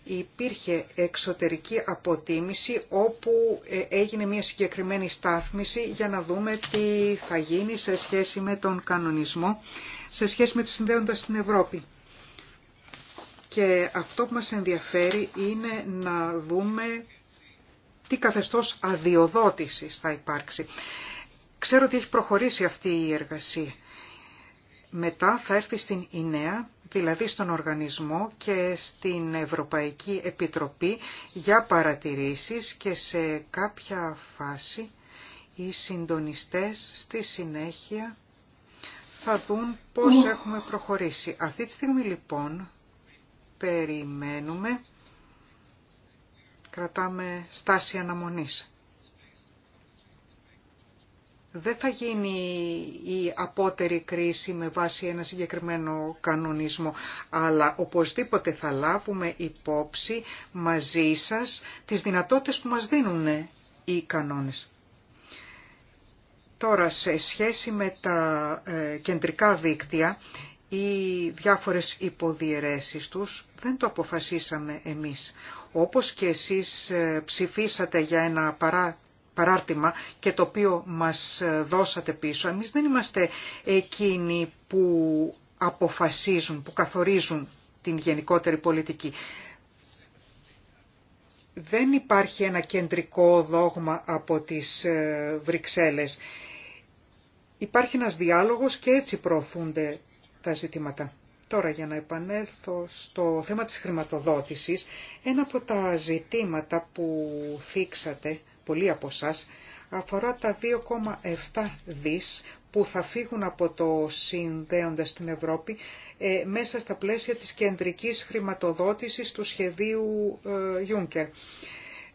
Υπήρχε εξωτερική αποτίμηση όπου ε, έγινε μια συγκεκριμένη στάθμιση για να δούμε τι θα γίνει σε σχέση με τον κανονισμό, σε σχέση με τους συνδέοντας στην Ευρώπη. Και αυτό που μας ενδιαφέρει είναι να δούμε τι καθεστώς αδειοδότησης θα υπάρξει. Ξέρω ότι έχει προχωρήσει αυτή η εργασία. Μετά θα έρθει στην ΙΝΕΑ, δηλαδή στον οργανισμό και στην Ευρωπαϊκή Επιτροπή για παρατηρήσεις και σε κάποια φάση οι συντονιστές στη συνέχεια θα δουν πώς ναι. έχουμε προχωρήσει. Αυτή τη στιγμή λοιπόν περιμένουμε, κρατάμε στάση αναμονής δεν θα γίνει η απότερη κρίση με βάση ένα συγκεκριμένο κανονισμό, αλλά οπωσδήποτε θα λάβουμε υπόψη μαζί σας τις δυνατότητες που μας δίνουν οι κανόνες. Τώρα, σε σχέση με τα ε, κεντρικά δίκτυα ή διάφορες υποδιαιρέσεις τους, δεν το αποφασίσαμε εμείς. Όπως και εσείς ε, ψηφίσατε για ένα παρά παράρτημα και το οποίο μας δώσατε πίσω. Εμείς δεν είμαστε εκείνοι που αποφασίζουν, που καθορίζουν την γενικότερη πολιτική. Δεν υπάρχει ένα κεντρικό δόγμα από τις ε, Βρυξέλλες. Υπάρχει ένας διάλογος και έτσι προωθούνται τα ζητήματα. Τώρα για να επανέλθω στο θέμα της χρηματοδότησης, ένα από τα ζητήματα που θίξατε πολλοί από εσά, αφορά τα 2,7 δις που θα φύγουν από το συνδέοντα στην Ευρώπη ε, μέσα στα πλαίσια της κεντρικής χρηματοδότησης του σχεδίου ε, Juncker.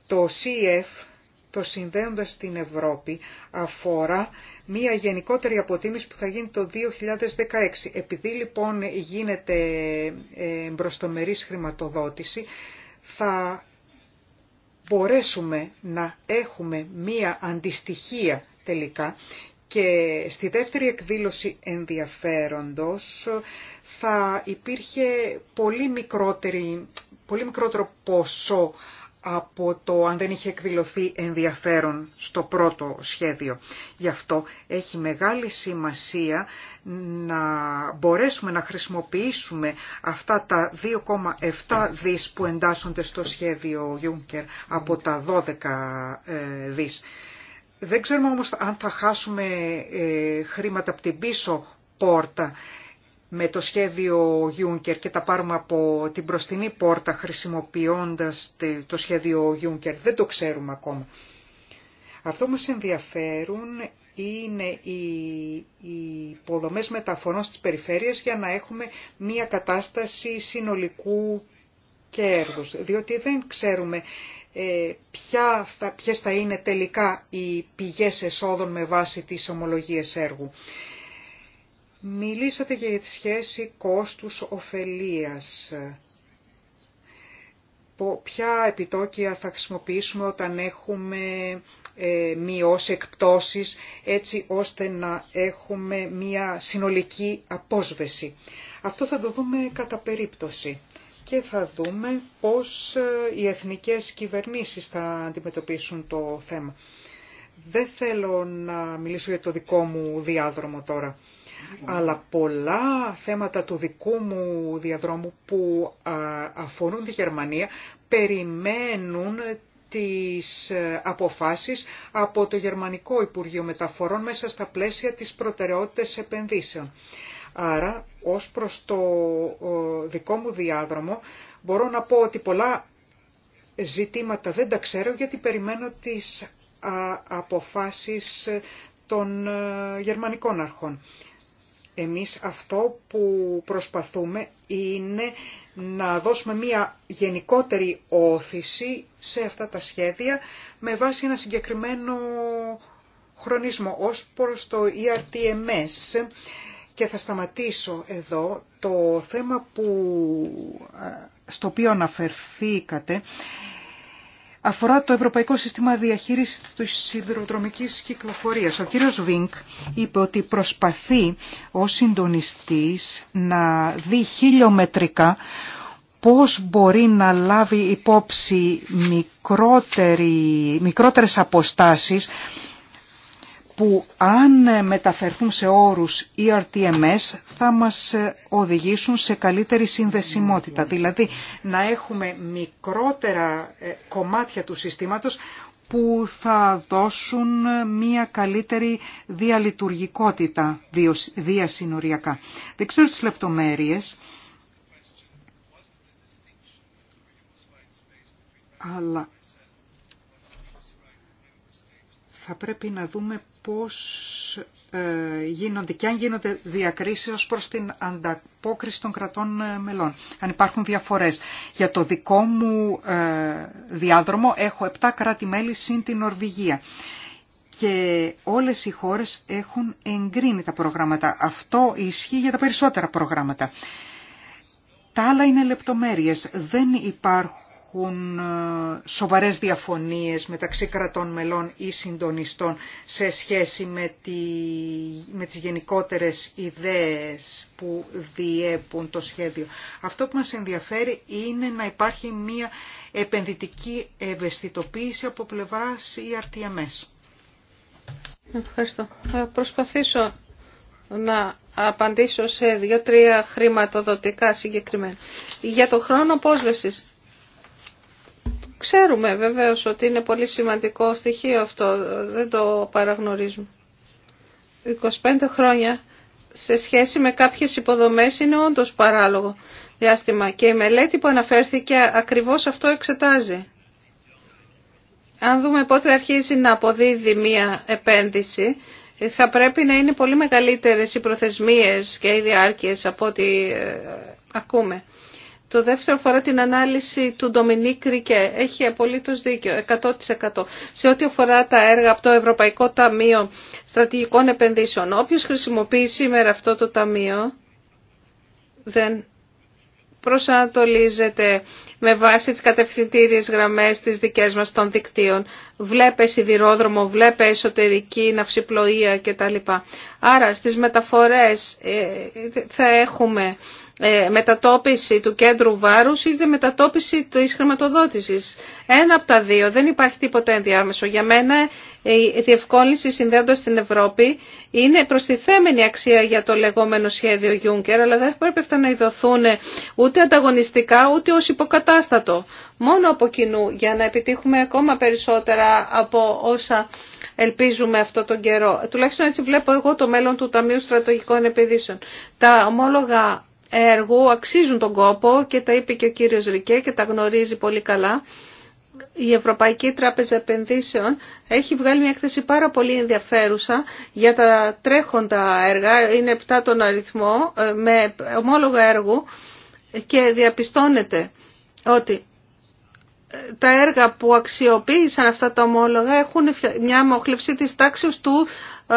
Το CF, το συνδέοντα στην Ευρώπη, αφορά μια γενικότερη αποτίμηση που θα γίνει το 2016. Επειδή λοιπόν γίνεται ε, μπροστομερής χρηματοδότηση, θα μπορέσουμε να έχουμε μία αντιστοιχία τελικά και στη δεύτερη εκδήλωση ενδιαφέροντος θα υπήρχε πολύ, μικρότερη, πολύ μικρότερο ποσό από το αν δεν είχε εκδηλωθεί ενδιαφέρον στο πρώτο σχέδιο. Γι' αυτό έχει μεγάλη σημασία να μπορέσουμε να χρησιμοποιήσουμε αυτά τα 2,7 δις που εντάσσονται στο σχέδιο Juncker από τα 12 ε, δις. Δεν ξέρουμε όμως αν θα χάσουμε ε, χρήματα από την πίσω πόρτα με το σχέδιο Juncker και τα πάρουμε από την προστινή πόρτα χρησιμοποιώντας το σχέδιο Juncker. Δεν το ξέρουμε ακόμα. Αυτό που μας ενδιαφέρουν είναι οι υποδομές μεταφορών στις περιφέρειες για να έχουμε μία κατάσταση συνολικού κέρδους, διότι δεν ξέρουμε ε, ποια θα, ποιες θα είναι τελικά οι πηγές εσόδων με βάση τις ομολογίες έργου. Μιλήσατε για τη σχέση κόστους-οφελίας. Ποια επιτόκια θα χρησιμοποιήσουμε όταν έχουμε ε, μειώσει εκπτώσεις έτσι ώστε να έχουμε μία συνολική απόσβεση. Αυτό θα το δούμε κατά περίπτωση και θα δούμε πώς ε, οι εθνικές κυβερνήσεις θα αντιμετωπίσουν το θέμα. Δεν θέλω να μιλήσω για το δικό μου διάδρομο τώρα, αλλά πολλά θέματα του δικού μου διαδρόμου που αφορούν τη Γερμανία περιμένουν τις ε, αποφάσεις από το Γερμανικό Υπουργείο Μεταφορών μέσα στα πλαίσια της προτεραιότητας επενδύσεων. Άρα, ως προς το δικό μου διάδρομο, μπορώ να πω ότι πολλά ζητήματα δεν τα ξέρω γιατί περιμένω τις αποφάσεις των ε, γερμανικών αρχών. Εμείς αυτό που προσπαθούμε είναι να δώσουμε μία γενικότερη όθηση σε αυτά τα σχέδια με βάση ένα συγκεκριμένο χρονισμό ως προς το ERTMS και θα σταματήσω εδώ το θέμα που, ε, στο οποίο αναφερθήκατε αφορά το Ευρωπαϊκό Σύστημα Διαχείρισης τη Σιδηροδρομικής Κυκλοφορίας. Ο κύριο Βίνκ είπε ότι προσπαθεί ο συντονιστή να δει χιλιομετρικά πώς μπορεί να λάβει υπόψη μικρότερε μικρότερες αποστάσεις που αν μεταφερθούν σε όρους ERTMS θα μας οδηγήσουν σε καλύτερη συνδεσιμότητα. Δηλαδή να έχουμε μικρότερα ε, κομμάτια του συστήματος που θα δώσουν ε, μια καλύτερη διαλειτουργικότητα διασυνοριακά. Δεν ξέρω τις λεπτομέρειες, αλλά θα πρέπει να δούμε πώς ε, γίνονται και αν γίνονται διακρίσεις ως προς την ανταπόκριση των κρατών ε, μελών. Αν υπάρχουν διαφορές. Για το δικό μου ε, διάδρομο έχω 7 κράτη-μέλη συν την Νορβηγία. Και όλες οι χώρες έχουν εγκρίνει τα προγράμματα. Αυτό ισχύει για τα περισσότερα προγράμματα. Τα άλλα είναι λεπτομέρειες. Δεν υπάρχουν υπάρχουν ε, σοβαρές διαφωνίες μεταξύ κρατών μελών ή συντονιστών σε σχέση με, τη, με τις γενικότερες ιδέες που διέπουν το σχέδιο. Αυτό που μας ενδιαφέρει είναι να υπάρχει μία επενδυτική ευαισθητοποίηση από πλευράς οι e Ευχαριστώ. Θα προσπαθήσω να απαντήσω σε δύο-τρία χρηματοδοτικά συγκεκριμένα. Για το χρόνο πόσβεσης, Ξέρουμε βεβαίως ότι είναι πολύ σημαντικό στοιχείο αυτό, δεν το παραγνωρίζουμε. 25 χρόνια σε σχέση με κάποιες υποδομές είναι όντως παράλογο διάστημα και η μελέτη που αναφέρθηκε ακριβώς αυτό εξετάζει. Αν δούμε πότε αρχίζει να αποδίδει μία επένδυση, θα πρέπει να είναι πολύ μεγαλύτερες οι προθεσμίες και οι διάρκειες από ό,τι ε, ακούμε. Το δεύτερο αφορά την ανάλυση του Ντομινίκ Ρικέ. Έχει απολύτως δίκιο, 100%. Σε ό,τι αφορά τα έργα από το Ευρωπαϊκό Ταμείο Στρατηγικών Επενδύσεων, όποιος χρησιμοποιεί σήμερα αυτό το ταμείο δεν προσανατολίζεται με βάση τις κατευθυντήριες γραμμές της δικές μας των δικτύων. Βλέπε σιδηρόδρομο, βλέπε εσωτερική ναυσιπλοεία κτλ. Άρα στις μεταφορές ε, θα έχουμε ε, μετατόπιση του κέντρου βάρους ή μετατόπιση της χρηματοδότησης. Ένα από τα δύο. Δεν υπάρχει τίποτα ενδιάμεσο. Για μένα η διευκόλυνση συνδέοντας την Ευρώπη είναι προστιθέμενη αξία για το λεγόμενο σχέδιο Juncker, αλλά δεν πρέπει αυτά να ειδωθούν ούτε ανταγωνιστικά ούτε ως υποκατάστατο. Μόνο από κοινού για να επιτύχουμε ακόμα περισσότερα από όσα ελπίζουμε αυτόν τον καιρό. Τουλάχιστον έτσι βλέπω εγώ το μέλλον του Ταμείου Στρατογικών Επιδίσεων. Τα ομόλογα έργου αξίζουν τον κόπο και τα είπε και ο κύριος Ρικέ και τα γνωρίζει πολύ καλά. Η Ευρωπαϊκή Τράπεζα Επενδύσεων έχει βγάλει μια έκθεση πάρα πολύ ενδιαφέρουσα για τα τρέχοντα έργα, είναι 7 τον αριθμό, ε, με ομόλογα έργου και διαπιστώνεται ότι ε, τα έργα που αξιοποίησαν αυτά τα ομόλογα έχουν μια μοχλευσή της τάξης του 1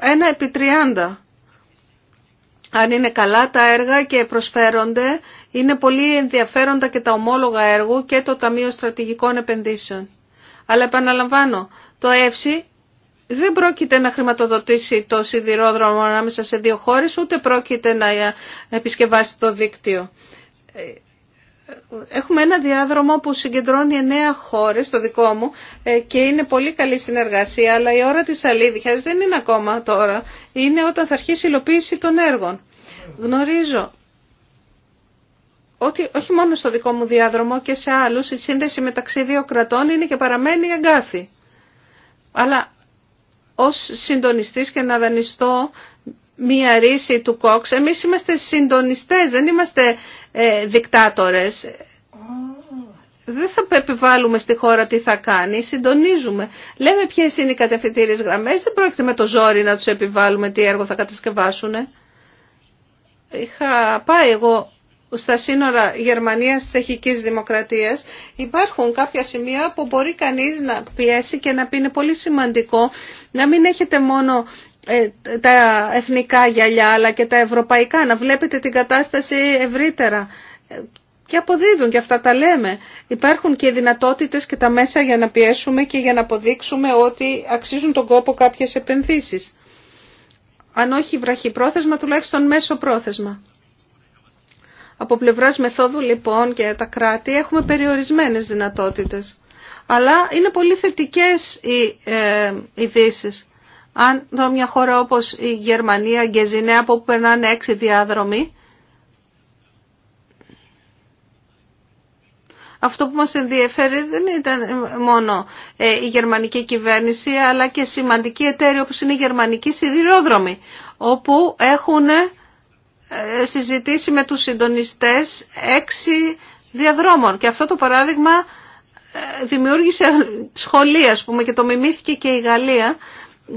ε, επί 30 αν είναι καλά τα έργα και προσφέρονται, είναι πολύ ενδιαφέροντα και τα ομόλογα έργου και το Ταμείο Στρατηγικών Επενδύσεων. Αλλά επαναλαμβάνω, το ΕΦΣΥ δεν πρόκειται να χρηματοδοτήσει το σιδηρόδρομο ανάμεσα σε δύο χώρες, ούτε πρόκειται να επισκευάσει το δίκτυο. Ε, Έχουμε ένα διάδρομο που συγκεντρώνει εννέα χώρες, το δικό μου, ε, και είναι πολύ καλή συνεργασία, αλλά η ώρα της αλήθειας δεν είναι ακόμα τώρα. Είναι όταν θα αρχίσει η υλοποίηση των έργων. Γνωρίζω ότι όχι μόνο στο δικό μου διάδρομο και σε άλλους η σύνδεση μεταξύ δύο κρατών είναι και παραμένει αγκάθη. Αλλά ως συντονιστής και να δανειστώ μία ρίση του κόξ, εμείς είμαστε συντονιστές, δεν είμαστε ε, δικτάτορες. Δεν θα επιβάλλουμε στη χώρα τι θα κάνει, συντονίζουμε. Λέμε ποιε είναι οι κατευθυντήριε γραμμέ, δεν πρόκειται με το ζόρι να του επιβάλλουμε τι έργο θα κατασκευάσουν. Είχα πάει εγώ στα σύνορα Γερμανίας Τσεχικής Δημοκρατία, υπάρχουν κάποια σημεία που μπορεί κανεί να πιέσει και να πει είναι πολύ σημαντικό να μην έχετε μόνο ε, τα εθνικά γυαλιά αλλά και τα ευρωπαϊκά, να βλέπετε την κατάσταση ευρύτερα. Ε, και αποδίδουν και αυτά τα λέμε. Υπάρχουν και οι δυνατότητες και τα μέσα για να πιέσουμε και για να αποδείξουμε ότι αξίζουν τον κόπο κάποιες επενδύσεις. Αν όχι βραχυπρόθεσμα, τουλάχιστον μέσο πρόθεσμα. Από πλευράς μεθόδου λοιπόν και τα κράτη έχουμε περιορισμένες δυνατότητες. Αλλά είναι πολύ θετικές οι ειδήσει αν δω μια χώρα όπως η Γερμανία, Γκεζινέα, από που περνάνε έξι διάδρομοι, αυτό που μας ενδιαφέρει δεν ήταν μόνο ε, η γερμανική κυβέρνηση, αλλά και σημαντική εταίροι όπως είναι η γερμανική σιδηρόδρομη, όπου έχουν ε, συζητήσει με τους συντονιστές έξι διαδρόμων. Και αυτό το παράδειγμα ε, δημιούργησε σχολεία, που πούμε, και το μιμήθηκε και η Γαλλία,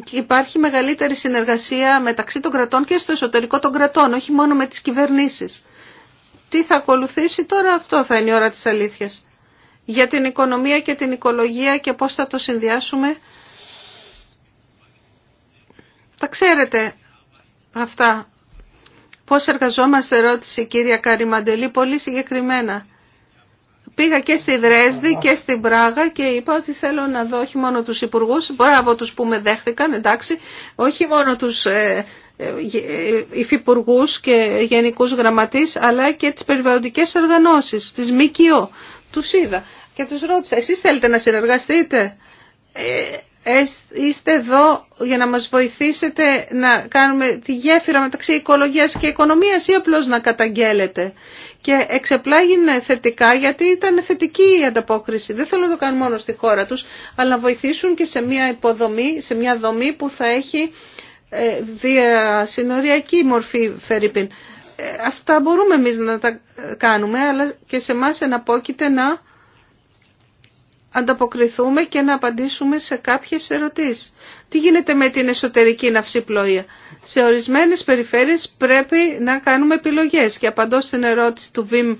υπάρχει μεγαλύτερη συνεργασία μεταξύ των κρατών και στο εσωτερικό των κρατών, όχι μόνο με τις κυβερνήσεις. Τι θα ακολουθήσει τώρα αυτό θα είναι η ώρα της αλήθειας. Για την οικονομία και την οικολογία και πώς θα το συνδυάσουμε. Τα ξέρετε αυτά. Πώς εργαζόμαστε, ρώτησε η κυρία Καρυμαντελή, πολύ συγκεκριμένα. Πήγα και στη Δρέσδη και στην Πράγα και είπα ότι θέλω να δω όχι μόνο τους υπουργούς, από τους που με δέχτηκαν, εντάξει, όχι μόνο τους ε, ε, υφυπουργούς και γενικούς γραμματείς, αλλά και τις περιβαλλοντικές οργανώσεις, τις ΜΚΟ. του είδα και τους ρώτησα, εσείς θέλετε να συνεργαστείτε, ε, είστε εδώ για να μας βοηθήσετε να κάνουμε τη γέφυρα μεταξύ οικολογίας και οικονομίας ή απλώς να καταγγέλλετε και εξεπλάγει θετικά γιατί ήταν θετική η ανταπόκριση. Δεν θέλω να το κάνουν μόνο στη χώρα τους, αλλά να βοηθήσουν και σε μια υποδομή, σε μια δομή που θα έχει ε, διασυνοριακή μορφή φερρυπίν. Ε, αυτά μπορούμε εμείς να τα κάνουμε, αλλά και σε εμά εναπόκειται να ανταποκριθούμε και να απαντήσουμε σε κάποιες ερωτήσεις. Τι γίνεται με την εσωτερική πλοία, Σε ορισμένες περιφέρειες πρέπει να κάνουμε επιλογές. Και απαντώ στην ερώτηση του Βιμ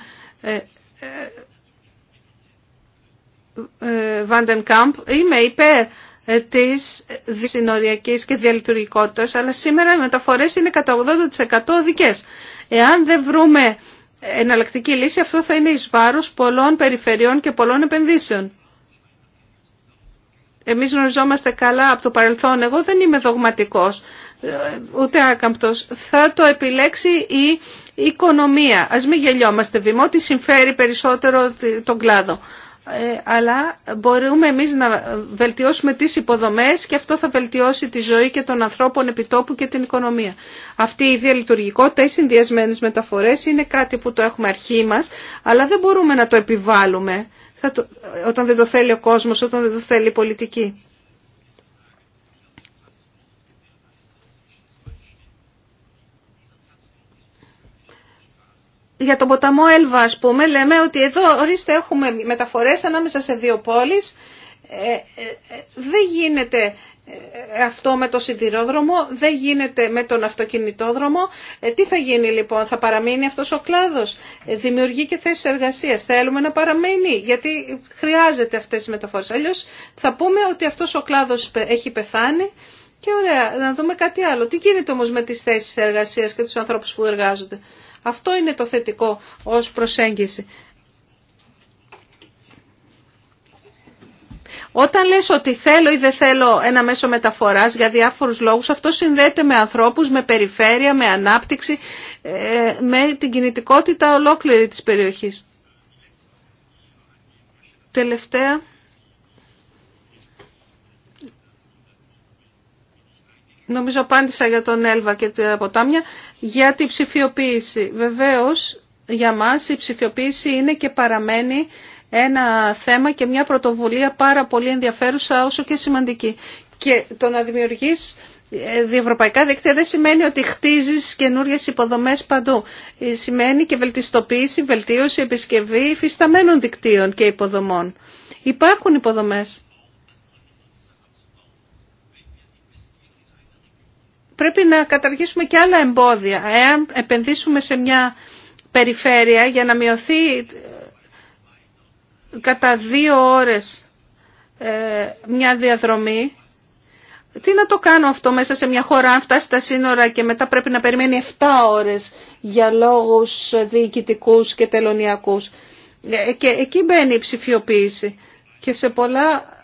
Βαντενκάμπ, ε, ε, είμαι υπέρ ε, της συνοριακή και διαλειτουργικότητας, αλλά σήμερα οι μεταφορές είναι κατά 80% οδικές. Εάν δεν βρούμε εναλλακτική λύση, αυτό θα είναι εις βάρος πολλών περιφερειών και πολλών επενδύσεων. Εμείς γνωριζόμαστε καλά από το παρελθόν. Εγώ δεν είμαι δογματικός, ε, ούτε άκαμπτος. Θα το επιλέξει η οικονομία. Ας μην γελιόμαστε βήμα, ότι συμφέρει περισσότερο τον κλάδο. Ε, αλλά μπορούμε εμείς να βελτιώσουμε τις υποδομές και αυτό θα βελτιώσει τη ζωή και των ανθρώπων επιτόπου και την οικονομία. Αυτή η διαλειτουργικότητα, οι συνδυασμένε μεταφορές είναι κάτι που το έχουμε αρχή μας, αλλά δεν μπορούμε να το επιβάλλουμε θα το, όταν δεν το θέλει ο κόσμος, όταν δεν το θέλει η πολιτική. για τον ποταμό Έλβα, ας πούμε, λέμε ότι εδώ, ορίστε, έχουμε μεταφορές ανάμεσα σε δύο πόλεις. Ε, ε, ε δεν γίνεται ε, αυτό με το σιδηρόδρομο, δεν γίνεται με τον αυτοκινητόδρομο. Ε, τι θα γίνει λοιπόν, θα παραμείνει αυτός ο κλάδος, ε, δημιουργεί και θέσεις εργασίας, θέλουμε να παραμείνει, γιατί χρειάζεται αυτές οι μεταφορές. Αλλιώς θα πούμε ότι αυτός ο κλάδος έχει πεθάνει και ωραία, να δούμε κάτι άλλο. Τι γίνεται όμως με τις θέσεις εργασίας και τους ανθρώπους που εργάζονται. Αυτό είναι το θετικό ως προσέγγιση. Όταν λες ότι θέλω ή δεν θέλω ένα μέσο μεταφοράς για διάφορους λόγους, αυτό συνδέεται με ανθρώπους, με περιφέρεια, με ανάπτυξη, ε, με την κινητικότητα ολόκληρη της περιοχής. Τελευταία. Νομίζω απάντησα για τον Έλβα και την αποτάμια Για την ψηφιοποίηση. Βεβαίως, για μας η ψηφιοποίηση είναι και παραμένει ένα θέμα και μια πρωτοβουλία πάρα πολύ ενδιαφέρουσα όσο και σημαντική. Και το να δημιουργείς ε, διευρωπαϊκά δίκτυα δεν σημαίνει ότι χτίζεις καινούριες υποδομές παντού. Ε, σημαίνει και βελτιστοποίηση, βελτίωση, επισκευή υφισταμένων δικτύων και υποδομών. Υπάρχουν υποδομές. Πρέπει να καταργήσουμε και άλλα εμπόδια. Εάν επενδύσουμε σε μια περιφέρεια για να μειωθεί κατά δύο ώρες ε, μια διαδρομή. Τι να το κάνω αυτό μέσα σε μια χώρα αν φτάσει στα σύνορα και μετά πρέπει να περιμένει 7 ώρες για λόγους διοικητικού και τελωνιακούς. Ε, και εκεί μπαίνει η ψηφιοποίηση. Και σε πολλά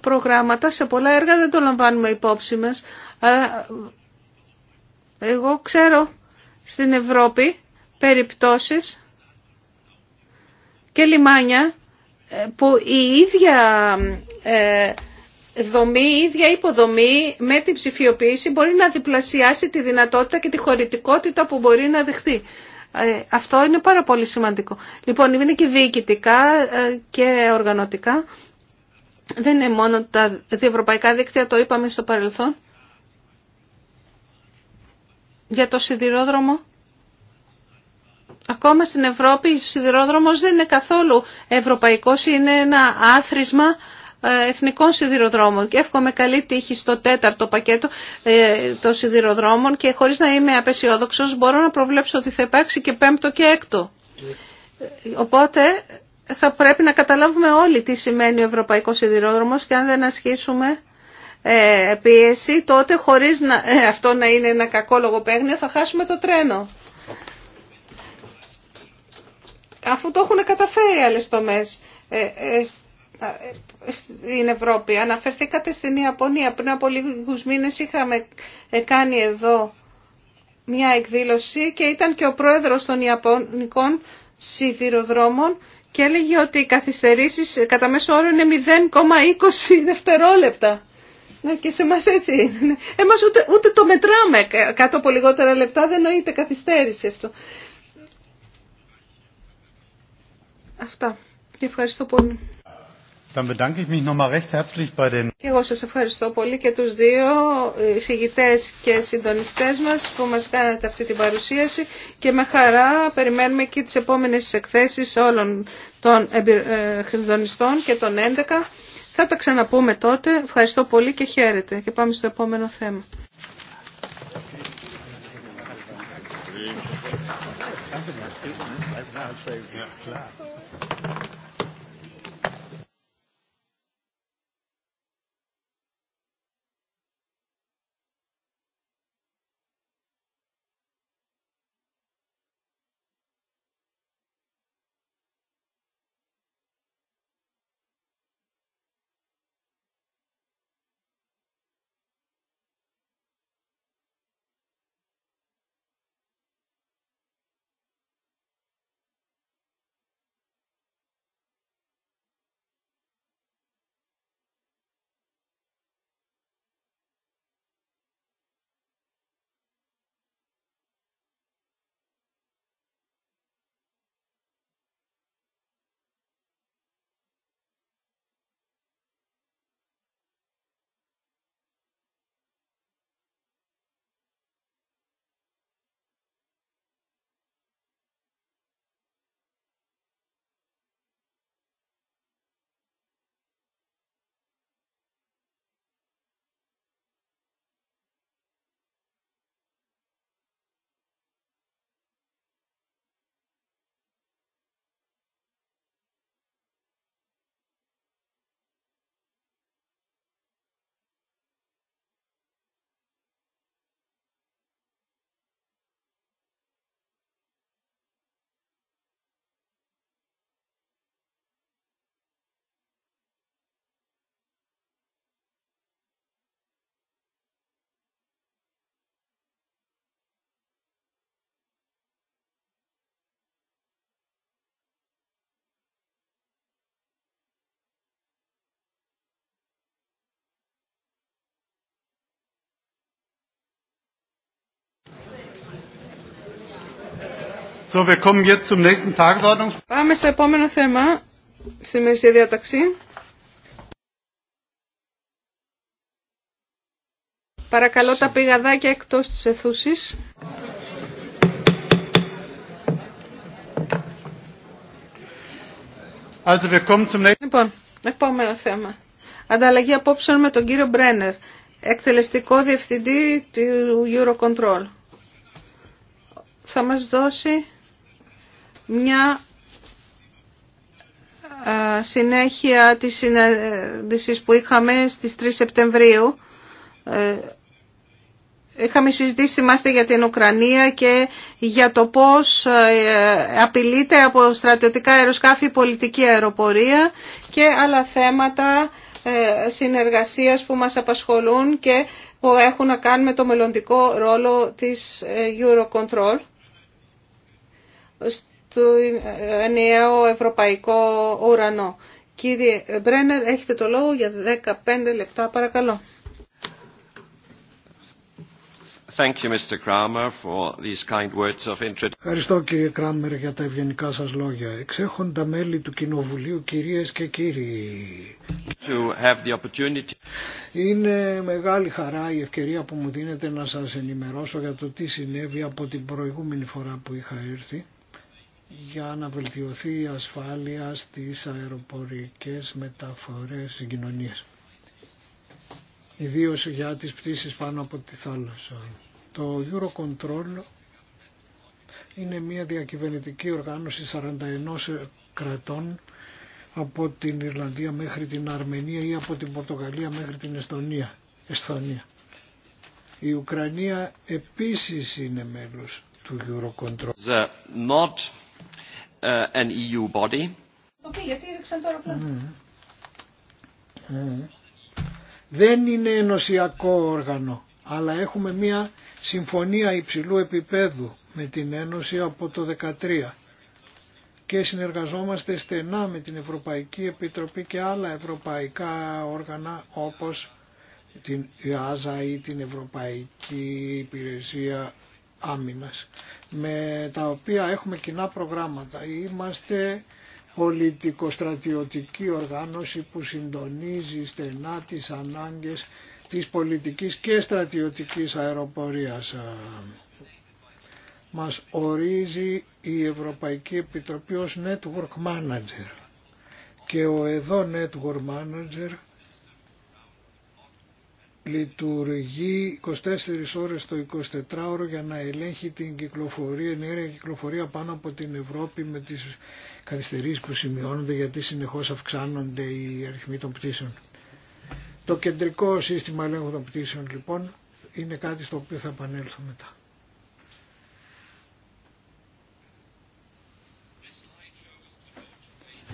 προγράμματα, σε πολλά έργα δεν το λαμβάνουμε υπόψη μας. εγώ ξέρω στην Ευρώπη περιπτώσεις και λιμάνια ε, που η ίδια ε, δομή, η ίδια υποδομή με την ψηφιοποίηση μπορεί να διπλασιάσει τη δυνατότητα και τη χωρητικότητα που μπορεί να δεχτεί. Ε, αυτό είναι πάρα πολύ σημαντικό. Λοιπόν, είναι και διοικητικά και οργανωτικά. Δεν είναι μόνο τα διευρωπαϊκά δίκτυα, το είπαμε στο παρελθόν. Για το σιδηρόδρομο Ακόμα στην Ευρώπη ο σιδηρόδρομος δεν είναι καθόλου ευρωπαϊκός, είναι ένα άθροισμα ε, εθνικών σιδηροδρόμων και εύχομαι καλή τύχη στο τέταρτο πακέτο ε, των σιδηροδρόμων και χωρίς να είμαι απεσιόδοξος μπορώ να προβλέψω ότι θα υπάρξει και πέμπτο και έκτο. Οπότε θα πρέπει να καταλάβουμε όλοι τι σημαίνει ο Ευρωπαϊκός Σιδηρόδρομος και αν δεν ασχίσουμε ε, πίεση τότε χωρίς να, αυτό να είναι ένα κακό λογοπαίγνιο θα χάσουμε το τρένο αφού το έχουν καταφέρει άλλες τομές ε, ε, ε, στην Ευρώπη. Αναφερθήκατε στην Ιαπωνία. Πριν από λίγους μήνες είχαμε κάνει εδώ μια εκδήλωση και ήταν και ο πρόεδρος των Ιαπωνικών σιδηροδρόμων και έλεγε ότι οι καθυστερήσει κατά μέσο όρο είναι 0,20 δευτερόλεπτα. Ναι, και σε μας έτσι είναι. Εμάς ούτε, ούτε το μετράμε. Κάτω από λιγότερα λεπτά δεν νοείται καθυστέρηση αυτό. Αυτά. Και ευχαριστώ πολύ. Και εγώ σας ευχαριστώ πολύ και τους δύο συγητές και συντονιστές μας που μας κάνατε αυτή την παρουσίαση και με χαρά περιμένουμε και τις επόμενες εκθέσεις όλων των συντονιστών ε, και των 11. Θα τα ξαναπούμε τότε. Ευχαριστώ πολύ και χαίρετε. Και πάμε στο επόμενο θέμα. Also, klar. Πάμε στο επόμενο θέμα, στη διαταξή. Παρακαλώ τα πηγαδάκια εκτός της αιθούσης. Also, wir kommen Λοιπόν, επόμενο θέμα. Ανταλλαγή απόψεων με τον κύριο Μπρένερ, εκτελεστικό διευθυντή του Eurocontrol. Θα μας δώσει μια ε, συνέχεια της συνέντησης που είχαμε στις 3 Σεπτεμβρίου. Ε, είχαμε συζητήσει, είμαστε για την Ουκρανία και για το πώς ε, απειλείται από στρατιωτικά αεροσκάφη πολιτική αεροπορία και άλλα θέματα συνεργασίας που μας απασχολούν και που έχουν να κάνουν με το μελλοντικό ρόλο της Eurocontrol του ενιαίο ευρωπαϊκό ουρανό. Κύριε Μπρένερ, έχετε το λόγο για 15 λεπτά, παρακαλώ. Ευχαριστώ κύριε Κράμερ για τα ευγενικά σας λόγια. Εξέχοντα μέλη του Κοινοβουλίου, κυρίες και κύριοι. Είναι μεγάλη χαρά η ευκαιρία που μου δίνετε να σας ενημερώσω για το τι συνέβη από την προηγούμενη φορά που είχα έρθει για να βελτιωθεί η ασφάλεια στις αεροπορικές μεταφορές συγκοινωνίες. Ιδίως για τις πτήσεις πάνω από τη θάλασσα. Το Eurocontrol είναι μια διακυβερνητική οργάνωση 41 κρατών από την Ιρλανδία μέχρι την Αρμενία ή από την Πορτογαλία μέχρι την Εστονία. Εσθονία. Η Ουκρανία επίσης είναι μέλος του Eurocontrol. Uh, an EU body. Δεν είναι ενωσιακό όργανο, αλλά έχουμε μια συμφωνία υψηλού επίπεδου με την Ένωση από το 2013 και συνεργαζόμαστε στενά με την Ευρωπαϊκή Επιτροπή και άλλα ευρωπαϊκά όργανα όπως την ΙΑΖΑ ή την Ευρωπαϊκή Υπηρεσία με τα οποία έχουμε κοινά προγράμματα. Είμαστε πολιτικοστρατιωτική οργάνωση που συντονίζει στενά τις ανάγκες της πολιτικής και στρατιωτικής αεροπορίας. Μας ορίζει η Ευρωπαϊκή Επιτροπή ως Network Manager και ο εδώ Network Manager λειτουργεί 24 ώρες το 24ωρο για να ελέγχει την κυκλοφορία, ενέργεια κυκλοφορία πάνω από την Ευρώπη με τις καθυστερήσεις που σημειώνονται γιατί συνεχώς αυξάνονται οι αριθμοί των πτήσεων. Το κεντρικό σύστημα ελέγχου των πτήσεων λοιπόν είναι κάτι στο οποίο θα επανέλθω μετά.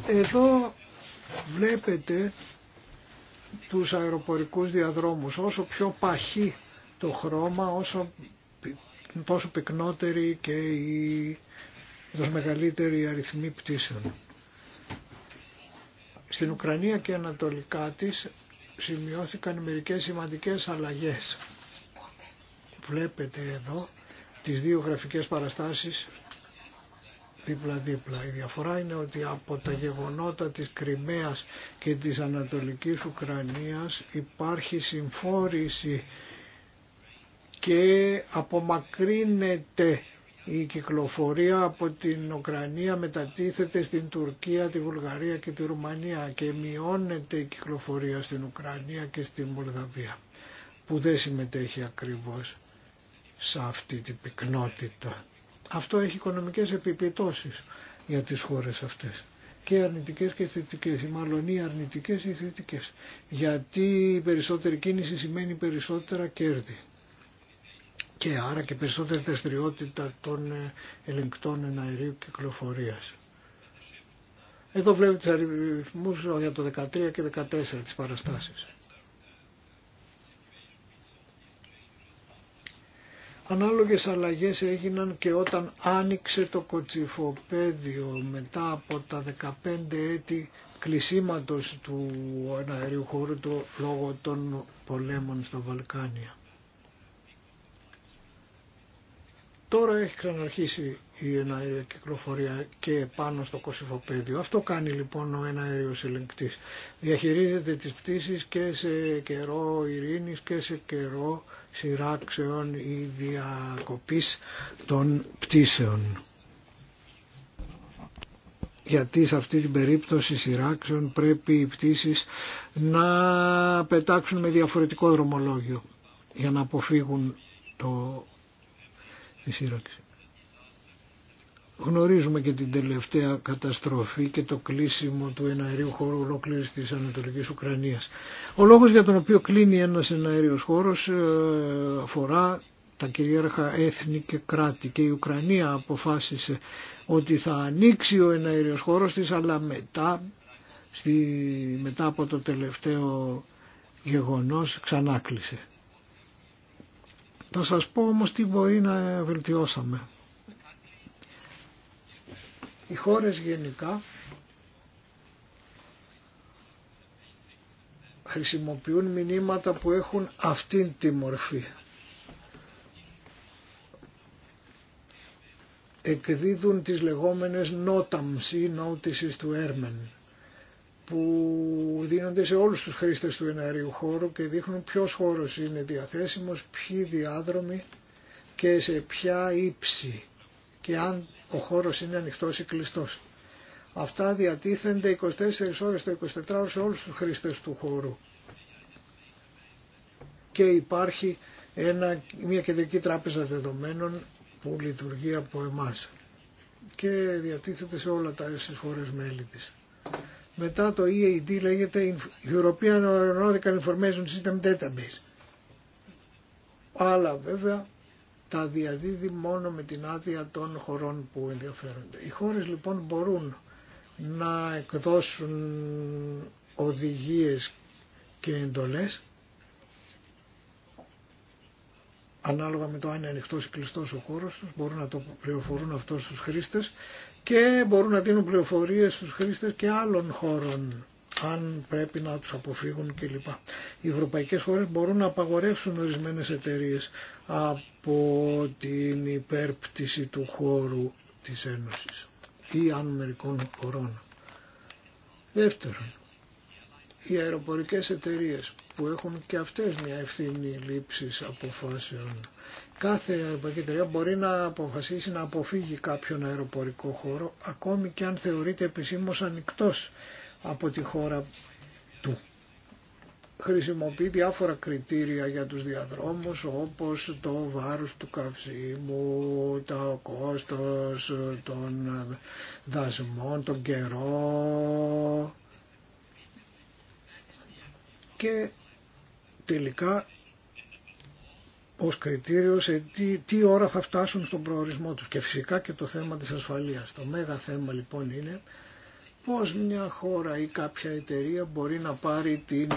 Εδώ βλέπετε τους αεροπορικούς διαδρόμους. Όσο πιο παχύ το χρώμα, όσο τόσο πυκνότερη και η τόσο μεγαλύτερη αριθμή πτήσεων. Στην Ουκρανία και ανατολικά της σημειώθηκαν μερικές σημαντικές αλλαγές. Βλέπετε εδώ τις δύο γραφικές παραστάσεις διπλα Η διαφορά είναι ότι από τα γεγονότα της Κρυμαίας και της Ανατολικής Ουκρανίας υπάρχει συμφόρηση και απομακρύνεται η κυκλοφορία από την Ουκρανία μετατίθεται στην Τουρκία, τη Βουλγαρία και τη Ρουμανία και μειώνεται η κυκλοφορία στην Ουκρανία και στην Μολδαβία που δεν συμμετέχει ακριβώς σε αυτή την πυκνότητα αυτό έχει οικονομικές επιπτώσεις για τις χώρες αυτές. Και αρνητικές και θετικές, ή μάλλον ή αρνητικές ή θετικές. Γιατί η περισσότερη κίνηση σημαίνει περισσότερα κέρδη. Και άρα και περισσότερη δραστηριότητα των ε, ελεγκτών εναερίου κυκλοφορίας. Εδώ βλέπετε τους αριθμούς για το 13 και 14 τις παραστάσεις. Ανάλογες αλλαγές έγιναν και όταν άνοιξε το κοτσιφοπέδιο μετά από τα 15 έτη κλεισίματος του Αεριου χώρου του λόγω των πολέμων στα Βαλκάνια. Τώρα έχει ξαναρχίσει η εναέρια κυκλοφορία και πάνω στο κοσυφοπέδιο. Αυτό κάνει λοιπόν ο εναέριος ελεγκτής. Διαχειρίζεται τις πτήσεις και σε καιρό ειρήνης και σε καιρό σειράξεων ή διακοπής των πτήσεων. Γιατί σε αυτή την περίπτωση σειράξεων πρέπει οι πτήσεις να πετάξουν με διαφορετικό δρομολόγιο για να αποφύγουν το Γνωρίζουμε και την τελευταία καταστροφή και το κλείσιμο του εναερίου χώρου ολόκληρη τη Ανατολική Ουκρανία. Ο λόγο για τον οποίο κλείνει ένα εναέριο χώρο ε, αφορά τα κυρίαρχα έθνη και κράτη και η Ουκρανία αποφάσισε ότι θα ανοίξει ο εναέριος χώρος της αλλά μετά, στη, μετά από το τελευταίο γεγονός κλείσε θα σας πω όμως τι μπορεί να βελτιώσαμε. Οι χώρες γενικά χρησιμοποιούν μηνύματα που έχουν αυτήν τη μορφή. Εκδίδουν τις λεγόμενες νόταμς ή νότισης του έρμεν που δίνονται σε όλους τους χρήστες του εναερίου χώρου και δείχνουν ποιος χώρος είναι διαθέσιμος, ποιοι διάδρομοι και σε ποια ύψη και αν ο χώρος είναι ανοιχτός ή κλειστός. Αυτά διατίθενται 24 ώρες το 24 σε όλους τους χρήστες του χώρου. Και υπάρχει ένα, μια κεντρική τράπεζα δεδομένων που λειτουργεί από εμάς και διατίθεται σε όλα τα χώρες μέλη της. Μετά το EAD λέγεται European Aeronautical Information System Database. Αλλά βέβαια τα διαδίδει μόνο με την άδεια των χωρών που ενδιαφέρονται. Οι χώρες λοιπόν μπορούν να εκδώσουν οδηγίες και εντολές ανάλογα με το αν είναι ανοιχτός ή κλειστός ο χώρος τους, μπορούν να το πληροφορούν αυτό στους χρήστες και μπορούν να δίνουν πληροφορίες στους χρήστες και άλλων χώρων αν πρέπει να τους αποφύγουν κλπ. Οι ευρωπαϊκές χώρες μπορούν να απαγορεύσουν ορισμένες εταιρείες από την υπέρπτυση του χώρου της Ένωσης ή αν μερικών χωρών. Δεύτερον, οι αεροπορικές εταιρείες που έχουν και αυτές μια ευθύνη λήψης αποφάσεων κάθε αεροπορική εταιρεία μπορεί να αποφασίσει να αποφύγει κάποιον αεροπορικό χώρο ακόμη και αν θεωρείται επισήμως ανοιχτός από τη χώρα του. Χρησιμοποιεί διάφορα κριτήρια για τους διαδρόμους όπως το βάρος του καυσίμου, το κόστος των δασμών, τον καιρό και τελικά ως κριτήριο σε τι, ώρα θα φτάσουν στον προορισμό τους και φυσικά και το θέμα της ασφαλείας. Το μέγα θέμα λοιπόν είναι πώς μια χώρα ή κάποια εταιρεία μπορεί να πάρει την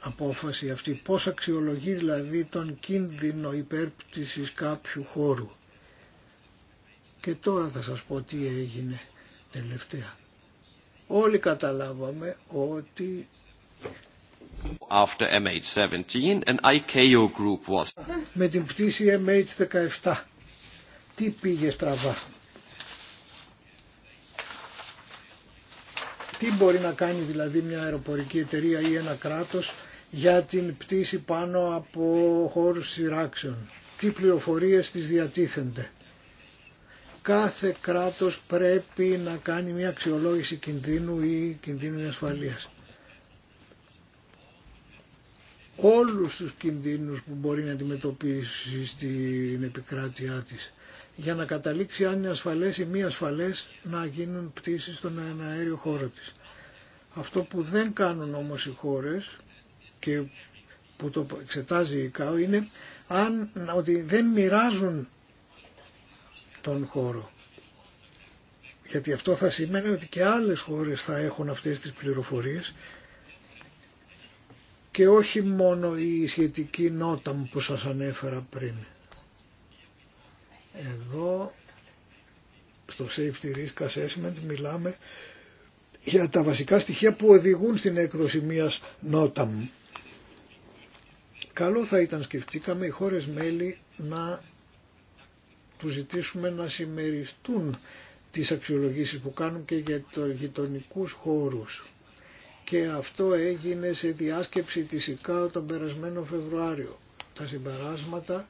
απόφαση αυτή, πώς αξιολογεί δηλαδή τον κίνδυνο υπέρπτυσης κάποιου χώρου. Και τώρα θα σας πω τι έγινε τελευταία. Όλοι καταλάβαμε ότι After group was. Με την πτήση MH17. Τι πήγε στραβά. Τι μπορεί να κάνει δηλαδή μια αεροπορική εταιρεία ή ένα κράτος για την πτήση πάνω από χώρους σειράξεων. Τι πληροφορίες τις διατίθενται. Κάθε κράτος πρέπει να κάνει μια αξιολόγηση κινδύνου ή κινδύνου ασφαλείας όλους τους κινδύνους που μπορεί να αντιμετωπίσει στην επικράτειά της για να καταλήξει αν είναι ασφαλές ή μη ασφαλές να γίνουν πτήσεις στον αέριο χώρο της. Αυτό που δεν κάνουν όμως οι χώρες και που το εξετάζει η ΚΑΟ είναι αν, ότι δεν μοιράζουν τον χώρο. Γιατί αυτό θα σημαίνει ότι και άλλες χώρες θα έχουν αυτές τις πληροφορίες και όχι μόνο η σχετική νότα μου που σας ανέφερα πριν. Εδώ στο Safety Risk Assessment μιλάμε για τα βασικά στοιχεία που οδηγούν στην έκδοση μιας νότα μου. Καλό θα ήταν σκεφτήκαμε οι χώρες μέλη να του ζητήσουμε να συμμεριστούν τις αξιολογήσεις που κάνουν και για το γειτονικού χώρους και αυτό έγινε σε διάσκεψη της ΙΚΑΟ τον περασμένο Φεβρουάριο. Τα συμπεράσματα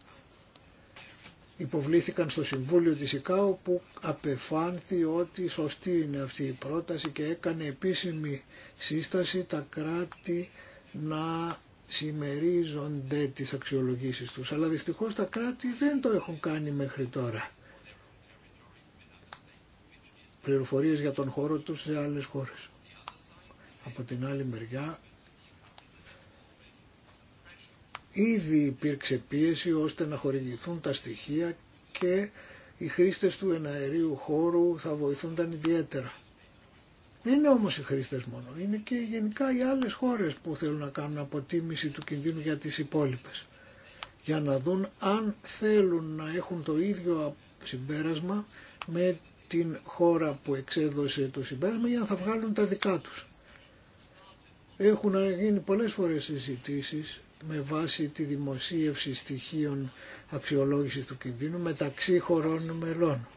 υποβλήθηκαν στο Συμβούλιο της ΙΚΑΟ που απεφάνθη ότι σωστή είναι αυτή η πρόταση και έκανε επίσημη σύσταση τα κράτη να συμμερίζονται τις αξιολογήσεις τους. Αλλά δυστυχώς τα κράτη δεν το έχουν κάνει μέχρι τώρα. Πληροφορίες για τον χώρο τους σε άλλες χώρες. Από την άλλη μεριά ήδη υπήρξε πίεση ώστε να χορηγηθούν τα στοιχεία και οι χρήστες του εναερίου χώρου θα βοηθούνταν ιδιαίτερα. Δεν είναι όμως οι χρήστες μόνο, είναι και γενικά οι άλλες χώρες που θέλουν να κάνουν αποτίμηση του κινδύνου για τις υπόλοιπες. Για να δουν αν θέλουν να έχουν το ίδιο συμπέρασμα με την χώρα που εξέδωσε το συμπέρασμα ή αν θα βγάλουν τα δικά τους. Έχουν γίνει πολλές φορές συζητήσει με βάση τη δημοσίευση στοιχείων αξιολόγησης του κινδύνου μεταξύ χωρών μελών,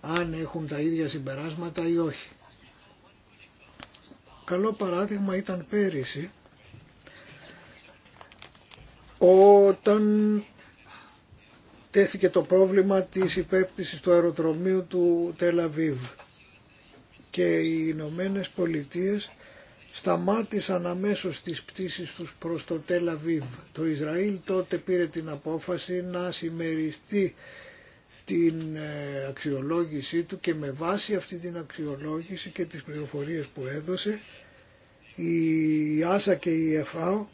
αν έχουν τα ίδια συμπεράσματα ή όχι. Καλό παράδειγμα ήταν πέρυσι, όταν τέθηκε το πρόβλημα της υπέπτυσης του αεροδρομίου του Τελαβίβ και οι Ηνωμένε Πολιτείες σταμάτησαν αμέσως τις πτήσεις τους προς το Τελαβίβ. Το Ισραήλ τότε πήρε την απόφαση να συμμεριστεί την ε, αξιολόγησή του και με βάση αυτή την αξιολόγηση και τις πληροφορίες που έδωσε η Άσα και η ΕΦΑΟ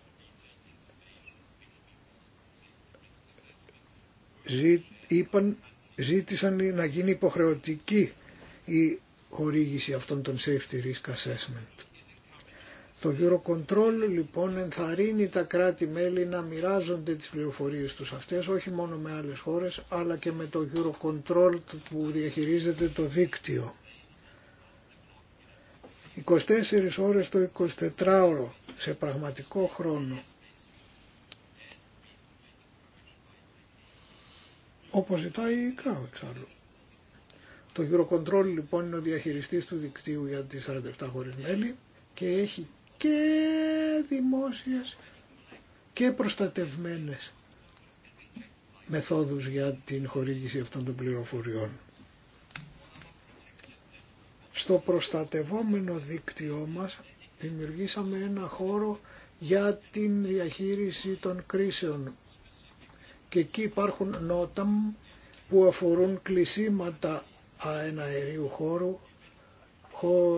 είπαν, ζήτησαν να γίνει υποχρεωτική η χορήγηση αυτών των safety risk assessment. Το Eurocontrol λοιπόν ενθαρρύνει τα κράτη-μέλη να μοιράζονται τις πληροφορίες τους αυτές, όχι μόνο με άλλες χώρες, αλλά και με το Eurocontrol που διαχειρίζεται το δίκτυο. 24 ώρες το 24ωρο σε πραγματικό χρόνο. Όπως ζητάει η ΚΑΟ εξάλλου. Το Eurocontrol λοιπόν είναι ο διαχειριστής του δικτύου για τις 47 χώρες μέλη και έχει και δημόσιες και προστατευμένες μεθόδους για την χορήγηση αυτών των πληροφοριών. Στο προστατευόμενο δίκτυό μας δημιουργήσαμε ένα χώρο για την διαχείριση των κρίσεων και εκεί υπάρχουν νόταμ που αφορούν κλεισίματα αεναερίου χώρου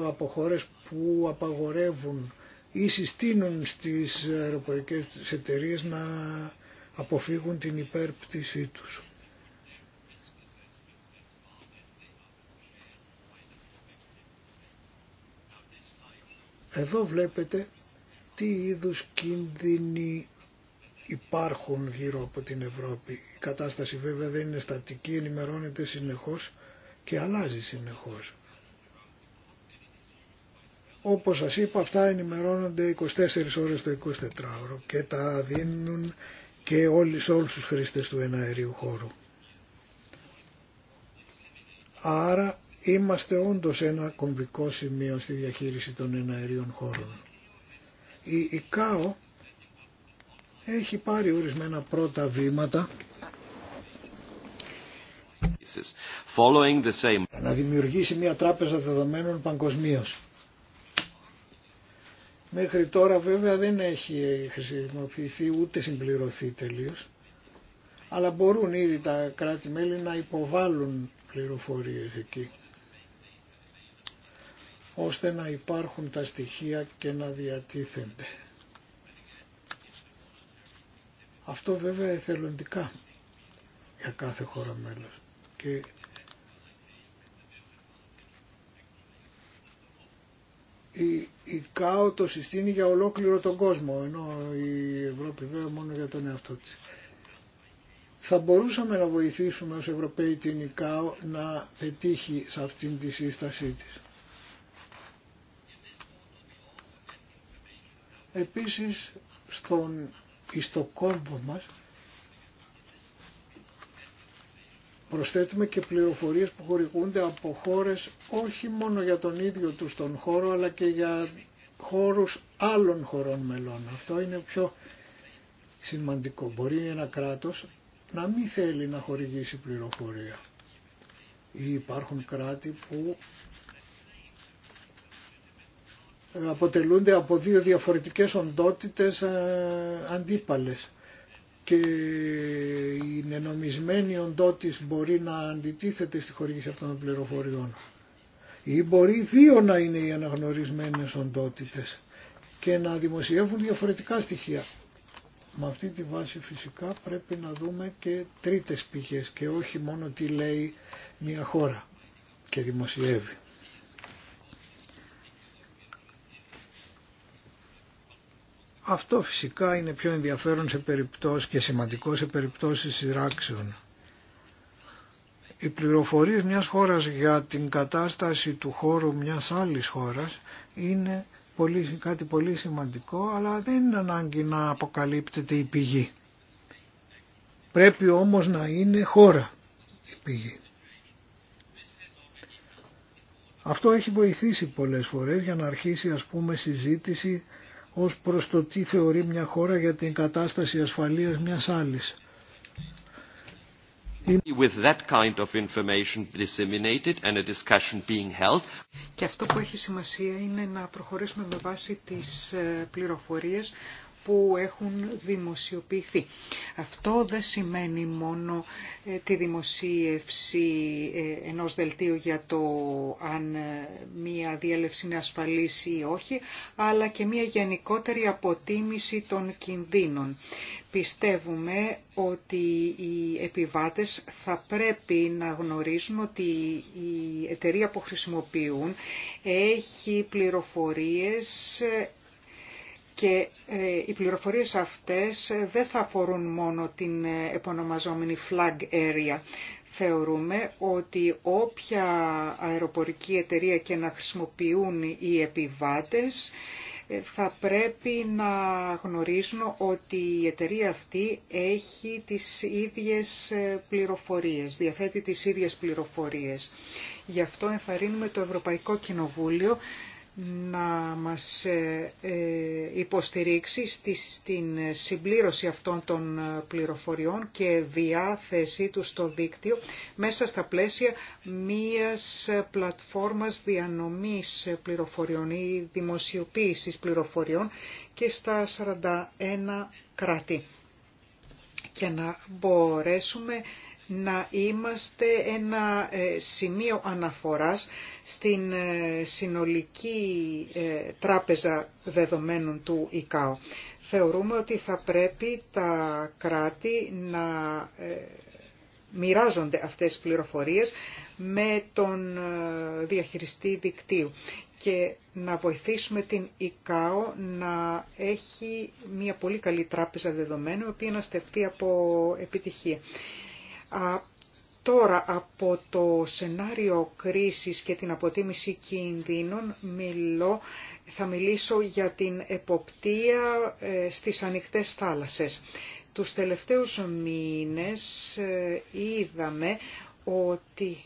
από χώρες που απαγορεύουν ή συστήνουν στις αεροπορικές εταιρείε να αποφύγουν την υπέρπτυσή τους. Εδώ βλέπετε τι είδους κίνδυνοι υπάρχουν γύρω από την Ευρώπη. Η κατάσταση βέβαια δεν είναι στατική, ενημερώνεται συνεχώς και αλλάζει συνεχώς. Όπως σας είπα αυτά ενημερώνονται 24 ώρες το 24ωρο και τα δίνουν και όλοι σε όλους τους χρήστες του εναερίου χώρου. Άρα είμαστε όντως ένα κομβικό σημείο στη διαχείριση των εναερίων χώρων. Η ΙΚΑΟ έχει πάρει ορισμένα πρώτα βήματα να δημιουργήσει μια τράπεζα δεδομένων παγκοσμίως Μέχρι τώρα βέβαια δεν έχει χρησιμοποιηθεί ούτε συμπληρωθεί τελείως, αλλά μπορούν ήδη τα κράτη-μέλη να υποβάλουν πληροφορίες εκεί, ώστε να υπάρχουν τα στοιχεία και να διατίθενται. Αυτό βέβαια εθελοντικά για κάθε χώρα μέλος και η, η ΚΑΟ το συστήνει για ολόκληρο τον κόσμο, ενώ η Ευρώπη βέβαια μόνο για τον εαυτό της. Θα μπορούσαμε να βοηθήσουμε ως Ευρωπαίοι την ΚΑΟ να πετύχει σε αυτήν τη σύστασή της. Επίσης, στον ιστοκόμπο μας προσθέτουμε και πληροφορίες που χορηγούνται από χώρες όχι μόνο για τον ίδιο τους τον χώρο αλλά και για χώρους άλλων χωρών μελών. Αυτό είναι πιο σημαντικό. Μπορεί ένα κράτος να μην θέλει να χορηγήσει πληροφορία. Ή υπάρχουν κράτη που αποτελούνται από δύο διαφορετικές οντότητες ε, αντίπαλες και η νενομισμένη οντότης μπορεί να αντιτίθεται στη χορήγηση αυτών των πληροφοριών. Ή μπορεί δύο να είναι οι αναγνωρισμένες οντότητες και να δημοσιεύουν διαφορετικά στοιχεία. Με αυτή τη βάση φυσικά πρέπει να δούμε και τρίτες πηγές και όχι μόνο τι λέει μια χώρα και δημοσιεύει. Αυτό φυσικά είναι πιο ενδιαφέρον σε περιπτώσεις και σημαντικό σε περιπτώσεις σειράξεων. Οι πληροφορία μιας χώρας για την κατάσταση του χώρου μιας άλλης χώρας είναι κάτι πολύ σημαντικό, αλλά δεν είναι ανάγκη να αποκαλύπτεται η πηγή. Πρέπει όμως να είναι χώρα η πηγή. Αυτό έχει βοηθήσει πολλές φορές για να αρχίσει ας πούμε συζήτηση ως προς το τι θεωρεί μια χώρα για την κατάσταση ασφαλείας μιας άλλης. Και αυτό που έχει σημασία είναι να προχωρήσουμε με βάση τις ε, πληροφορίες που έχουν δημοσιοποιηθεί. Αυτό δεν σημαίνει μόνο ε, τη δημοσίευση ε, ενός δελτίου για το αν ε, μία διέλευση είναι ασφαλής ή όχι, αλλά και μία γενικότερη αποτίμηση των κινδύνων. Πιστεύουμε ότι οι επιβάτες θα πρέπει να γνωρίζουν ότι η εταιρεία που χρησιμοποιούν έχει πληροφορίες και ε, οι πληροφορίες αυτές ε, δεν θα αφορούν μόνο την ε, επωνομαζόμενη flag area. Θεωρούμε ότι όποια αεροπορική εταιρεία και να χρησιμοποιούν οι επιβάτες θα πρέπει να γνωρίζουν ότι η εταιρεία αυτή έχει τις ίδιες πληροφορίες, διαθέτει τις ίδιες πληροφορίες. Γι' αυτό ενθαρρύνουμε το Ευρωπαϊκό Κοινοβούλιο να μας ε, ε, υποστηρίξει στην συμπλήρωση αυτών των ε, πληροφοριών και διάθεσή του στο δίκτυο μέσα στα πλαίσια μίας πλατφόρμας διανομής πληροφοριών ή δημοσιοποίησης πληροφοριών και στα 41 κράτη και να μπορέσουμε να είμαστε ένα ε, σημείο αναφοράς στην ε, συνολική ε, τράπεζα δεδομένων του ΙΚΑΟ. Θεωρούμε ότι θα πρέπει τα κράτη να μοιράζονται αυτές τις πληροφορίες με τον διαχειριστή δικτύου και να βοηθήσουμε την ΙΚΑΟ να έχει μια πολύ καλή τράπεζα δεδομένων, η οποία να στεφτεί από επιτυχία τώρα από το σενάριο κρίσης και την αποτίμηση κινδύνων μιλώ, θα μιλήσω για την εποπτεία ε, στις ανοιχτές θάλασσες. Τους τελευταίους μήνες ε, είδαμε ότι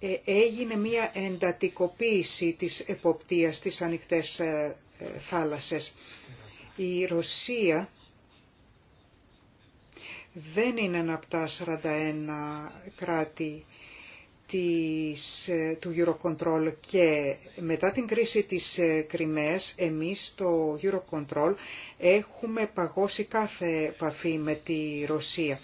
ε, έγινε μία εντατικοποίηση της εποπτείας στις ανοιχτές ε, θάλασσες. Η Ρωσία δεν είναι ένα από τα 41 κράτη της, του Eurocontrol και μετά την κρίση της ε, Κρυμαίας εμείς το Eurocontrol έχουμε παγώσει κάθε επαφή με τη Ρωσία.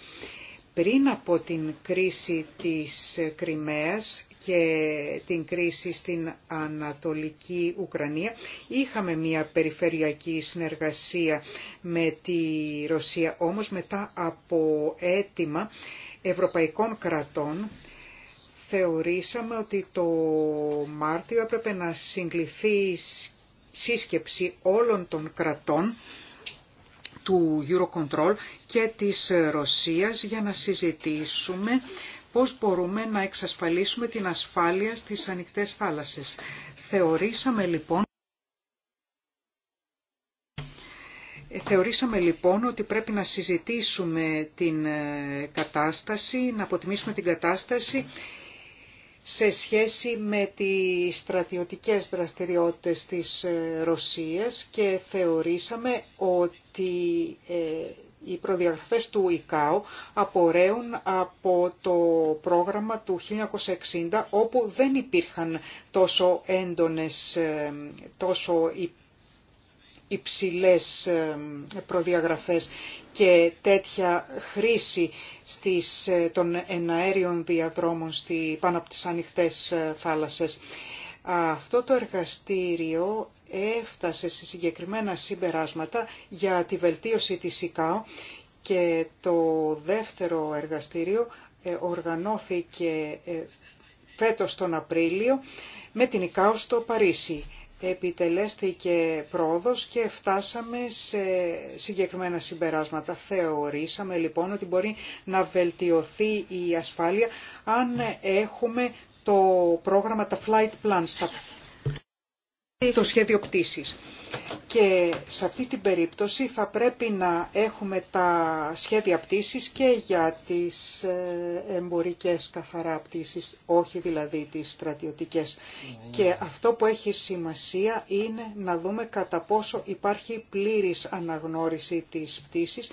Πριν από την κρίση της ε, Κρυμαίας και την κρίση στην Ανατολική Ουκρανία. Είχαμε μια περιφερειακή συνεργασία με τη Ρωσία, όμως μετά από αίτημα ευρωπαϊκών κρατών θεωρήσαμε ότι το Μάρτιο έπρεπε να συγκληθεί σύσκεψη όλων των κρατών του Eurocontrol και της Ρωσίας για να συζητήσουμε πώς μπορούμε να εξασφαλίσουμε την ασφάλεια στις ανοιχτές θάλασσες. Θεωρήσαμε λοιπόν Θεωρήσαμε λοιπόν ότι πρέπει να συζητήσουμε την ε, κατάσταση, να αποτιμήσουμε την κατάσταση σε σχέση με τις στρατιωτικές δραστηριότητες της ε, Ρωσίας και θεωρήσαμε ότι ε, οι προδιαγραφές του ΙΚΑΟ απορρέουν από το πρόγραμμα του 1960 όπου δεν υπήρχαν τόσο έντονες, ε, τόσο υψηλές ε, προδιαγραφές και τέτοια χρήση στις, ε, των εναέριων διαδρόμων στη, πάνω από τις ανοιχτές θάλασσες. Αυτό το εργαστήριο έφτασε σε συγκεκριμένα συμπεράσματα για τη βελτίωση της ΙΚΑΟ και το δεύτερο εργαστήριο ε, οργανώθηκε ε, φέτος τον Απρίλιο με την ΙΚΑΟ στο Παρίσι. Επιτελέστηκε πρόοδος και φτάσαμε σε συγκεκριμένα συμπεράσματα. Θεωρήσαμε λοιπόν ότι μπορεί να βελτιωθεί η ασφάλεια αν έχουμε το πρόγραμμα, τα flight plans, τα το σχέδιο πτήσης. Και σε αυτή την περίπτωση θα πρέπει να έχουμε τα σχέδια πτήσης και για τις ε, εμπορικές καθαρά πτήσεις, όχι δηλαδή τις στρατιωτικές. Ναι, και αυτό που έχει σημασία είναι να δούμε κατά πόσο υπάρχει πλήρης αναγνώριση της πτήσης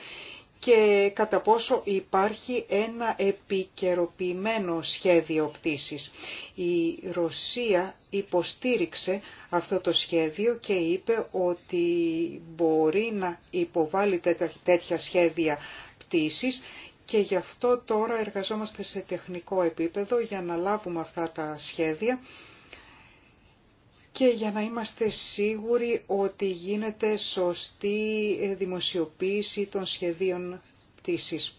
και κατά πόσο υπάρχει ένα επικαιροποιημένο σχέδιο πτήσης. Η Ρωσία υποστήριξε αυτό το σχέδιο και είπε ότι μπορεί να υποβάλει τέτοια σχέδια πτήσης και γι' αυτό τώρα εργαζόμαστε σε τεχνικό επίπεδο για να λάβουμε αυτά τα σχέδια και για να είμαστε σίγουροι ότι γίνεται σωστή δημοσιοποίηση των σχεδίων πτήσης.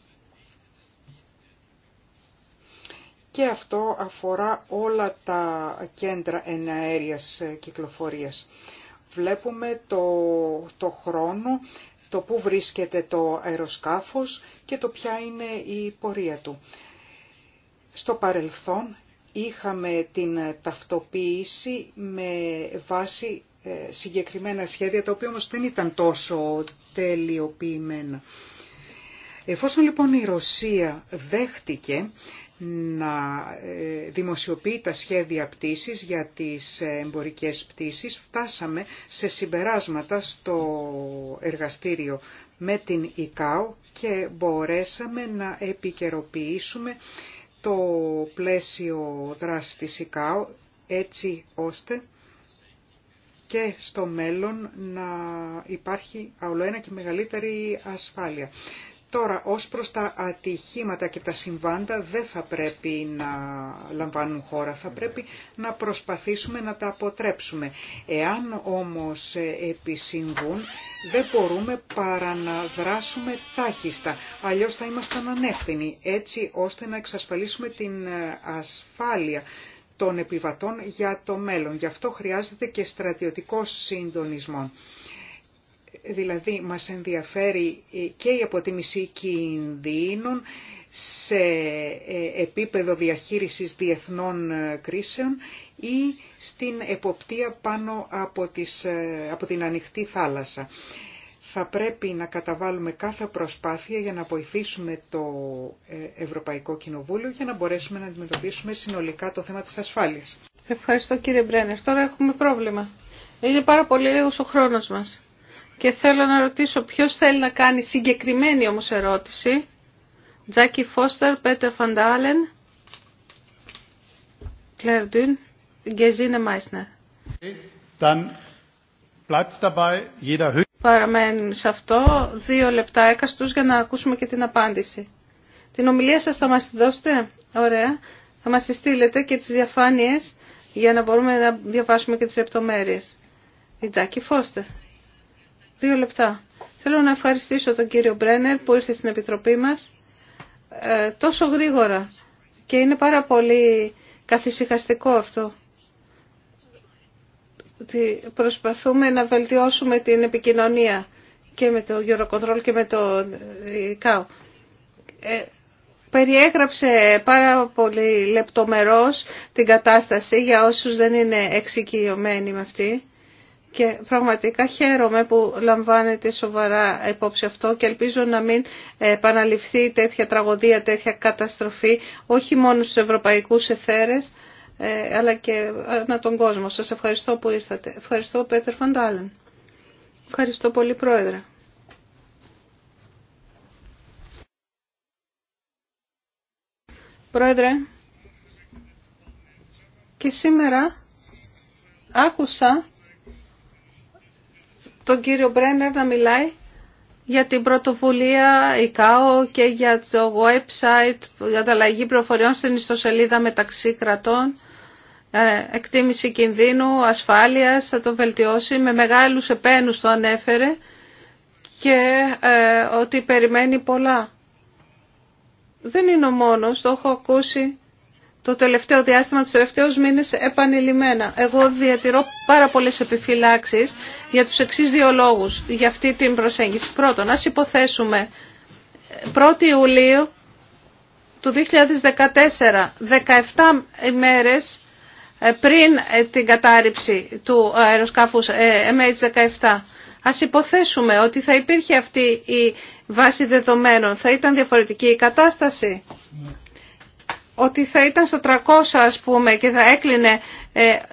Και αυτό αφορά όλα τα κέντρα εναέριας κυκλοφορίας. Βλέπουμε το, το χρόνο, το που βρίσκεται το αεροσκάφος και το ποια είναι η πορεία του. Στο παρελθόν είχαμε την ταυτοποίηση με βάση ε, συγκεκριμένα σχέδια, τα οποία όμως δεν ήταν τόσο τελειοποιημένα. Εφόσον λοιπόν η Ρωσία δέχτηκε να ε, δημοσιοποιεί τα σχέδια πτήσης για τις εμπορικές πτήσεις, φτάσαμε σε συμπεράσματα στο εργαστήριο με την ΙΚΑΟ και μπορέσαμε να επικαιροποιήσουμε το πλαίσιο δράσης της ΙΚΑΟ έτσι ώστε και στο μέλλον να υπάρχει όλο και μεγαλύτερη ασφάλεια. Τώρα, ως προς τα ατυχήματα και τα συμβάντα δεν θα πρέπει να λαμβάνουν χώρα, θα πρέπει να προσπαθήσουμε να τα αποτρέψουμε. Εάν όμως ε, επισυμβούν, δεν μπορούμε παρά να δράσουμε τάχιστα, αλλιώς θα ήμασταν ανεύθυνοι, έτσι ώστε να εξασφαλίσουμε την ε, ασφάλεια των επιβατών για το μέλλον. Γι' αυτό χρειάζεται και στρατιωτικό συντονισμό. Δηλαδή, μας ενδιαφέρει και η αποτίμηση κινδύνων σε ε, επίπεδο διαχείρισης διεθνών ε, κρίσεων ή στην εποπτεία πάνω από, τις, ε, από την ανοιχτή θάλασσα. Θα πρέπει να καταβάλουμε κάθε προσπάθεια για να βοηθήσουμε το Ευρωπαϊκό Κοινοβούλιο για να μπορέσουμε να αντιμετωπίσουμε συνολικά το θέμα της ασφάλειας. Ευχαριστώ κύριε Μπρένερ. Τώρα έχουμε πρόβλημα. Είναι πάρα πολύ λίγος ο χρόνος μας. Και θέλω να ρωτήσω ποιος θέλει να κάνει συγκεκριμένη όμως ερώτηση. Τζάκι Φώστερ, Πέτερ Φαντάλεν, Κλέρ Ντουίν, Γκεζίνε Μάισνερ. Παραμένουμε σε αυτό δύο λεπτά έκαστος για να ακούσουμε και την απάντηση. Την ομιλία σας θα μας τη δώσετε, ωραία, θα μας τη στείλετε και τις διαφάνειες για να μπορούμε να διαβάσουμε και τις λεπτομέρειες. Η Τζάκι Φώστερ. Δύο λεπτά. Θέλω να ευχαριστήσω τον κύριο Μπρένερ που ήρθε στην Επιτροπή μας ε, τόσο γρήγορα και είναι πάρα πολύ καθησυχαστικό αυτό ότι προσπαθούμε να βελτιώσουμε την επικοινωνία και με το Eurocontrol και με το ε, ΚΑΟ. Ε, περιέγραψε πάρα πολύ λεπτομερώς την κατάσταση για όσους δεν είναι εξοικειωμένοι με αυτή και πραγματικά χαίρομαι που λαμβάνετε σοβαρά υπόψη αυτό και ελπίζω να μην επαναληφθεί τέτοια τραγωδία, τέτοια καταστροφή, όχι μόνο στους ευρωπαϊκούς εθέρες, ε, αλλά και ανά τον κόσμο. Σας ευχαριστώ που ήρθατε. Ευχαριστώ, Πέτερ Φαντάλεν. Ευχαριστώ πολύ, Πρόεδρε. Πρόεδρε, και σήμερα άκουσα τον κύριο Μπρένερ να μιλάει για την πρωτοβουλία ΙΚΑΟ και για το website για τα αλλαγή προφοριών στην ιστοσελίδα μεταξύ κρατών ε, εκτίμηση κινδύνου, ασφάλειας, θα το βελτιώσει. Με μεγάλους επένους το ανέφερε και ε, ότι περιμένει πολλά. Δεν είναι ο μόνος, το έχω ακούσει το τελευταίο διάστημα, του τελευταίου μήνε επανειλημμένα. Εγώ διατηρώ πάρα πολλέ επιφυλάξεις για τους εξή δύο λόγους για αυτή την προσέγγιση. Πρώτον, ας υποθέσουμε 1η Ιουλίου του 2014, 17 ημέρες πριν ε, την κατάρριψη του αεροσκάφους ε, MH17. Ας υποθέσουμε ότι θα υπήρχε αυτή η βάση δεδομένων, θα ήταν διαφορετική η κατάσταση ότι θα ήταν στο 300 ας πούμε και θα έκλεινε ε,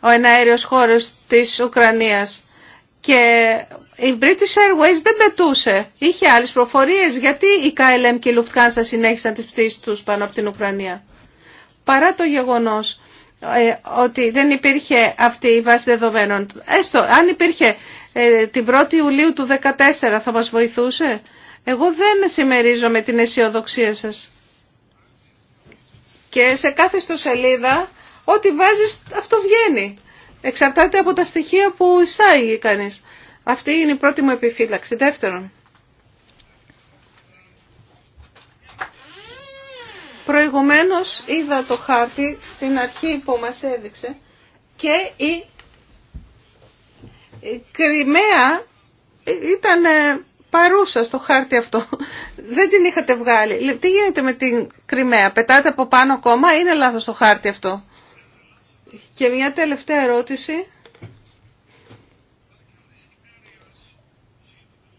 ο εναέριος χώρος της Ουκρανίας. Και η British Airways δεν πετούσε. Είχε άλλες προφορίες. Γιατί η KLM και η Lufthansa συνέχισαν τις πτήσεις τους πάνω από την Ουκρανία. Παρά το γεγονός ε, ότι δεν υπήρχε αυτή η βάση δεδομένων. Έστω, αν υπήρχε ε, την 1η Ιουλίου του 2014 θα μας βοηθούσε εγώ δεν με την αισιοδοξία σας. Και σε κάθε σελίδα, ό,τι βάζεις αυτό βγαίνει. Εξαρτάται από τα στοιχεία που εισάγει κανείς. Αυτή είναι η πρώτη μου επιφύλαξη. Δεύτερον, προηγουμένως είδα το χάρτη στην αρχή που μας έδειξε και η Κρυμαία ήταν ε, παρούσα στο χάρτη αυτό. Δεν την είχατε βγάλει. Τι γίνεται με την Κρυμαία, πετάτε από πάνω ακόμα, είναι λάθος το χάρτη αυτό. Και μια τελευταία ερώτηση.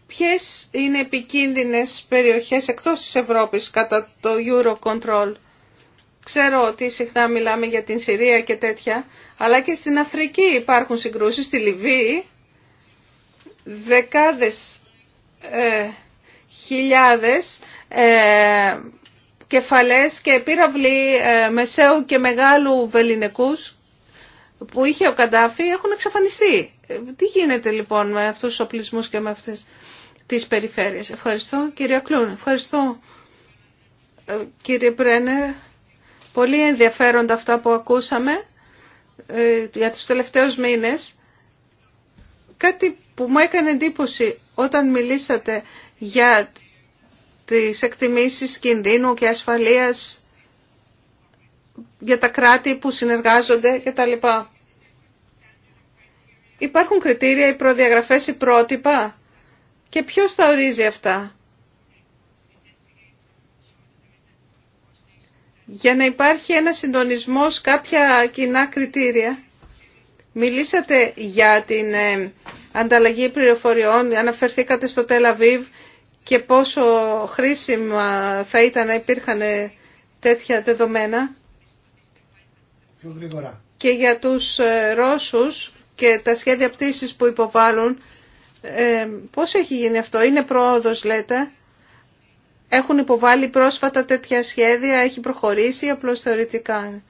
Ποιες είναι επικίνδυνες περιοχές εκτός της Ευρώπης κατά το Eurocontrol. Ξέρω ότι συχνά μιλάμε για την Συρία και τέτοια, αλλά και στην Αφρική υπάρχουν συγκρούσεις, στη Λιβύη. Δεκάδες ε, χιλιάδες κεφαλές και πύραυλοι ε, μεσαίου και μεγάλου βεληνικούς που είχε ο Καντάφη έχουν εξαφανιστεί. Ε, τι γίνεται λοιπόν με αυτούς τους οπλισμούς και με αυτές τις περιφέρειες. Ευχαριστώ κυρία Κλούν. Ευχαριστώ ε, κύριε Πρένερ. Πολύ ενδιαφέροντα αυτά που ακούσαμε για τους τελευταίους μήνες. Κάτι που μου έκανε εντύπωση όταν μιλήσατε για τις εκτιμήσεις κινδύνου και ασφαλείας για τα κράτη που συνεργάζονται τα λοιπά. Υπάρχουν κριτήρια, οι προδιαγραφές, οι πρότυπα και ποιος θα ορίζει αυτά. Για να υπάρχει ένα συντονισμός, κάποια κοινά κριτήρια. Μιλήσατε για την ε, ανταλλαγή πληροφοριών. Αναφερθήκατε στο Τελαβίβ και πόσο χρήσιμα θα ήταν να υπήρχαν τέτοια δεδομένα. Πιο γρήγορα. Και για τους ε, Ρώσους και τα σχέδια πτήσης που υποβάλλουν, ε, πώς έχει γίνει αυτό, είναι πρόοδος λέτε, έχουν υποβάλει πρόσφατα τέτοια σχέδια, έχει προχωρήσει απλώς θεωρητικά.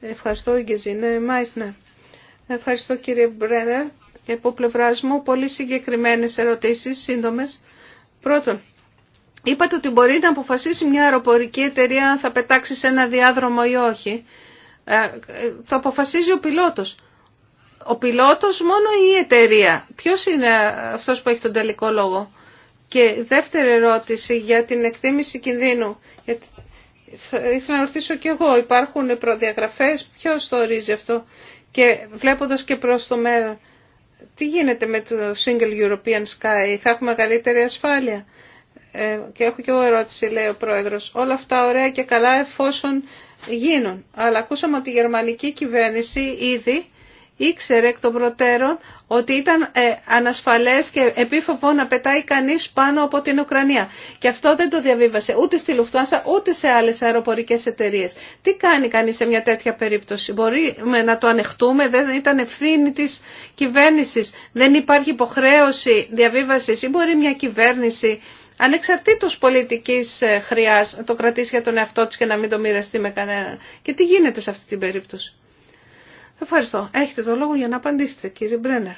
Ευχαριστώ, Γκεζίνε Μάισνερ. Ευχαριστώ κύριε Μπρένερ και από πλευρά μου πολύ συγκεκριμένες ερωτήσεις, σύντομες. Πρώτον, είπατε ότι μπορεί να αποφασίσει μια αεροπορική εταιρεία αν θα πετάξει σε ένα διάδρομο ή όχι. Ε, ε, το αποφασίζει ο πιλότος. Ο πιλότος μόνο ή η οχι θα αποφασιζει ο πιλοτος ο πιλοτος μονο η η εταιρεια Ποιος είναι αυτός που έχει τον τελικό λόγο. Και δεύτερη ερώτηση για την εκτίμηση κινδύνου. Ήθελα να ρωτήσω κι εγώ, υπάρχουν προδιαγραφές, ποιος το ορίζει αυτό. Και βλέποντας και προς το μέλλον, τι γίνεται με το Single European Sky, θα έχουμε μεγαλύτερη ασφάλεια. Ε, και έχω και εγώ ερώτηση, λέει ο Πρόεδρος. Όλα αυτά ωραία και καλά εφόσον γίνουν. Αλλά ακούσαμε ότι η γερμανική κυβέρνηση ήδη ήξερε εκ των προτέρων ότι ήταν ε, ανασφαλές και επίφοβο να πετάει κανείς πάνω από την Ουκρανία. Και αυτό δεν το διαβίβασε ούτε στη Λουφτάνσα ούτε σε άλλες αεροπορικές εταιρείες. Τι κάνει κανείς σε μια τέτοια περίπτωση. Μπορούμε να το ανεχτούμε, δεν ήταν ευθύνη της κυβέρνησης, δεν υπάρχει υποχρέωση διαβίβασης ή μπορεί μια κυβέρνηση ανεξαρτήτως πολιτικής ε, χρειάς να το κρατήσει για τον εαυτό της και να μην το μοιραστεί με κανέναν. Και τι γίνεται σε αυτή την περίπτωση. Ευχαριστώ. Έχετε το λόγο για να απαντήσετε, κύριε Μπρένερ.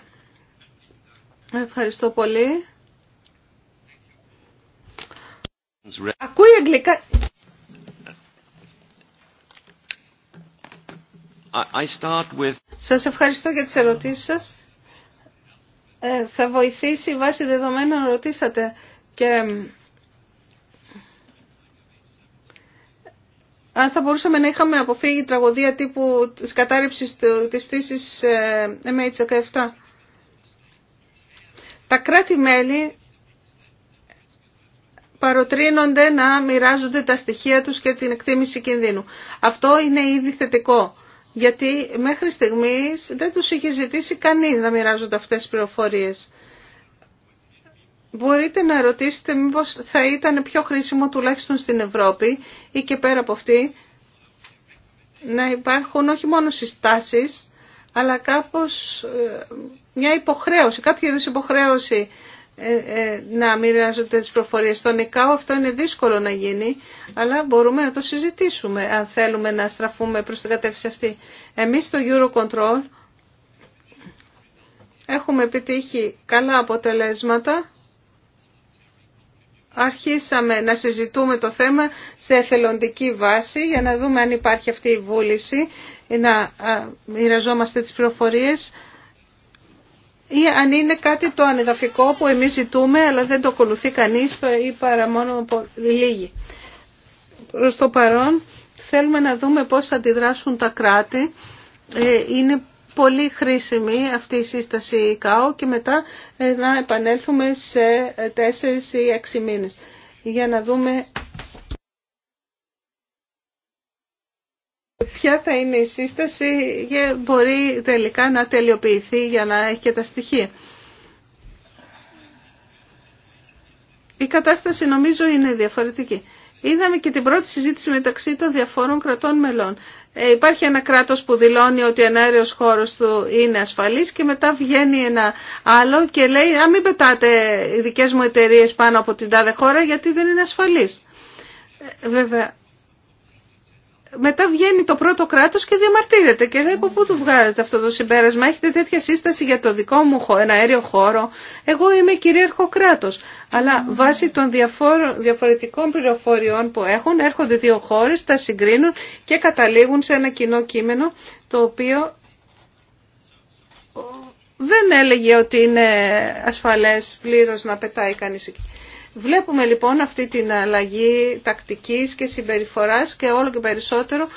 Ευχαριστώ πολύ. Ακούει αγγλικά. I start with... Σας ευχαριστώ για τις ερωτήσεις σας. Ε, θα βοηθήσει βάσει βάση δεδομένων ρωτήσατε και αν θα μπορούσαμε να είχαμε αποφύγει τραγωδία τύπου της κατάρρευσης της πτήσης ε, MH17. Τα κράτη-μέλη παροτρύνονται να μοιράζονται τα στοιχεία τους και την εκτίμηση κινδύνου. Αυτό είναι ήδη θετικό, γιατί μέχρι στιγμής δεν τους είχε ζητήσει κανείς να μοιράζονται αυτές τις πληροφορίες μπορείτε να ρωτήσετε μήπως θα ήταν πιο χρήσιμο τουλάχιστον στην Ευρώπη ή και πέρα από αυτή να υπάρχουν όχι μόνο συστάσεις αλλά κάπως ε, μια υποχρέωση, κάποια είδους υποχρέωση ε, ε, να μοιράζονται τις προφορίες. Στον ΙΚΑΟ αυτό είναι δύσκολο να γίνει, αλλά μπορούμε να το συζητήσουμε αν θέλουμε να στραφούμε προς την κατεύθυνση αυτή. Εμείς στο Eurocontrol έχουμε επιτύχει καλά αποτελέσματα αρχίσαμε να συζητούμε το θέμα σε εθελοντική βάση για να δούμε αν υπάρχει αυτή η βούληση να μοιραζόμαστε τις πληροφορίες ή αν είναι κάτι το ανεδαφικό που εμείς ζητούμε αλλά δεν το ακολουθεί κανείς ή παρά μόνο λίγοι. Προς το παρόν θέλουμε να δούμε πώς θα αντιδράσουν τα κράτη. Ε, είναι πολύ χρήσιμη αυτή η σύσταση ΚΑΟ και μετά ε, να επανέλθουμε σε τέσσερις ή έξι μήνες για να δούμε ποια θα είναι η σύσταση και μπορεί τελικά να τελειοποιηθεί για να έχει και τα στοιχεία. Η κατάσταση νομίζω είναι διαφορετική. Είδαμε και την πρώτη συζήτηση μεταξύ των διαφόρων κρατών μελών. Ε, υπάρχει ένα κράτος που δηλώνει ότι ένα αέριος χώρος του είναι ασφαλής και μετά βγαίνει ένα άλλο και λέει «Α, μην πετάτε οι δικές μου εταιρείε πάνω από την τάδε χώρα γιατί δεν είναι ασφαλής». Ε, βέβαια, μετά βγαίνει το πρώτο κράτος και διαμαρτύρεται. Και λέει από πού του βγάζετε αυτό το συμπέρασμα. Έχετε τέτοια σύσταση για το δικό μου ένα αέριο χώρο. Εγώ είμαι κυρίαρχο κράτος. Αλλά βάσει των διαφορετικών πληροφοριών που έχουν έρχονται δύο χώρες, τα συγκρίνουν και καταλήγουν σε ένα κοινό κείμενο το οποίο δεν έλεγε ότι είναι ασφαλές πλήρως να πετάει κανείς εκεί. Βλέπουμε λοιπόν αυτή την αλλαγή τακτικής και συμπεριφοράς και όλο και περισσότερο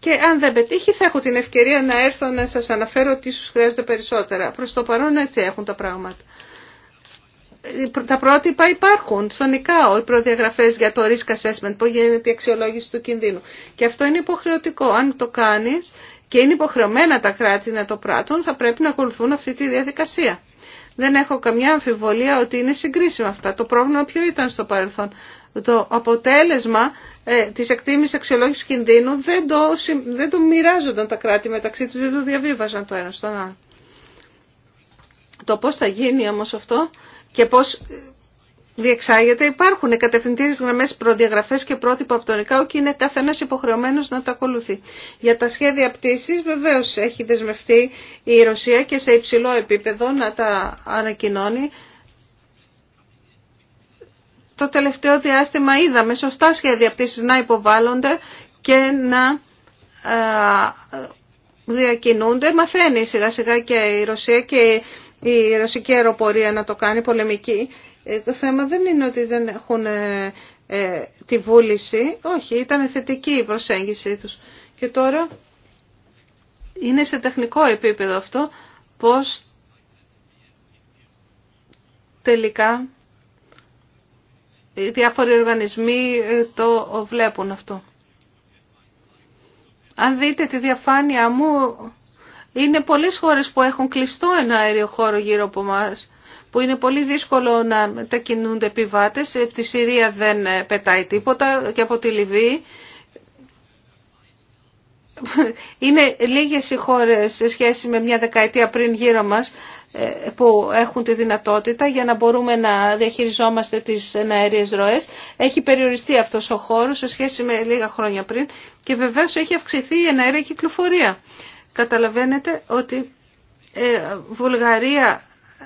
Και αν δεν πετύχει θα έχω την ευκαιρία να έρθω να σας αναφέρω τι ίσως χρειάζεται περισσότερα. Προς το παρόν έτσι έχουν τα πράγματα. Τα πρότυπα υπάρχουν στον ΙΚΑΟ, οι προδιαγραφές για το risk assessment που γίνεται η αξιολόγηση του κινδύνου. Και αυτό είναι υποχρεωτικό. Αν το κάνεις και είναι υποχρεωμένα τα κράτη να το πράττουν, θα πρέπει να ακολουθούν αυτή τη διαδικασία δεν έχω καμιά αμφιβολία ότι είναι συγκρίσιμα αυτά. Το πρόβλημα ποιο ήταν στο παρελθόν. Το αποτέλεσμα ε, της εκτίμησης αξιολόγησης κινδύνου δεν το, δεν το μοιράζονταν τα κράτη μεταξύ τους, δεν το διαβίβαζαν το ένα στον άλλο. Το πώς θα γίνει όμως αυτό και πώς διεξάγεται. Υπάρχουν κατευθυντήριες γραμμές προδιαγραφέ και πρότυπα από τον ΕΚΑΟ και είναι καθένα υποχρεωμένος να τα ακολουθεί. Για τα σχέδια πτήση, βεβαίως έχει δεσμευτεί η Ρωσία και σε υψηλό επίπεδο να τα ανακοινώνει. Το τελευταίο διάστημα είδαμε σωστά σχέδια πτήσης να υποβάλλονται και να διακινούνται. Μαθαίνει σιγά σιγά και η Ρωσία και η ρωσική αεροπορία να το κάνει πολεμική ε, το θέμα δεν είναι ότι δεν έχουν ε, ε, τη βούληση. Όχι, ήταν θετική η προσέγγιση τους. Και τώρα είναι σε τεχνικό επίπεδο αυτό πώς τελικά οι διάφοροι οργανισμοί το βλέπουν αυτό. Αν δείτε τη διαφάνεια μου, είναι πολλές χώρες που έχουν κλειστό ένα αέριο χώρο γύρω από μας που είναι πολύ δύσκολο να μετακινούνται επιβάτες. Ε, από τη Συρία δεν ε, πετάει τίποτα και από τη Λιβύη. Είναι λίγες οι χώρες σε σχέση με μια δεκαετία πριν γύρω μας ε, που έχουν τη δυνατότητα για να μπορούμε να διαχειριζόμαστε τις αέριες ροές. Έχει περιοριστεί αυτός ο χώρος σε σχέση με λίγα χρόνια πριν και βεβαίως έχει αυξηθεί η εναέρια κυκλοφορία. Καταλαβαίνετε ότι Βουλγαρία,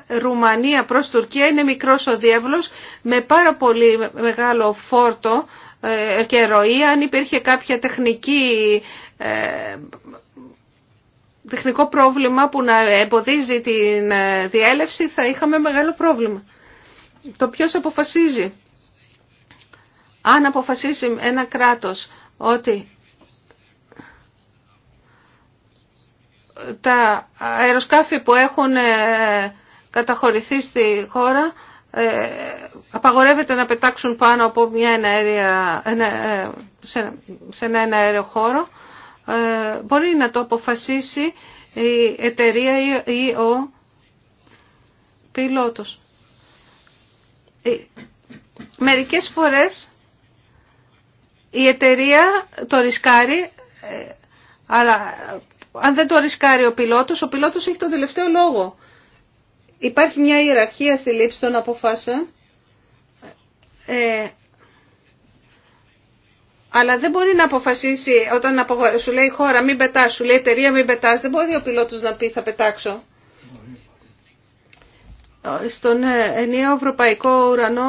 Ρουμανία προς Τουρκία είναι μικρός ο διεύλος με πάρα πολύ μεγάλο φόρτο ε, και ροή. Αν υπήρχε κάποια τεχνική, ε, τεχνικό πρόβλημα που να εμποδίζει την ε, διέλευση θα είχαμε μεγάλο πρόβλημα. Το ποιος αποφασίζει. Αν αποφασίσει ένα κράτος ότι τα αεροσκάφη που έχουν καταχωρηθεί στη χώρα ε, απαγορεύεται να πετάξουν πάνω από μια εναέρια, ε, σε ένα αέριο χώρο ε, μπορεί να το αποφασίσει η εταιρεία ή ο πιλότος. Μερικές φορές η εταιρεία το ρισκάρει, αλλά αν δεν το ρισκάρει ο πιλότος, ο πιλότος έχει τον τελευταίο λόγο Υπάρχει μια ιεραρχία στη λήψη των αποφάσεων, ε, αλλά δεν μπορεί να αποφασίσει όταν σου λέει χώρα μην πετά, σου λέει εταιρεία μην πετά. δεν μπορεί ο πιλότος να πει θα πετάξω. Ε, στον ε, ενιαίο ευρωπαϊκό ουρανό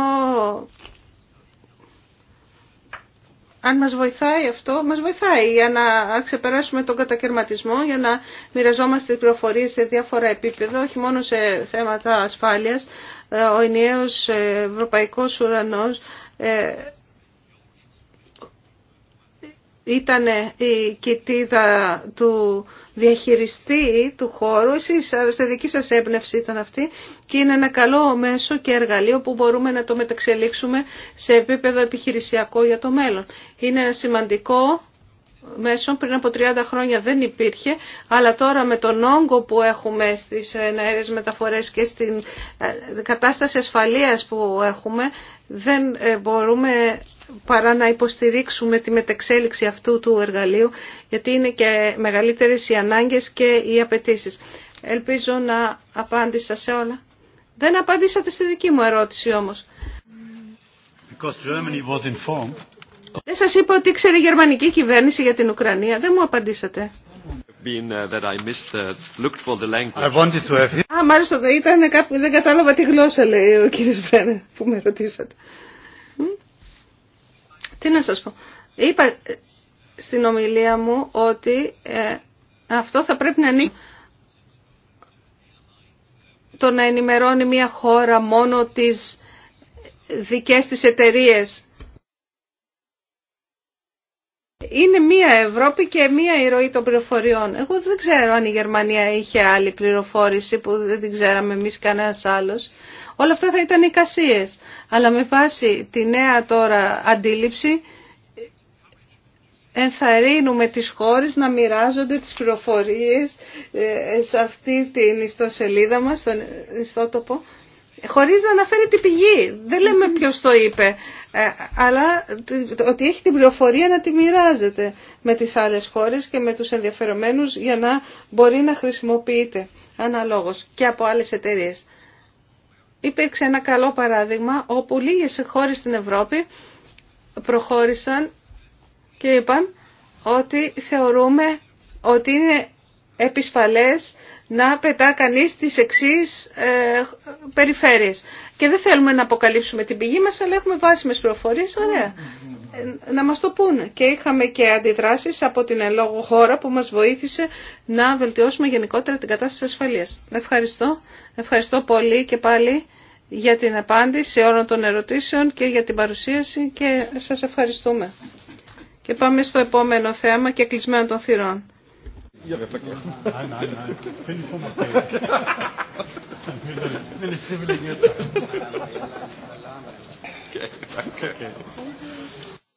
αν μας βοηθάει αυτό, μας βοηθάει για να ξεπεράσουμε τον κατακαιρματισμό, για να μοιραζόμαστε πληροφορίε σε διάφορα επίπεδα, όχι μόνο σε θέματα ασφάλειας. Ε, ο ενιαίος ε, ευρωπαϊκός ουρανός ε, ήταν η κοιτίδα του διαχειριστή του χώρου, εσείς σε δική σας έμπνευση ήταν αυτή και είναι ένα καλό μέσο και εργαλείο που μπορούμε να το μεταξελίξουμε σε επίπεδο επιχειρησιακό για το μέλλον. Είναι ένα σημαντικό μέσων πριν από 30 χρόνια δεν υπήρχε, αλλά τώρα με τον όγκο που έχουμε στις αέρες μεταφορές και στην ε, κατάσταση ασφαλείας που έχουμε, δεν ε, μπορούμε παρά να υποστηρίξουμε τη μετεξέλιξη αυτού του εργαλείου, γιατί είναι και μεγαλύτερες οι ανάγκες και οι απαιτήσει. Ελπίζω να απάντησα σε όλα. Δεν απαντήσατε στη δική μου ερώτηση όμως. Because Germany was informed. Δεν σας είπα ότι ήξερε η γερμανική κυβέρνηση για την Ουκρανία. Δεν μου απαντήσατε. Uh, uh, Α, μάλιστα ήταν δεν κατάλαβα τη γλώσσα λέει ο κύριος Βρένε, που με ρωτήσατε. Τι να σας πω. Είπα ε, στην ομιλία μου ότι ε, αυτό θα πρέπει να είναι το να ενημερώνει μια χώρα μόνο τις δικές της εταιρείες είναι μία Ευρώπη και μία ηρωή των πληροφοριών. Εγώ δεν ξέρω αν η Γερμανία είχε άλλη πληροφόρηση που δεν την ξέραμε εμείς κανένας άλλος. Όλα αυτά θα ήταν εικασίες. Αλλά με βάση τη νέα τώρα αντίληψη ενθαρρύνουμε τις χώρες να μοιράζονται τις πληροφορίες ε, σε αυτή την ιστοσελίδα μας, στον ιστότοπο χωρίς να αναφέρει την πηγή. Δεν λέμε ποιος το είπε, ε, αλλά ότι έχει την πληροφορία να τη μοιράζεται με τις άλλες χώρες και με τους ενδιαφερομένους για να μπορεί να χρησιμοποιείται αναλόγως και από άλλες εταιρείε. Υπήρξε ένα καλό παράδειγμα όπου λίγες χώρες στην Ευρώπη προχώρησαν και είπαν ότι θεωρούμε ότι είναι επισφαλές να πετά κανείς τις εξής ε, περιφέρειες. Και δεν θέλουμε να αποκαλύψουμε την πηγή μας, αλλά έχουμε βάσιμες προφορίες, ωραία. Ε, να μας το πούνε. Και είχαμε και αντιδράσεις από την ελόγω χώρα που μας βοήθησε να βελτιώσουμε γενικότερα την κατάσταση ασφαλείας. Ευχαριστώ. Ευχαριστώ πολύ και πάλι για την απάντηση όλων των ερωτήσεων και για την παρουσίαση και σας ευχαριστούμε. Και πάμε στο επόμενο θέμα και κλεισμένο των θυρών. Ich habe vergessen. Nein, nein, nein. Finde ich schon okay. bin ich privilegiert Okay, danke. Okay.